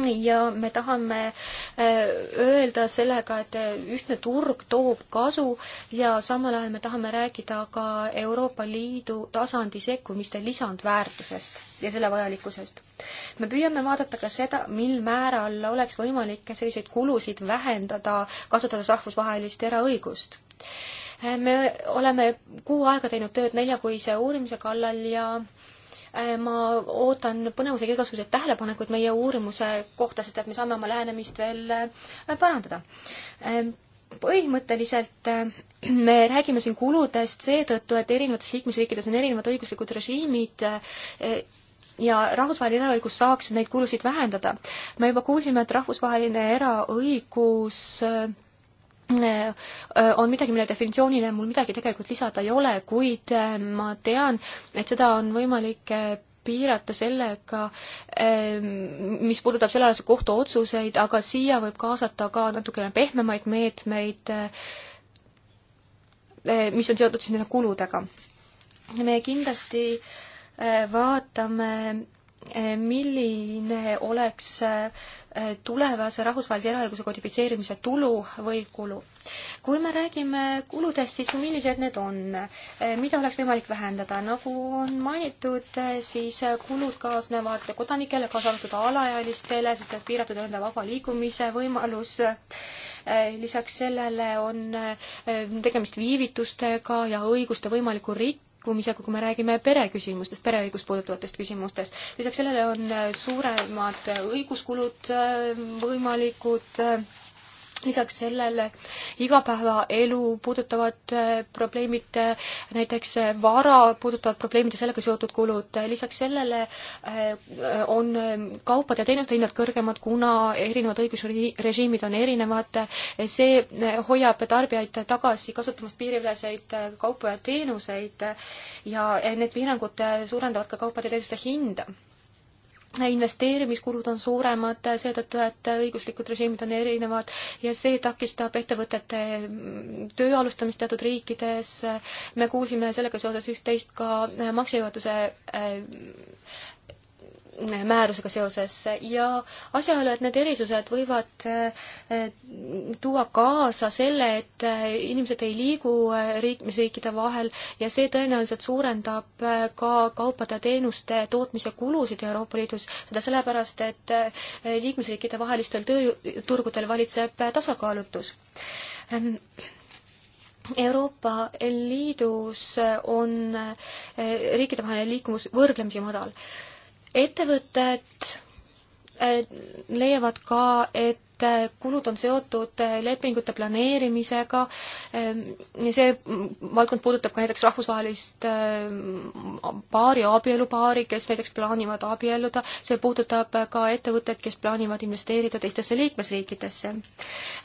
ja me tahame äh, öelda sellega, et äh, ühtne turg toob kasu ja samal ajal me tahame rääkida ka Euroopa Liidu tasandi sekkumiste lisandväärtusest ja selle vajalikkusest. me püüame vaadata ka seda, mil määral oleks võimalik selliseid kulusid vähendada, kasutades rahvusvahelist eraõigust äh, me oleme kuu aega teinud tööd neljakuise uurimise kallal ja Äh, ma ootan põnevusega igasuguseid tähelepanekuid meie uurimuse kohta, sest et me saame oma lähenemist veel äh, parandada. Äh, põhimõtteliselt me räägime siin kuludest seetõttu, et erinevates liikmesriikides on erinevad õiguslikud režiimid ja rahvusvaheline eraõigus saaks neid kulusid vähendada. me juba kuulsime, et rahvusvaheline eraõigus Äh, on midagi, mille definitsioonile mul midagi tegelikult lisada ei ole, kuid äh, ma tean, et seda on võimalik äh, piirata sellega, ähm, mis puudutab sellealase kohtu otsuseid, aga siia võib kaasata ka natukene pehmemaid meetmeid, mis on seotud siis nende kuludega. me kindlasti vaatame, milline oleks äh, tulevase rahvusvahelise eraõiguse kodifitseerimise tulu või kulu. kui me räägime kuludest, siis millised need on? mida oleks võimalik vähendada? nagu on mainitud, siis kulud kaasnevad kodanikele, kaasa arvatud alaealistele, sest et piiratud on nende vaba liikumise võimalus. lisaks sellele on tegemist viivitustega ja õiguste võimaliku rikkumisega, sekkumisega, kui me räägime pereküsimustest, pereõigust puudutavatest küsimustest. lisaks sellele on äh, suuremad õiguskulud äh, võimalikud äh, lisaks sellele igapäevaelu puudutavad äh, probleemid, äh, näiteks äh, vara puudutavad probleemid ja sellega seotud kulud, lisaks sellele on ähm, kaupade ja teenuste hinnad kõrgemad, kuna erinevad õigusrežiimid on erinevad, see hoiab tarbijaid tagasi kasutamast piiriüleseid kaupu ja teenuseid ja need piirangud suurendavad ka kaupade ja teenuste hinda investeerimiskulud on suuremad seetõttu, et õiguslikud režiimid on erinevad ja see takistab ettevõtete töö alustamist teatud riikides. me kuulsime sellega seoses üht-teist ka maksejõuetuse äh, määrusega seoses ja asjaolu, et need erisused võivad eh, tuua kaasa selle, et eh, inimesed ei liigu liikmesriikide eh, vahel ja see tõenäoliselt suurendab ka kaupade ja teenuste tootmise kulusid Euroopa Liidus, seda sellepärast, et liikmesriikide vahelistel tööturgudel valitseb tasakaalutus ehm, Euroopa Liidus on riikidevaheline liikuvus võrdlemisi madal ettevõtted äh, leiavad ka, et äh, kulud on seotud äh, lepingute planeerimisega, ähm, see valdkond puudutab ka näiteks rahvusvahelist ähm, paari, abielupaari, kes näiteks plaanivad abielluda, see puudutab ka ettevõtteid, kes plaanivad investeerida teistesse liikmesriikidesse.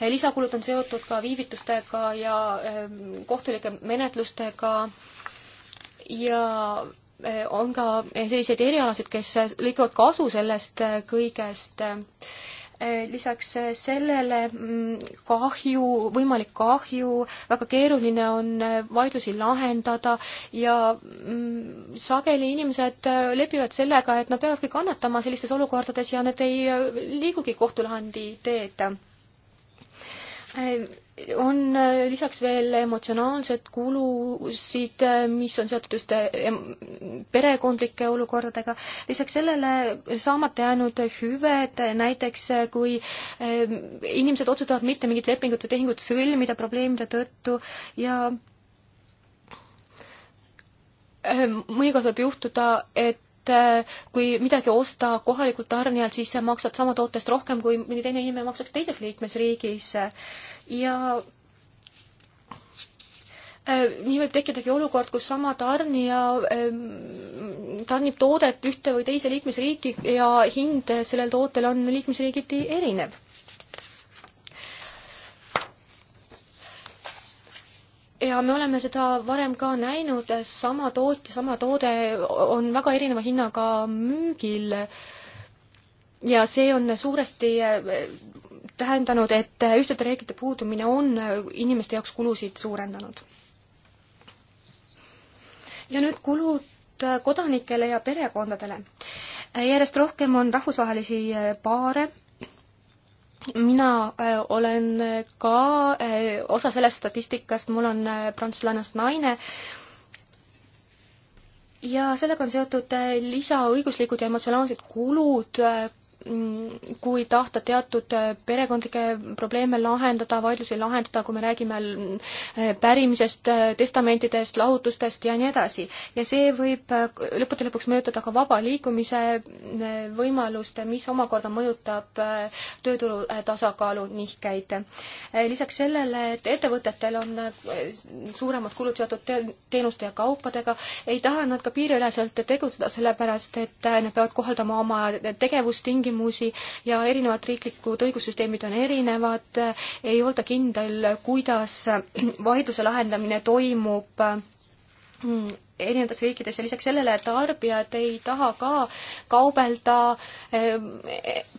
lisakulud on seotud ka viivitustega ja ähm, kohtulike menetlustega ja Äh, on ka selliseid erialasid, kes lõikavad kasu sellest äh, kõigest. Äh, lisaks sellele mm, kahju, võimalik kahju, väga keeruline on vaidlusi lahendada ja mm, sageli inimesed lepivad sellega, et nad peavadki kannatama sellistes olukordades ja need ei liigugi kohtulahendi teed on äh, lisaks veel emotsionaalsed kulusid, äh, mis on seotud just äh, perekondlike olukordadega, lisaks sellele saamata jäänud hüved, näiteks kui ähm, inimesed otsustavad mitte mingit lepingut või tehingut sõlmida probleemide tõttu ja mõnikord võib juhtuda, et kui midagi osta kohalikult tarnijalt, siis maksad sama tootest rohkem, kui mõni teine inimene maksaks teises liikmesriigis ja äh, nii võib tekkidagi olukord, kus sama tarnija ähm, tarnib toodet ühte või teise liikmesriiki ja hind sellel tootel on liikmesriigiti erinev. ja me oleme seda varem ka näinud, sama toot ja sama toode on väga erineva hinnaga müügil ja see on suuresti äh, tähendanud, et ühtsete reeglite puudumine on inimeste jaoks kulusid suurendanud. ja nüüd kulud kodanikele ja perekondadele. järjest rohkem on rahvusvahelisi paare, mina äh, olen ka äh, osa sellest statistikast, mul on äh, prantslannast naine, ja sellega on seotud lisaõiguslikud ja emotsionaalsed kulud Mm, kui tahta teatud äh, perekondlikke probleeme lahendada, vaidlusi lahendada, kui me räägime äh, pärimisest, äh, testamentidest, lahutustest ja nii edasi. ja see võib lõppude lõpuks mõjutada ka vaba liikumise võimalust, mis omakorda mõjutab tööturu tasakaalu nihkeid. lisaks sellele, et ettevõtetel on suuremad kulud seotud teenuste ja kaupadega, ei taha nad ka piiriüleselt tegutseda, sellepärast et nad peavad kohaldama oma tegevustingimusi, tingimusi ja erinevad riiklikud õigussüsteemid on erinevad, ei olda kindel, kuidas vaidluse lahendamine toimub mm, erinevates riikides ja lisaks sellele tarbijad ei taha ka kaubelda ehm,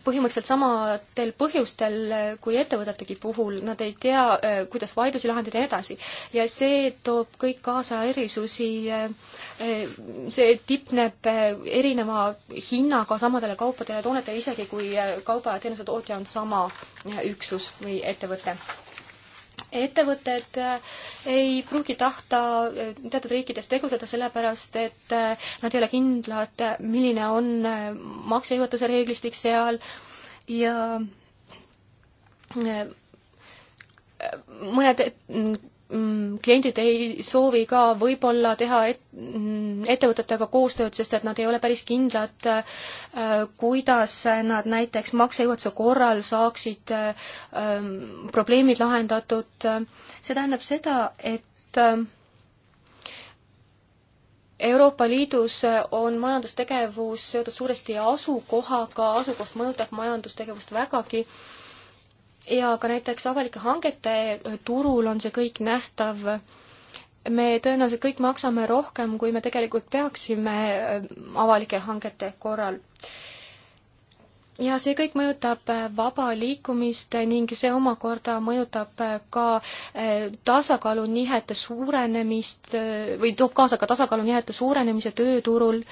põhimõtteliselt samadel põhjustel eh, kui ettevõtetegi puhul, nad ei tea, eh, kuidas vaidlusi lahendada ja nii edasi. ja see toob kõik kaasa erisusi, eh, see tipneb erineva hinnaga samadele kaupadele ja toodetele, isegi kui kauba ja teenuse tootja on sama üksus või ettevõte ettevõtted äh, ei pruugi tahta äh, teatud riikides tegutseda, sellepärast et äh, nad ei ole kindlad, milline on maksejõuetuse reeglistik seal ja mõned Mm, kliendid ei soovi ka võib-olla teha et, mm, ettevõtetega koostööd, sest et nad ei ole päris kindlad, äh, kuidas nad näiteks maksejõuetuse korral saaksid äh, mm, probleemid lahendatud. see tähendab seda, et äh, Euroopa Liidus on majandustegevus seotud suuresti asukohaga, asukoht mõjutab majandustegevust vägagi ja ka näiteks avalike hangete turul on see kõik nähtav. me tõenäoliselt kõik maksame rohkem, kui me tegelikult peaksime äh, avalike hangete korral. ja see kõik mõjutab äh, vaba liikumist ning see omakorda mõjutab äh, ka tasakaalunihete suurenemist või toob kaasa ka tasakaalunihete suurenemise tööturul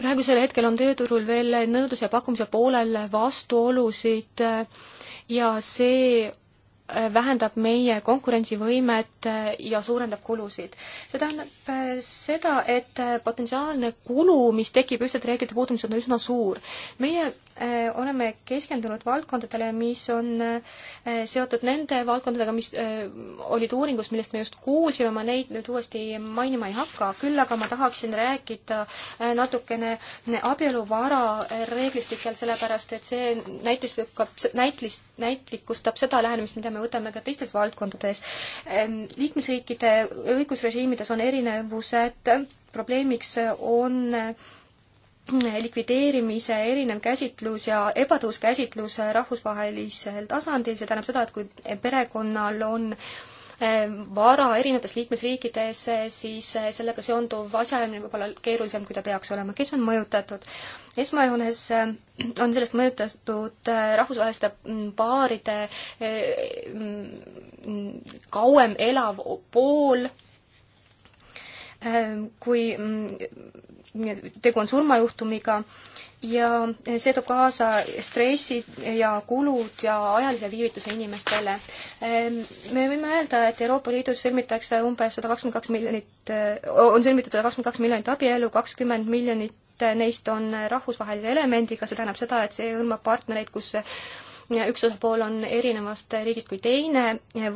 praegusel hetkel on tööturul veel nõudluse ja pakkumise poolel vastuolusid äh, ja see äh, vähendab meie konkurentsivõimet äh, ja suurendab kulusid. see tähendab seda, et potentsiaalne kulu, mis tekib ühtsete reeglite puudumisel, on üsna suur. meie Äh, oleme keskendunud valdkondadele, mis on äh, seotud nende valdkondadega, mis äh, olid uuringus, millest me just kuulsime, ma neid nüüd uuesti mainima ei hakka, küll aga ma tahaksin rääkida natukene abieluvara reeglistikel, sellepärast et see näitlikab, näitlis, näitlikustab seda lähenemist, mida me võtame ka teistes valdkondades. Ähm, liikmesriikide õigusrežiimides on erinevused, probleemiks on likvideerimise erinev käsitlus ja ebatõus käsitlus rahvusvahelisel tasandil, see tähendab seda, et kui perekonnal on eh, vara erinevates liikmesriikides, siis eh, sellega seonduv asjaajamine võib olla keerulisem, kui ta peaks olema. kes on mõjutatud? esmajoones eh, on sellest mõjutatud rahvusvaheliste mm, paaride mm, kauem elav pool, kui mm, tegu on surmajuhtumiga ja see toob kaasa stressi ja kulud ja ajalise viivituse inimestele. Ehm, me võime öelda, et Euroopa Liidus sõlmitakse umbes sada kakskümmend kaks miljonit, eh, on sõlmitud sada kakskümmend kaks miljonit abielu, kakskümmend miljonit neist on rahvusvahelise elemendiga, see tähendab seda, et see hõlmab partnereid, kus üks osapool on erinevast riigist kui teine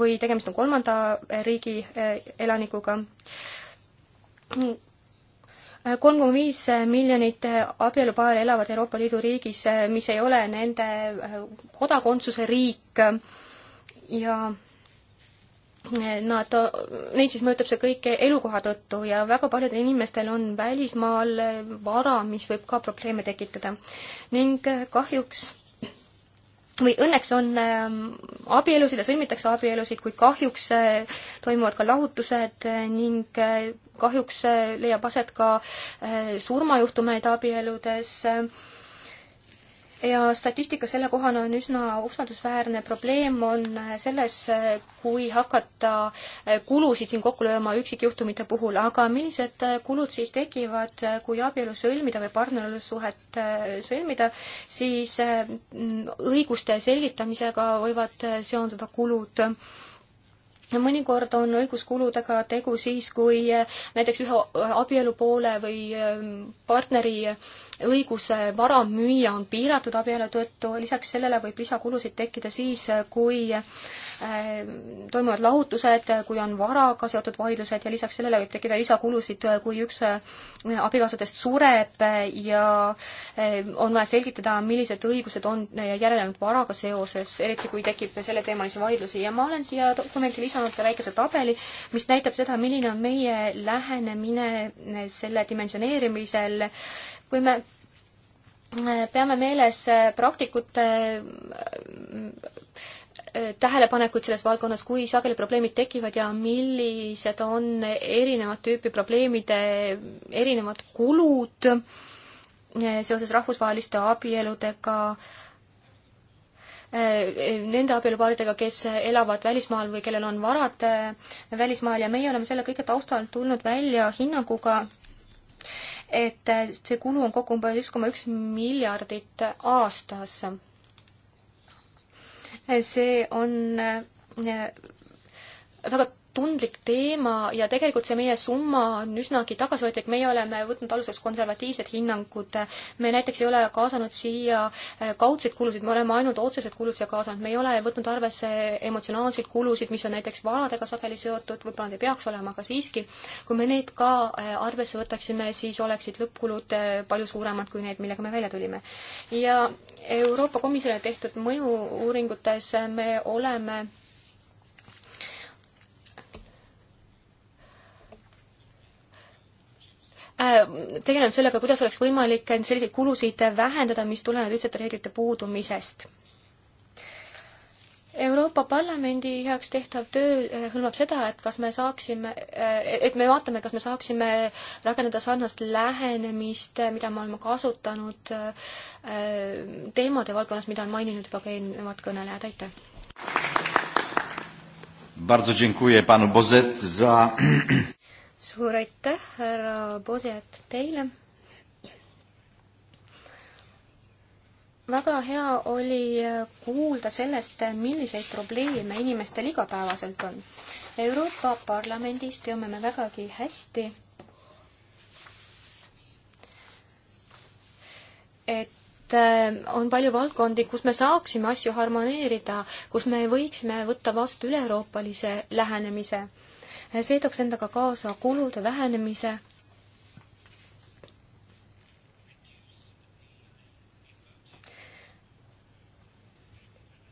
või tegemist on kolmanda riigi eh, elanikuga kolm koma viis miljonit abielupaari elavad Euroopa Liidu riigis, mis ei ole nende äh, kodakondsuse riik ja äh, nad, neid siis mõjutab see kõik elukoha tõttu ja väga paljudel inimestel on välismaal vara, mis võib ka probleeme tekitada. ning äh, kahjuks või õnneks on ähm, abielusid ja sõlmitakse abielusid, kuid kahjuks äh, toimuvad ka lahutused äh, ning äh, kahjuks leiab aset ka surmajuhtumeid abieludes ja statistika selle kohana on üsna usaldusväärne. probleem on selles, kui hakata kulusid siin kokku lööma üksikjuhtumite puhul, aga millised kulud siis tekivad, kui abielu sõlmida või partnerlussuhet äh, sõlmida, siis äh, õiguste selgitamisega võivad seonduda kulud mõnikord on õiguskuludega tegu siis, kui äh, näiteks ühe abielupoole või partneri õiguse vara müüa on piiratud abielu tõttu, lisaks sellele võib lisakulusid tekkida siis, kui äh, toimuvad lahutused, kui on varaga seotud vaidlused ja lisaks sellele võib tekkida lisakulusid, kui üks äh, abikaasadest sureb äh, ja on vaja selgitada, millised õigused on järelenenud varaga seoses, eriti kui tekib selleteemalisi vaidlusi ja ma olen siia dokumenti lisanud ka väikese tabeli, mis näitab seda, milline on meie lähenemine selle dimensioneerimisel kui me peame meeles äh, praktikute äh, äh, tähelepanekuid selles valdkonnas, kui sageli probleemid tekivad ja millised on erinevat tüüpi probleemide erinevad kulud seoses rahvusvaheliste abieludega, nende abielupaaridega, kes elavad välismaal või kellel on varad välismaal ja meie oleme selle kõige taustal tulnud välja hinnanguga, et see kulu on kokku umbes üks koma üks miljardit aastas. see on eh, väga tundlik teema ja tegelikult see meie summa on üsnagi tagasihoidlik, meie oleme võtnud aluseks konservatiivsed hinnangud, me näiteks ei ole kaasanud siia eh, kaudseid kulusid, me oleme ainult otsesed kulud siia kaasanud, me ei ole võtnud arvesse emotsionaalseid kulusid, mis on näiteks varadega sageli seotud, võib-olla need ei peaks olema, aga siiski, kui me need ka eh, arvesse võtaksime, siis oleksid lõppkulud eh, palju suuremad kui need, millega me välja tulime. ja Euroopa Komisjonile tehtud mõju-uuringutes me oleme Äh, tegelenud sellega, kuidas oleks võimalik selliseid kulusid vähendada, mis tulenevad ühtsete reeglite puudumisest. Euroopa Parlamendi heaks tehtav töö äh, hõlmab seda, et kas me saaksime, äh, et me vaatame, kas me saaksime rakendada sarnast lähenemist, mida me oleme kasutanud teemade valdkonnas, mida on maininud juba ka eelnevad kõnelejad, aitäh! Bardzo dziękuję panu Bozet za suur aitäh, härra Bosjak, teile. väga hea oli kuulda sellest, milliseid probleeme inimestel igapäevaselt on. Euroopa Parlamendis teame me vägagi hästi, et äh, on palju valdkondi, kus me saaksime asju harmoneerida, kus me võiksime võtta vastu üle-euroopalise lähenemise see tooks endaga kaasa kulude vähenemise.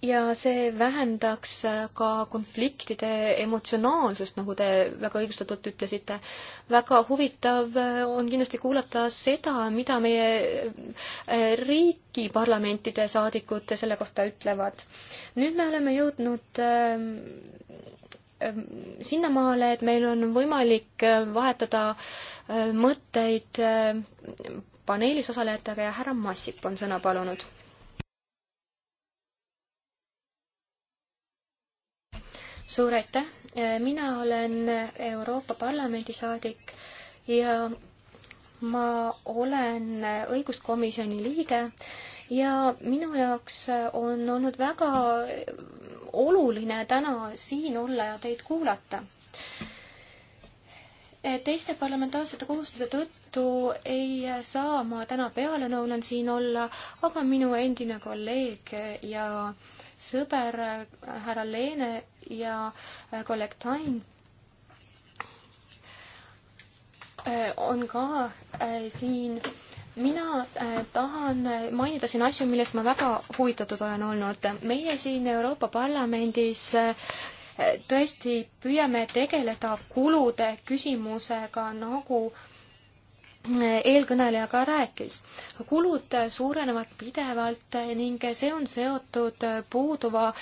ja see vähendaks ka konfliktide emotsionaalsust, nagu te väga õigustatult ütlesite. väga huvitav on kindlasti kuulata seda, mida meie äh, riigi parlamentide saadikud selle kohta ütlevad. nüüd me oleme jõudnud ähm, Ähm, sinnamaale, et meil on võimalik äh, vahetada äh, mõtteid äh, paneelis osalejatega ja härra Massip on sõna palunud. suur aitäh, mina olen Euroopa Parlamendi saadik ja ma olen õiguskomisjoni liige ja minu jaoks on olnud väga oluline täna siin olla ja teid kuulata. Eh, teiste parlamentaarsete kohustuste tõttu ei saa ma täna pealelõunal siin olla, aga minu endine kolleeg ja sõber eh, härra Leene ja eh, kolleeg Tain on ka siin mina äh, tahan äh, mainida siin asju, millest ma väga huvitatud olen olnud. meie siin Euroopa Parlamendis äh, tõesti püüame tegeleda kulude küsimusega nagu eelkõneleja ka rääkis. kulud suurenevad pidevalt ning see on seotud puuduva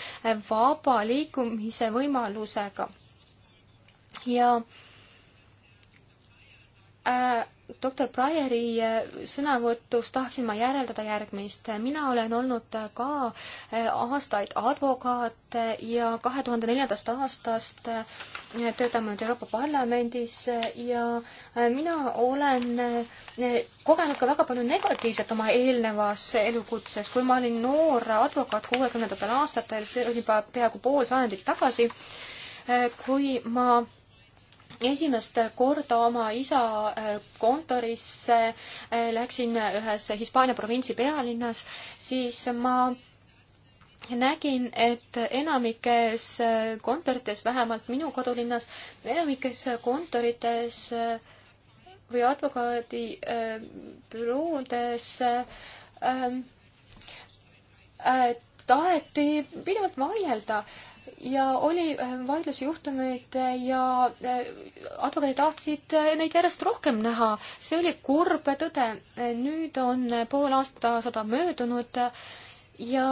vaba liikumise võimalusega. ja äh, Äh, doktor Breyeri äh, sõnavõtust tahaksin ma järeldada järgmist. mina olen olnud äh, ka aastaid advokaat ja kahe tuhande neljandast aastast töötan ma nüüd Euroopa Parlamendis ja mina olen kogenud ka väga palju negatiivset oma eelnevas elukutses. kui ma olin noor advokaat kuuekümnendatel aastatel, see oli juba peaaegu pool sajandit tagasi, kui ma esimest korda oma isa äh, kontorisse, äh, läksin äh, ühes Hispaania provintsi pealinnas, siis ma nägin, et enamikes kontorites, vähemalt minu kodulinnas, enamikes kontorites või advokaadibüroodes äh, äh, taheti pidevalt vaielda äh, ja oli äh, vaidlusjuhtumeid ja äh, advokaadid tahtsid äh, neid järjest rohkem näha. see oli kurb tõde. nüüd on pool aastasada möödunud ja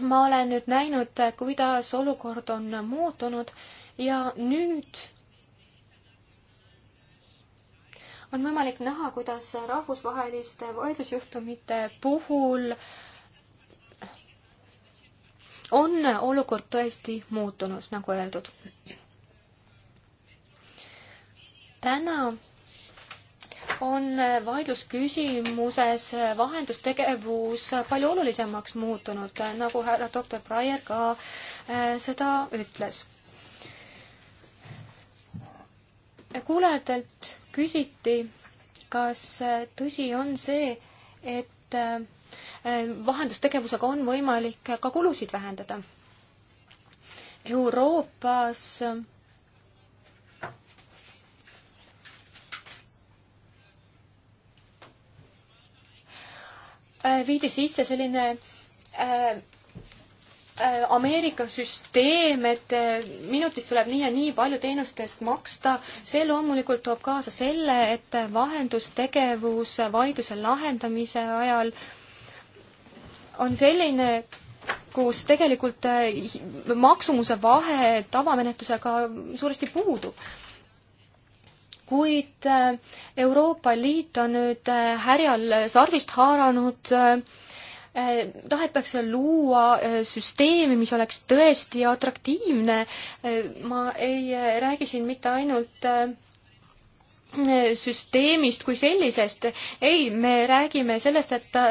ma olen nüüd näinud, kuidas olukord on muutunud ja nüüd on võimalik näha, kuidas rahvusvaheliste vaidlusjuhtumite puhul äh, on olukord tõesti muutunud, nagu öeldud. täna on vaidlusküsimuses vahendustegevus palju olulisemaks muutunud, nagu härra doktor Breyer ka äh, seda ütles. kuulajatelt küsiti, kas tõsi on see, et äh, Äh, vahendustegevusega on võimalik ka kulusid vähendada. Euroopas äh, viidi sisse selline äh, Ameerika süsteem, et minutis tuleb nii ja nii palju teenuste eest maksta, see loomulikult toob kaasa selle, et vahendustegevus vaidluse lahendamise ajal äh, on selline, kus tegelikult äh, maksumuse vahe tavamenetlusega suuresti puudub. kuid äh, Euroopa Liit on nüüd äh, härjal sarvist haaranud tahetakse luua süsteemi, mis oleks tõesti atraktiivne. ma ei räägi siin mitte ainult süsteemist kui sellisest. ei, me räägime sellest, et äh,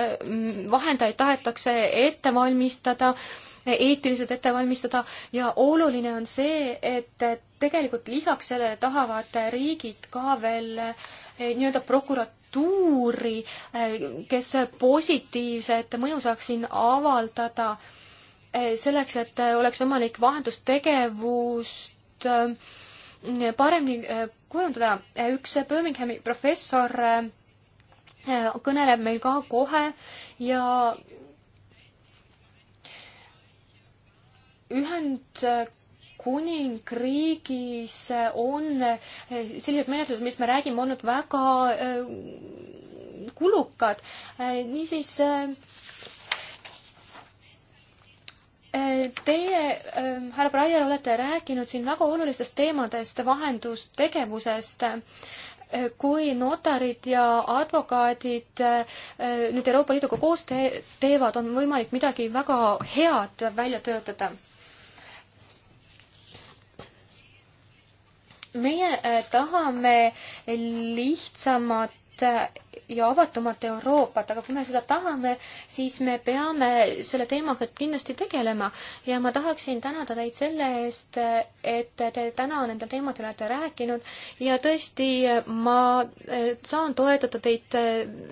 vahendajaid tahetakse ette valmistada, eetiliselt ette valmistada ja oluline on see, et tegelikult lisaks sellele tahavad riigid ka veel äh, nii-öelda prokuratuuri, äh, kes positiivset mõju saaks siin avaldada selleks, et oleks võimalik vahendustegevust paremini äh, kujundada. Äh, üks Birminghami professor äh, kõneleb meil ka kohe ja Ühendkuningriigis on sellised menetlused, millest me räägime, olnud väga kulukad. niisiis Eh, teie, eh, härra Breyer, olete rääkinud siin väga olulistest teemadest, vahendustegevusest eh, kui notarid ja advokaadid nüüd Euroopa Liiduga koos te teevad, on võimalik midagi väga head välja töötada. meie tahame lihtsamat ühtset äh, ja avatumat Euroopat, aga kui me seda tahame, siis me peame selle teemaga kindlasti tegelema ja ma tahaksin tänada teid selle eest, äh, et te täna nendel teemadel olete rääkinud ja tõesti, äh, ma saan toetada teid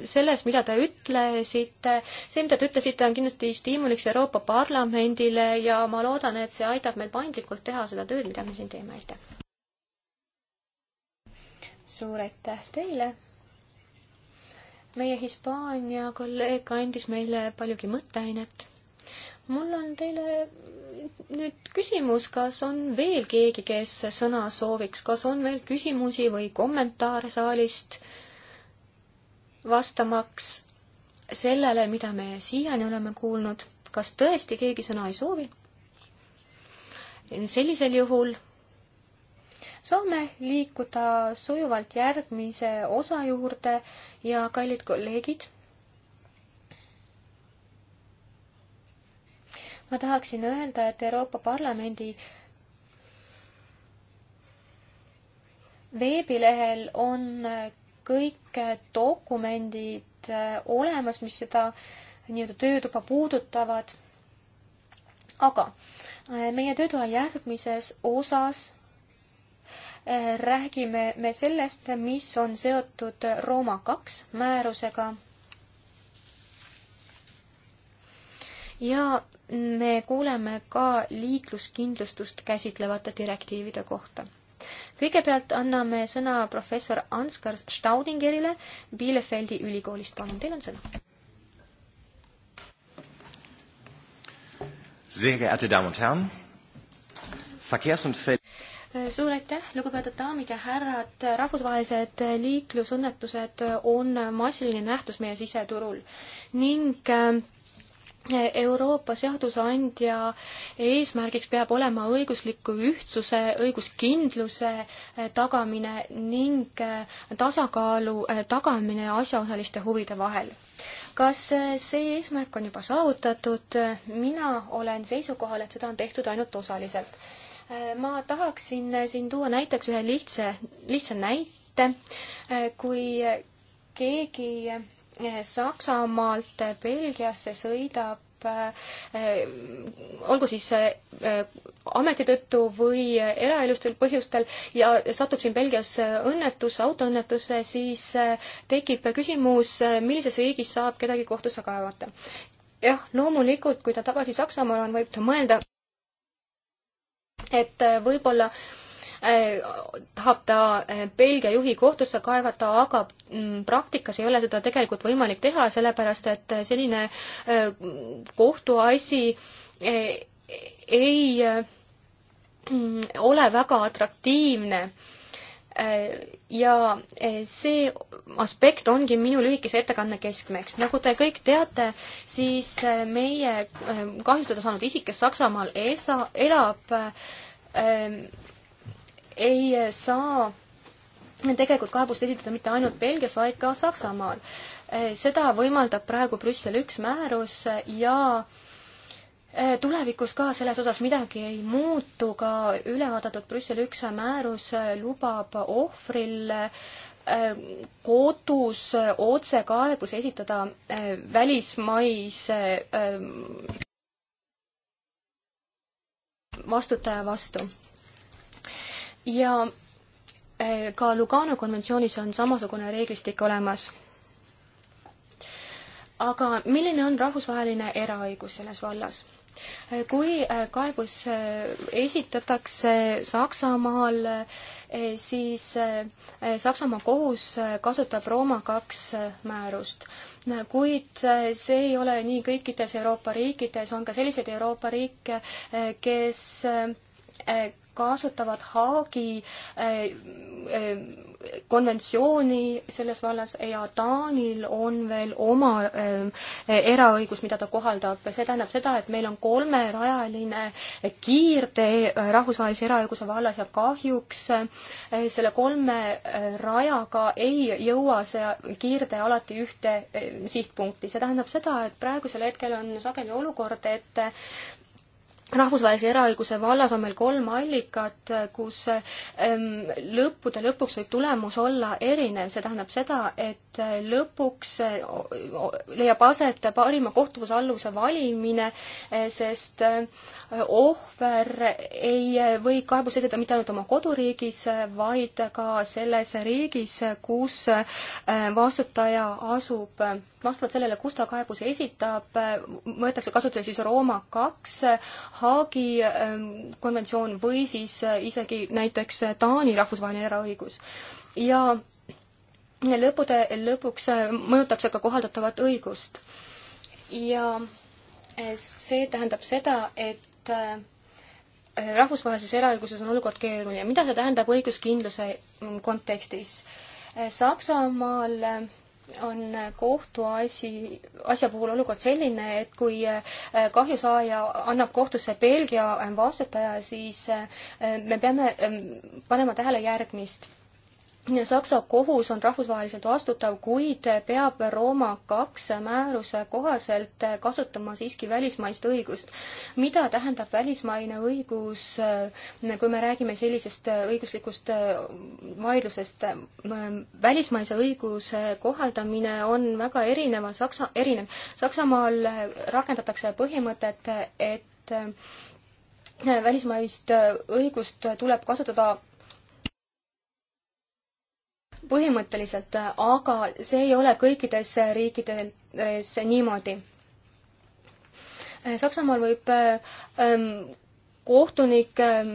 selles, mida te ütlesite. see, mida te ütlesite, on kindlasti stiimuliks Euroopa Parlamendile ja ma loodan, et see aitab meil paindlikult teha seda tööd, mida me siin teeme, aitäh! suur aitäh teile! meie Hispaania kolleeg andis meile paljugi mõtteainet. mul on teile nüüd küsimus, kas on veel keegi, kes sõna sooviks, kas on veel küsimusi või kommentaare saalist vastamaks sellele, mida me siiani oleme kuulnud, kas tõesti keegi sõna ei soovi? sellisel juhul saame liikuda sujuvalt järgmise osa juurde ja kallid kolleegid, ma tahaksin öelda, et Euroopa Parlamendi veebilehel on kõik dokumendid eh, olemas, mis seda nii-öelda töötuba puudutavad. aga eh, meie töötoa järgmises osas räägime me sellest, mis on seotud Rooma kaks määrusega. ja me kuuleme ka liikluskindlustust käsitlevate direktiivide kohta. kõigepealt anname sõna professor Ansgar Staudingerile Bielefeldi ülikoolist, palun, teil on sõna. Sehr geehrte Damen und Herren, Verkehrs- und Ver- suur aitäh, lugupeetud daamid ja härrad, rahvusvahelised liiklusõnnetused on massiline nähtus meie siseturul ning äh, Euroopa seadusandja eesmärgiks peab olema õigusliku ühtsuse, õiguskindluse äh, tagamine ning äh, tasakaalu tagamine asjaosaliste huvide vahel kas see eesmärk on juba saavutatud? mina olen seisukohal, et seda on tehtud ainult osaliselt ma tahaksin siin tuua näiteks ühe lihtsa, lihtsa näite. kui keegi Saksamaalt Belgiasse sõidab olgu siis äh, ameti tõttu või eraelustel põhjustel ja satub siin Belgias õnnetusse, autoõnnetusse, siis äh, tekib küsimus, millises riigis saab kedagi kohtusse kaevata. jah, loomulikult, kui ta tagasi Saksamaale on, võib ta mõelda, et äh, võib-olla äh, tahab ta äh, Belgia juhi kohtusse kaevata, aga mm, praktikas ei ole seda tegelikult võimalik teha, sellepärast et selline kohtuasi ei mm, ole väga atraktiivne Äh, ja äh, see aspekt ongi minu lühikese ettekande keskmeks. nagu te kõik teate, siis äh, meie kahjustada saanud isik, kes Saksamaal esa, elab, ähm, ei saa tegelikult kaebust esitada mitte ainult Belgias, vaid ka Saksamaal. seda võimaldab praegu Brüssel üks määrus ja äh, Äh, tulevikus ka selles osas midagi ei muutu, ka ülevaadatud Brüssel üks määrus äh, lubab ohvril äh, kodus otsekaebus esitada välismaise vastutaja vastu. ja ka Lugano konventsioonis on samasugune reeglistik olemas. aga milline on rahvusvaheline eraõigus selles vallas? kui äh, kaebus äh, esitatakse Saksamaal, äh, siis Saksamaa kohus kasutab Rooma kaks määrust. kuid see ei ole nii kõikides Euroopa riikides, on ka selliseid Euroopa riike, kes kasutavad Haagi eh, eh, konventsiooni selles vallas ja Taanil on veel oma eh, eraõigus, mida ta kohaldab. see tähendab seda, et meil on kolmerajaline kiirtee rahvusvahelise eraõiguse vallas ja kahjuks selle kolme rajaga ei jõua see kiirtee alati ühte sihtpunkti. see tähendab seda, et praegusel hetkel on sageli olukord, et rahvusvahelise eraõiguse vallas on meil kolm allikat, kus ehm, lõppude lõpuks võib tulemus olla erinev, see tähendab seda, et eh, lõpuks eh, leiab aset parima kohtuvusalluvuse valimine, eh, sest ohver ei või kaebust esitada mitte ainult oma koduriigis, vaid ka selles riigis, kus vastutaja asub vastavalt sellele, kus ta kaebuse esitab, võetakse kasutusele siis Rooma kaks, Haagi ähm, konventsioon või siis äh, isegi näiteks äh, Taani rahvusvaheline eraõigus. ja lõppude lõpuks äh, mõjutab see ka kohaldatavat õigust. ja see tähendab seda, et rahvusvahelises eraõiguses on olukord keeruline. mida see tähendab õiguskindluse mm, kontekstis? Saksamaal on kohtuasi, asja puhul olukord selline, et kui äh, kahjusaaja annab kohtusse Belgia vastutaja, siis äh, me peame ähm, panema tähele järgmist Saksa kohus on rahvusvaheliselt vastutav, kuid peab Rooma kaks määruse kohaselt kasutama siiski välismaist õigust. mida tähendab välismaine õigus, kui me räägime sellisest õiguslikust vaidlusest? välismaise õiguse kohaldamine on väga erineva, Saksa, erinev. Saksamaal rakendatakse põhimõtet, et välismaist õigust tuleb kasutada põhimõtteliselt, aga see ei ole kõikides riikides niimoodi. Saksamaal võib ähm, kohtunik ähm,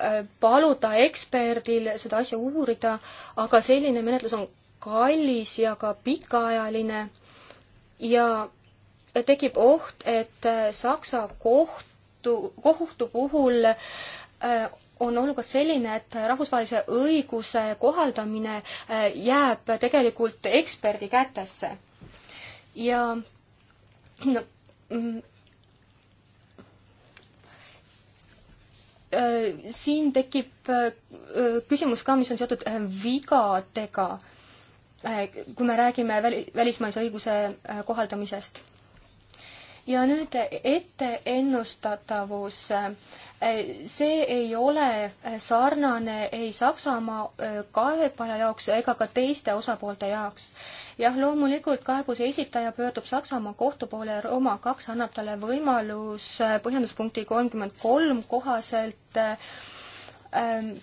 äh, paluda eksperdil seda asja uurida, aga selline menetlus on kallis ja ka pikaajaline ja tekib oht, et Saksa kohtu, kohtu puhul äh, on olukord selline, et rahvusvahelise õiguse kohaldamine äh, jääb tegelikult eksperdi kätesse. ja no, mm, äh, siin tekib äh, küsimus ka, mis on seotud vigadega, kui me räägime väli, välismaise õiguse kohaldamisest ja nüüd etteennustatavus. Äh, see ei ole sarnane ei Saksamaa äh, kaebaja jaoks ega ka teiste osapoolte jaoks. jah, loomulikult kaebuse esitaja pöördub Saksamaa kohtu poole ja Rooma kaks annab talle võimalus äh, põhjenduspunkti kolmkümmend kolm kohaselt ähm,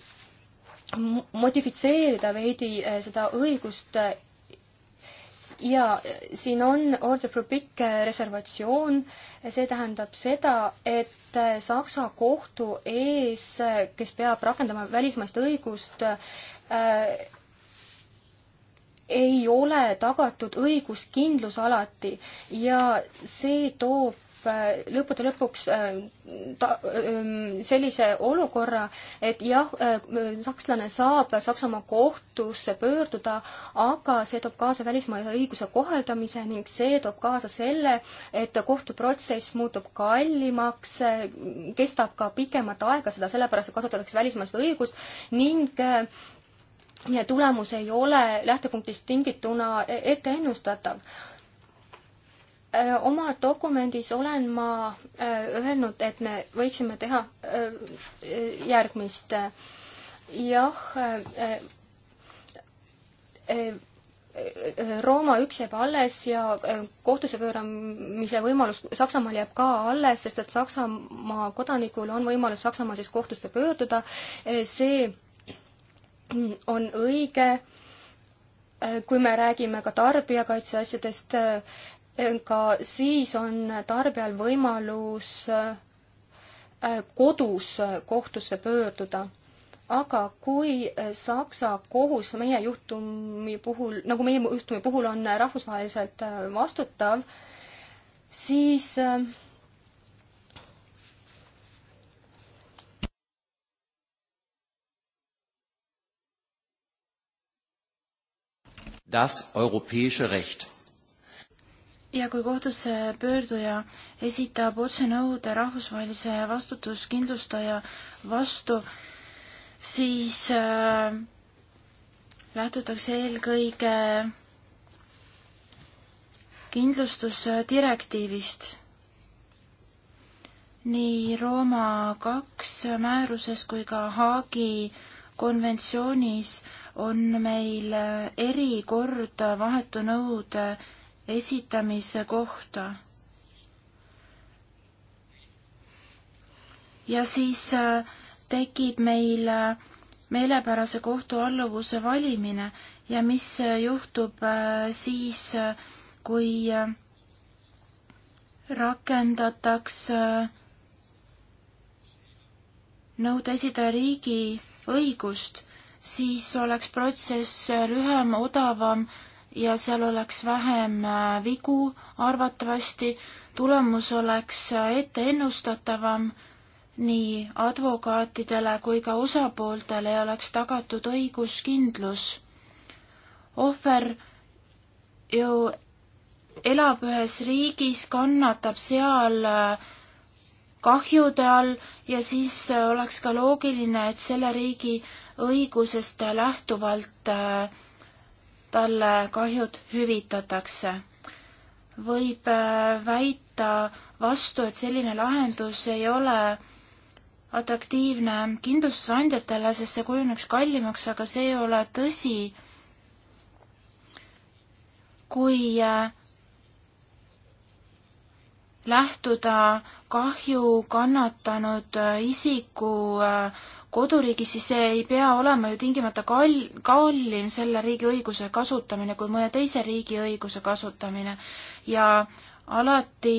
modifitseerida veidi seda õigust ja eh, siin on order pro pikk eh, reservatsioon, eh, see tähendab seda, et Saksa kohtu ees, kes peab rakendama välismaist õigust äh,, ei ole tagatud õiguskindlus alati ja see toob Äh, lõppude lõpuks äh, ta, ähm, sellise olukorra, et jah, äh, sakslane saab Saksamaa kohtusse pöörduda, aga see toob kaasa välismaise õiguse kohaldamise ning see toob kaasa selle, et kohtuprotsess muutub kallimaks, kestab ka pikemat aega, seda sellepärast, et kasutatakse välismaist õigust ning ja tulemus ei ole lähtepunktist tingituna e-, ette ennustatav Äh, oma dokumendis olen ma äh, öelnud, et me võiksime teha äh, järgmist. jah, Rooma üks jääb alles ja kohtusse pööramise võimalus Saksamaal jääb ka alles, sest et Saksamaa kodanikul on võimalus Saksamaal siis kohtusse pöörduda. see mm, on õige, kui me räägime ka tarbijakaitseasjadest ka siis on tarbijal võimalus äh, kodus kohtusse pöörduda. aga kui äh, Saksa kohus meie juhtumi puhul, nagu meie juhtumi puhul on rahvusvaheliselt äh, vastutav, siis das europäische Recht ja kui kohtusse pöörduja esitab otsenõude rahvusvahelise vastutuskindlustaja vastu, siis äh, lähtutakse eelkõige kindlustusdirektiivist. nii Rooma kaks määruses kui ka Haagi konventsioonis on meil äh, erikord vahetu nõude esitamise kohta. ja siis äh, tekib meil äh, meelepärase kohtualluvuse valimine ja mis äh, juhtub siis, kui rakendatakse nõude esitaja riigi õigust, siis oleks protsess lühem, odavam ja seal oleks vähem äh, vigu arvatavasti, tulemus oleks äh, ette ennustatavam nii advokaatidele kui ka osapooltele ja oleks tagatud õiguskindlus. ohver ju elab ühes riigis, kannatab seal äh, kahjude all ja siis oleks ka loogiline, et selle riigi õigusest lähtuvalt äh, talle kahjud hüvitatakse. võib äh, väita vastu, et selline lahendus ei ole atraktiivne kindlustusandjatele, sest see kujuneks kallimaks, aga see ei ole tõsi. kui äh, lähtuda kahju kannatanud äh, isiku äh, koduriigis, siis see ei pea olema ju tingimata kal-, kallim selle riigi õiguse kasutamine kui mõne teise riigi õiguse kasutamine. ja alati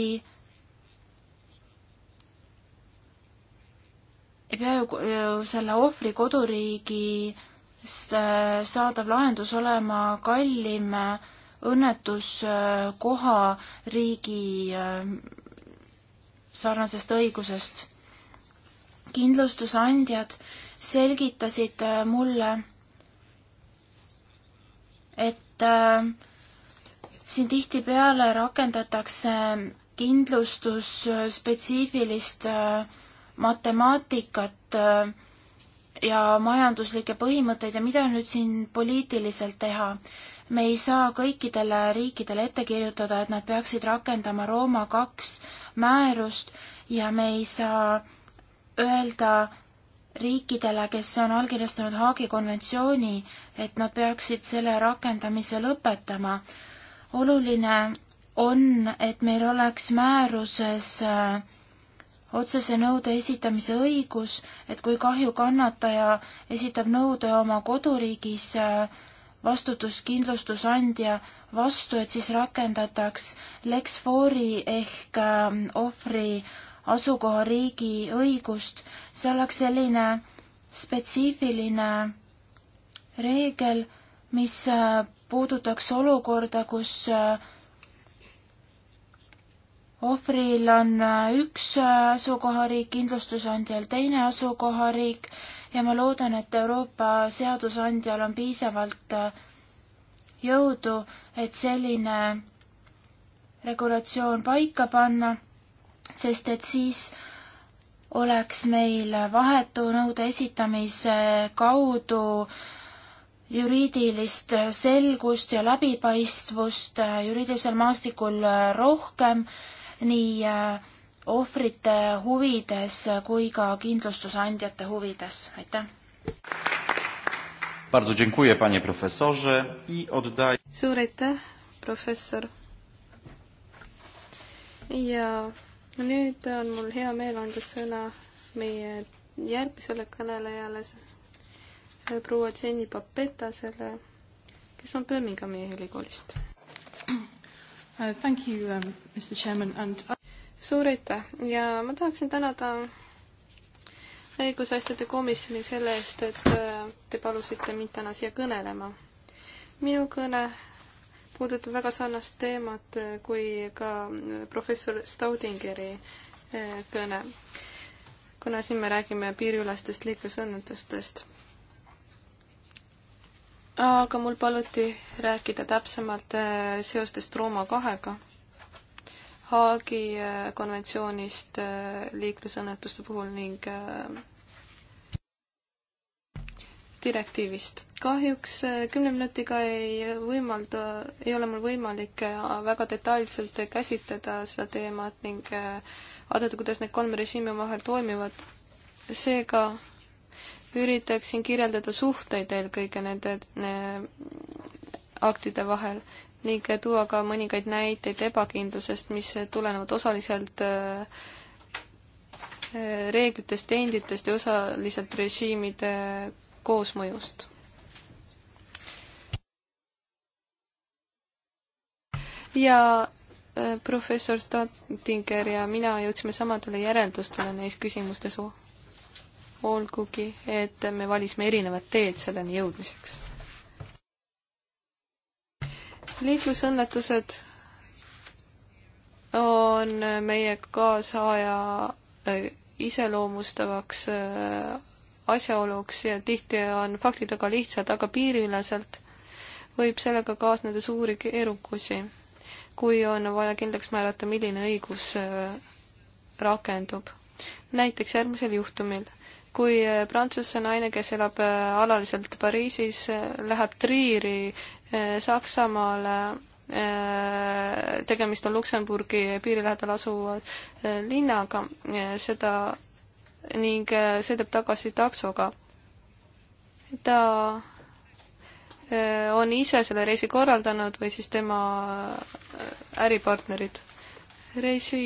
ei pea ju, ju selle ohvri koduriigist äh, saadav lahendus olema kallim õnnetuskoha riigi sarnasest õigusest. kindlustusandjad selgitasid äh, mulle, et äh, siin tihtipeale rakendatakse kindlustusspetsiifilist äh, matemaatikat ja majanduslikke põhimõtteid ja mida nüüd siin poliitiliselt teha me ei saa kõikidele riikidele ette kirjutada, et nad peaksid rakendama Rooma kaks määrust ja me ei saa öelda riikidele, kes on allkirjastanud Haagi konventsiooni, et nad peaksid selle rakendamise lõpetama. oluline on, et meil oleks määruses äh, otsese nõude esitamise õigus, et kui kahju kannataja esitab nõude oma koduriigis äh, vastutuskindlustusandja vastu, et siis rakendataks Lex Fori ehk ähm, ohvri asukohariigi õigust, see oleks selline spetsiifiline reegel, mis äh, puudutaks olukorda, kus äh, ohvril on äh, üks asukohariik, kindlustusandjal teine asukohariik ja ma loodan, et Euroopa seadusandjal on piisavalt äh, jõudu, et selline regulatsioon paika panna, sest et siis oleks meil vahetu nõude esitamise kaudu juriidilist selgust ja läbipaistvust äh, juriidilisel maastikul äh, rohkem nii äh, ohvrite huvides kui ka kindlustusandjate huvides, aitäh! Bardzo dziękuję panie profesorze i oddaję... Suur aitäh, professor! ja nüüd on mul hea meel anda sõna meie järgmisele kõnelejale, proua Jenny Papetasele, kes on Birminghami ülikoolist. Uh, thank you, um, Mr. Chairman, and I suur aitäh ja ma tahaksin tänada õigusasjade komisjoni selle eest, et äh, te palusite mind täna siia kõnelema. minu kõne puudutab väga sarnast teemat äh, kui ka äh, professor Staudingeri kõne, kuna siin me räägime piiriülastest liiklusõnnetustest. aga mul paluti rääkida täpsemalt seostest Rooma kahega Haagi äh, konventsioonist äh, liiklusõnnetuste puhul ning äh, direktiivist. kahjuks kümne minutiga ei võimalda, ei ole mul võimalik väga detailselt käsitleda seda teemat ning vaadata, kuidas need kolm režiimi omavahel toimivad. seega üritaksin kirjeldada suhteid eelkõige nende aktide vahel ning tuua ka mõningaid näiteid ebakindlusest, mis tulenevad osaliselt äh, äh, reeglitest ja enditest ja osaliselt režiimide koosmõjust. ja äh, professor Statinger ja mina jõudsime samadele järeldustele neis küsimustes, olgugi et me valisime erinevad teed selleni jõudmiseks liiklusõnnetused on meie kaasaja äh, iseloomustavaks äh, asjaoluks ja tihti on faktid väga lihtsad, aga piiriüleselt võib sellega kaasneda suuri keerukusi, kui on vaja kindlaks määrata, milline õigus äh, rakendub. näiteks järgmisel juhtumil, kui prantsuse naine, kes elab alaliselt Pariisis, läheb Triiri Eh, Saksamaale eh, tegemist on Luksemburgi piiri lähedal asuva eh, linnaga, seda ning sõidab tagasi taksoga. ta on ise selle reisi korraldanud või siis tema äripartnerid. reisi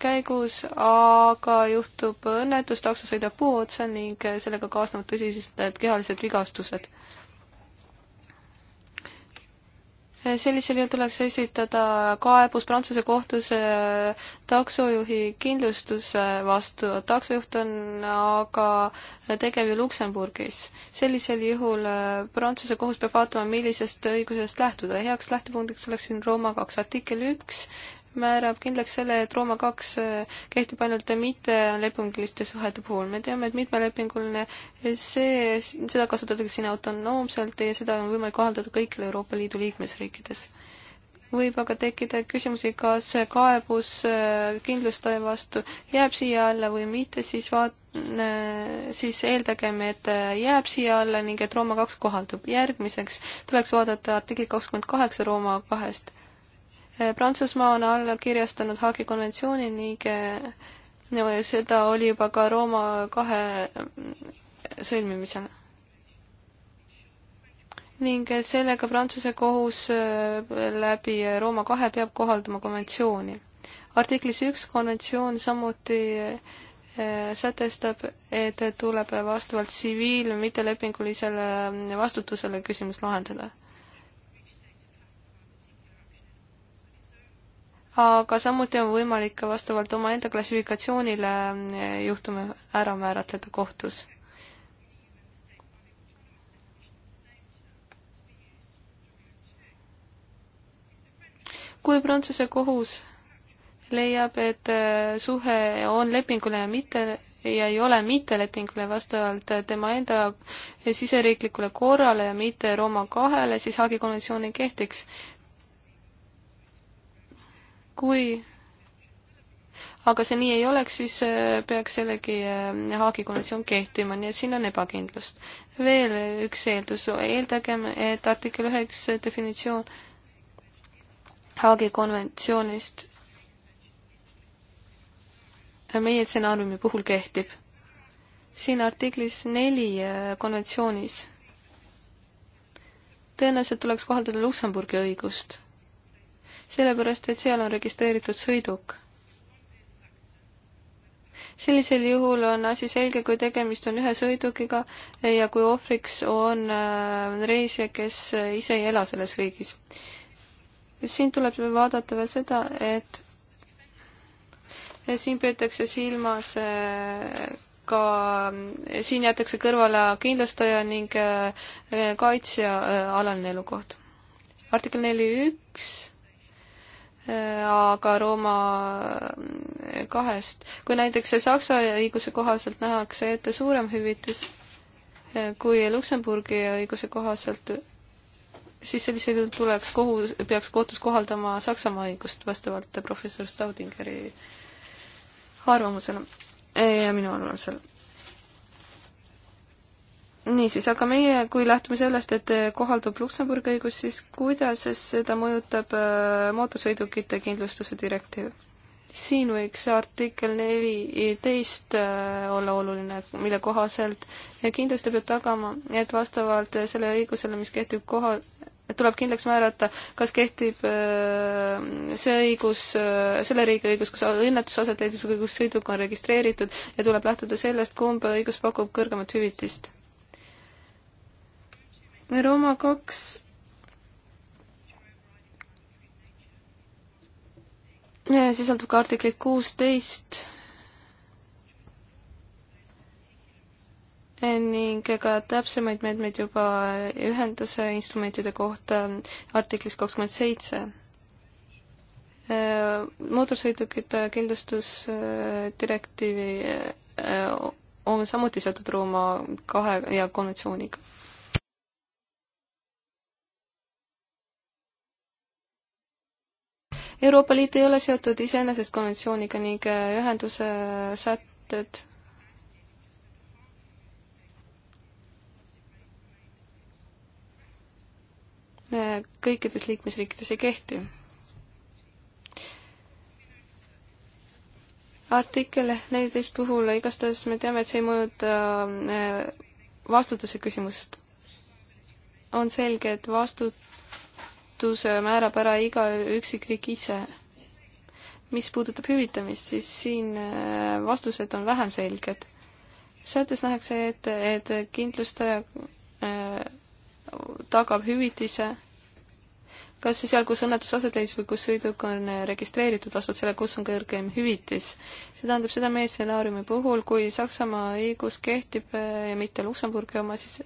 käigus aga juhtub õnnetus, takso sõidab puu otsa ning sellega kaasnevad tõsised kehalised vigastused Eh, sellisel juhul tuleks esitada kaebus Prantsuse kohtus eh, taksojuhi kindlustuse vastu. taksojuht on aga eh, tegev ju Luksemburgis. sellisel juhul Prantsuse kohus peab vaatama, millisest õigusest lähtuda. heaks lähtepunktiks oleks siin Rooma kaks artikkel üks, määrab kindlaks selle, et Rooma kaks äh, kehtib ainult mittelepinguliste suhete puhul. me teame, et mitmelepinguline, äh, see, seda kasutatakse siin autonoomselt ja seda on võimalik kohaldada kõikidel Euroopa Liidu liikmesriikides võib aga tekkida küsimusi, kas kaebus äh, kindlustaja vastu jääb siia alla või mitte, siis vaat-, siis eeldagem, et jääb siia alla ning et Rooma kaks kohaldub. järgmiseks tuleks vaadata artikli kakskümmend kaheksa Rooma kahest. Prantsusmaa on allakirjastanud Haagi konventsiooni ning no, äh, seda oli juba ka Rooma kahe sõlmimisel. ning sellega Prantsuse kohus äh, läbi Rooma kahe peab kohaldama konventsiooni. artiklis üks konventsioon samuti äh, sätestab, et tuleb vastavalt tsiviil- või mittelepingulisele vastutusele küsimus lahendada aga samuti on võimalik ka vastavalt omaenda klassifikatsioonile eh, juhtume ära määratleda kohtus. kui Prantsuse kohus leiab, et eh, suhe on lepingule ja mitte ja ei ole mittelepingule vastavalt tema enda siseriiklikule korrale ja mitte Rooma kahele, siis Haagi konventsioon ei kehtiks kui aga see nii ei oleks, siis äh, peaks jällegi äh, Haagi konventsioon kehtima, nii et siin on ebakindlust. veel üks eeldus, eeldagem, et artikkel üheksa definitsioon Haagi konventsioonist meie stsenaariumi puhul kehtib. siin artiklis neli äh, konventsioonis tõenäoliselt tuleks kohaldada Luksemburgi õigust sellepärast et seal on registreeritud sõiduk. sellisel juhul on asi selge, kui tegemist on ühe sõidukiga ja kui ohvriks on äh, reisija, kes ise ei ela selles riigis. siin tuleb vaadata veel seda, et siin peetakse silmas äh, ka, siin jäetakse kõrvale kindlustaja ning äh, kaitsja alaline elukoht. artikkel neli üks aga Rooma mm, kahest. kui näiteks Saksa õiguse kohaselt nähakse ette suurem hüvitis eh, kui Luksemburgi õiguse kohaselt, siis sellisel juhul tuleks kohus, peaks kohtus kohaldama Saksamaa õigust vastavalt professor Staudingeri arvamusele eh, ja minu arvamusele niisiis, aga meie, kui lähtume sellest, et kohaldub Luksemburgi õigus, siis kuidas seda mõjutab äh, mootorsõidukite kindlustuse direktiiv? siin võiks artikkel neliteist äh, olla oluline, mille kohaselt kindlustaja peab tagama, et vastavalt sellele õigusele, mis kehtib koha, tuleb kindlaks määrata, kas kehtib äh, see õigus, selle riigi õigus, kus õnnetus aset leidis, kus sõiduk on registreeritud ja tuleb lähtuda sellest, kumb õigus pakub kõrgemat hüvitist Rooma kaks sisaldub ka artiklit kuusteist ning ka täpsemaid meetmeid juba ühenduse instrumentide kohta artiklis kakskümmend seitse. mootorsõidukite kindlustusdirektiivi on samuti seotud Rooma kahe ja konventsiooniga Euroopa Liit ei ole seotud iseenesest konventsiooniga ning äh, ühenduse äh, sätted äh, kõikides liikmesriikides ei kehti. artikkel neliteist puhul igastahes me teame, et see ei mõjuta vastutuse küsimust. on selge, et vastut-, ultuse määrab ära iga üksikriik ise. mis puudutab hüvitamist, siis siin äh, vastused on vähem selged. sättes nähakse ette, et kindlustaja äh, tagab hüvitise kas seal, kus õnnetus aset leidis või kus sõiduk on äh, registreeritud, vastavalt sellele, kus on kõrgem hüvitis. see tähendab seda meie stsenaariumi puhul, kui Saksamaa õigus kehtib ja mitte Luksemburgi oma, siis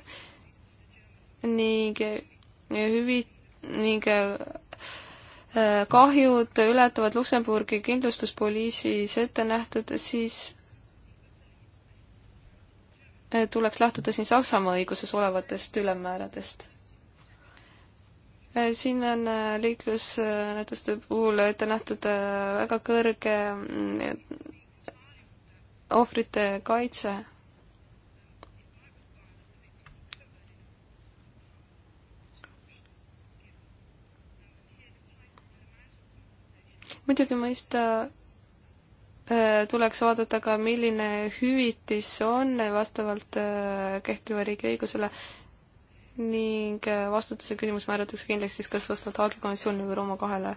ning hüvit-, ning äh, äh, kahjud ületavad Luksemburgi kindlustuspoliisis ette nähtud, siis äh, tuleks lähtuda siin Saksamaa õiguses olevatest ülemmääradest. siin on liiklusõnnetuste puhul ette nähtud väga kõrge mm, ohvrite kaitse muidugi mõista äh, tuleks vaadata ka, milline hüvitis on vastavalt äh, kehtiva riigi õigusele ning äh, vastutuse küsimus määratakse kindlaks siis kas vastavalt Haagi konventsioonile või Rooma kahele.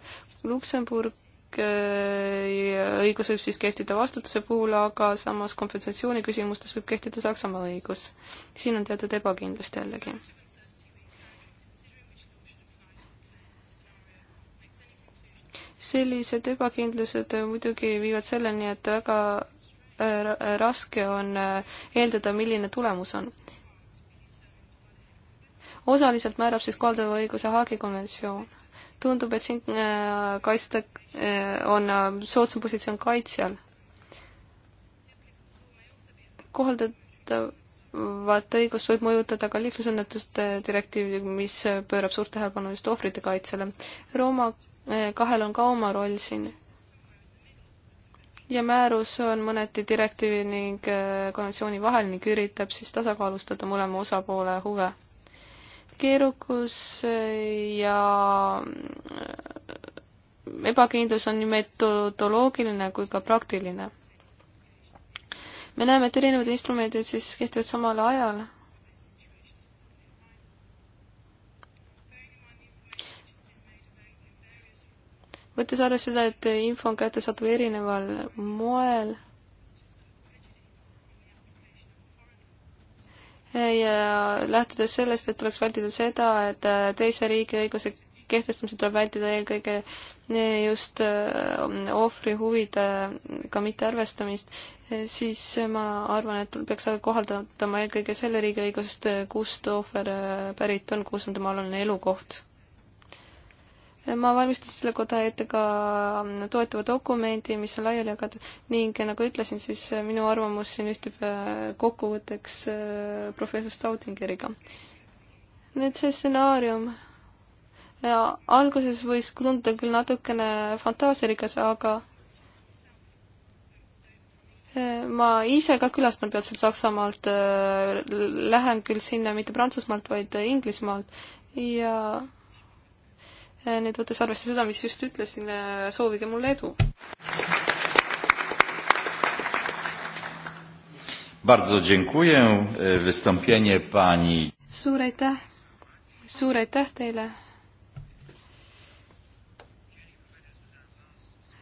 Luksemburg õigus võib siis kehtida vastutuse puhul, aga samas kompensatsiooni küsimustes võib kehtida Saksamaa õigus. siin on teatud ebakindlust jällegi sellised ebakindlused muidugi viivad selleni, et väga äh, raske on äh, eeldada, milline tulemus on. osaliselt määrab siis kohaldava õiguse Haagi konventsioon. tundub, et siin äh, kaitsta, on soodsam positsioon kaitsjal. kohaldatavat õigust võib mõjutada ka liiklusõnnetuste direktiiv, mis pöörab suurt tähelepanu just ohvrite kaitsele. Rooma Eh, kahel on ka oma roll siin. ja määrus on mõneti direktiivi ning eh, konventsiooni vahel ning üritab siis tasakaalustada mõlema osapoole huve. keerukus eh, ja mm, ebakindlus on nii metodoloogiline kui ka praktiline. me näeme, et erinevad instrumendid siis kehtivad samal ajal võttes arvesse seda, et info on kättesaadav erineval moel ja lähtudes sellest, et tuleks vältida seda, et teise riigi õiguse kehtestamisel tuleb vältida eelkõige just äh, ohvri huvidega äh, mittearvestamist, äh, siis ma arvan, et peaks kohaldama eelkõige selle riigi õigust, kust ohver pärit on, kus on tema alaline elukoht ma valmistasin selle koda ette ka mm, toetava dokumendi, mis on laiali jagatud ning nagu ütlesin, siis äh, minu arvamus siin ühtib äh, kokkuvõtteks äh, professor Staudingeriga. nüüd see stsenaarium. alguses võis tunduda küll natukene fantaasiarikas, aga ma ise ka külastan peatselt Saksamaalt, lähen küll sinna mitte Prantsusmaalt, vaid Inglismaalt ja Eh, nüüd võttes arvesse seda, mis just ütlesin, eh, soovige mulle edu! Bardzo dziękuję. E, wystąpienie pani. Suur aitäh. Suur aitäh teile.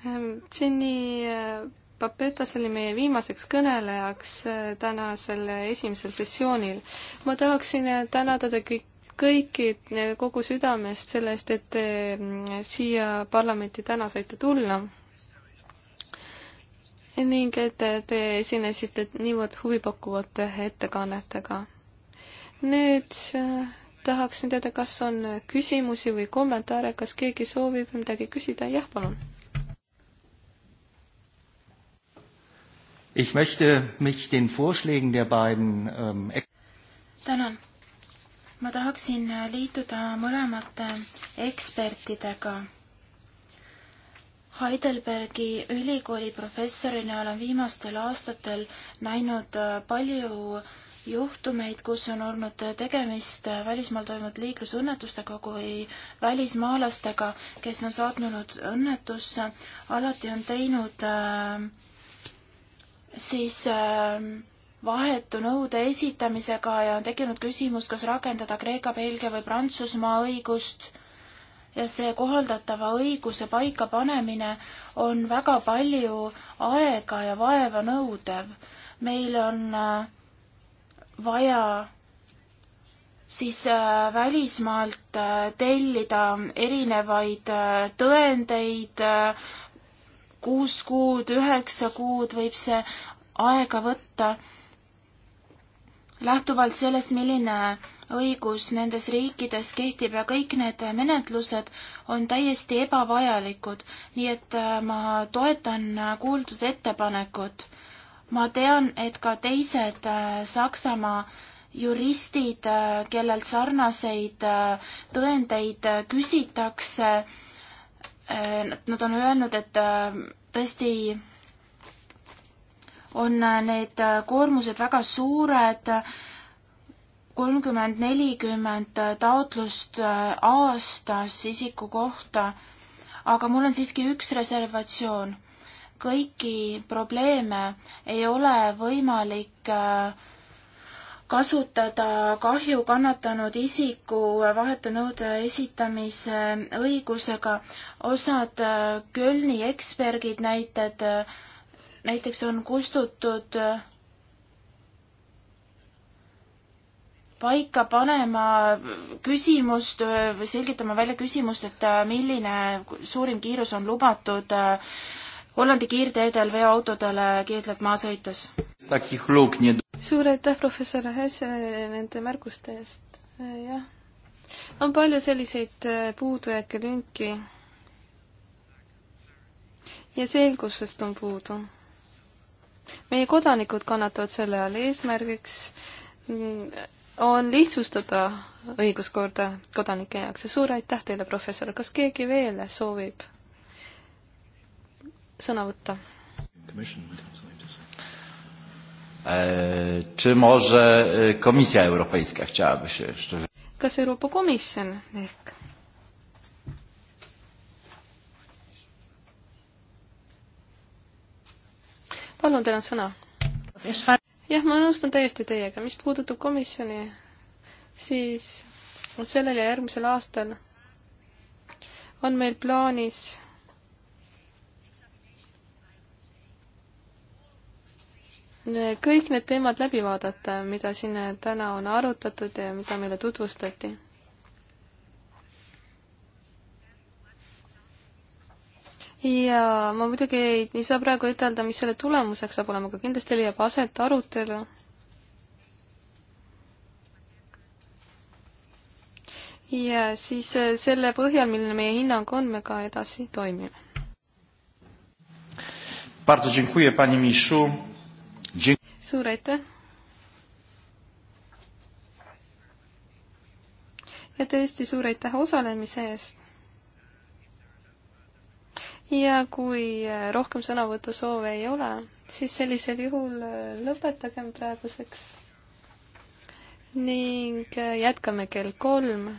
Ehm, Jenny e, Papetas oli meie viimaseks kõnelejaks e, tänasel esimesel sessioonil. ma tahaksin tänada te kõik, kõiki kogu südamest selle eest, et te mm, siia parlamenti täna saite tulla. ning et te esinesite niivõrd huvipakkuvate ettekannetega. nüüd äh, tahaksin teada, kas on küsimusi või kommentaare, kas keegi soovib midagi küsida, jah, palun. Ich möchte mich den Vorschlägen der beiden ähm, tänan ma tahaksin liituda mõlemate ekspertidega. Heidelbergi ülikooli professorina olen viimastel aastatel näinud äh, palju juhtumeid, kus on olnud tegemist äh, välismaal toimunud liiklusõnnetustega kui välismaalastega, kes on sattunud õnnetusse, alati on teinud äh, siis äh, vahetu nõude esitamisega ja on tekkinud küsimus, kas rakendada Kreeka, Belgia või Prantsusmaa õigust ja see kohaldatava õiguse paikapanemine on väga palju aega ja vaeva nõudev. meil on äh, vaja siis äh, välismaalt äh, tellida erinevaid tõendeid, kuus kuud, üheksa kuud võib see aega võtta lähtuvalt sellest, milline õigus nendes riikides kehtib ja kõik need menetlused on täiesti ebavajalikud, nii et äh, ma toetan äh, kuuldud ettepanekut. ma tean, et ka teised äh, Saksamaa juristid, kellelt sarnaseid tõendeid küsitakse, nad on öelnud, et tõesti on äh, need äh, koormused väga suured, kolmkümmend, nelikümmend äh, taotlust aastas isiku kohta, aga mul on siiski üks reservatsioon. kõiki probleeme ei ole võimalik kasutada kahju kannatanud isiku vahetunõude esitamise õigusega. osad Kölni eksperdid näited näiteks on kustutud äh, paika panema küsimust või äh, selgitama välja küsimust, et äh, milline suurim kiirus on lubatud Hollandi kiirteedel veoautodele kiirelt maa sõites. suur aitäh, professor Häse, nende märguste eest, jah. on palju selliseid puudujääke, lünki ja selgusest on puudu meie kodanikud kannatavad selle all, eesmärgiks on lihtsustada õiguskorda kodanike jaoks ja suur aitäh teile, professor, kas keegi veel soovib sõna võtta? E, kas Euroopa Komisjon ehk palun, teil on sõna. jah, ma nõustun täiesti teiega, mis puudutab komisjoni, siis sellel ja järgmisel aastal on meil plaanis kõik need teemad läbi vaadata, mida siin täna on arutatud ja mida meile tutvustati. ja ma muidugi ei, ei saa praegu ütelda, mis selle tulemuseks saab olema, aga kindlasti leiab aset arutelu. ja siis äh, selle põhjal, milline meie hinnang on, me ka edasi toimime. suur aitäh! ja tõesti suur aitäh osalemise eest! ja kui äh, rohkem sõnavõtusoove ei ole, siis sellisel juhul äh, lõpetagem praeguseks ning äh, jätkame kell kolm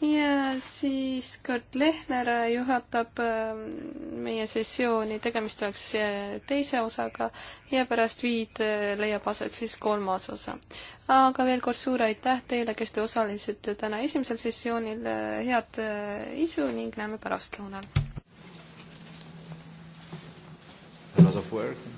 ja siis Kurt Lehner juhatab ähm, meie sessiooni, tegemist oleks äh, teise osaga ja pärast viid äh, leiab aset siis kolmas osa. aga veel kord suur aitäh teile, kes te osalesite täna esimesel sessioonil, äh, head isu ning näeme pärastlõunal! A lot of work.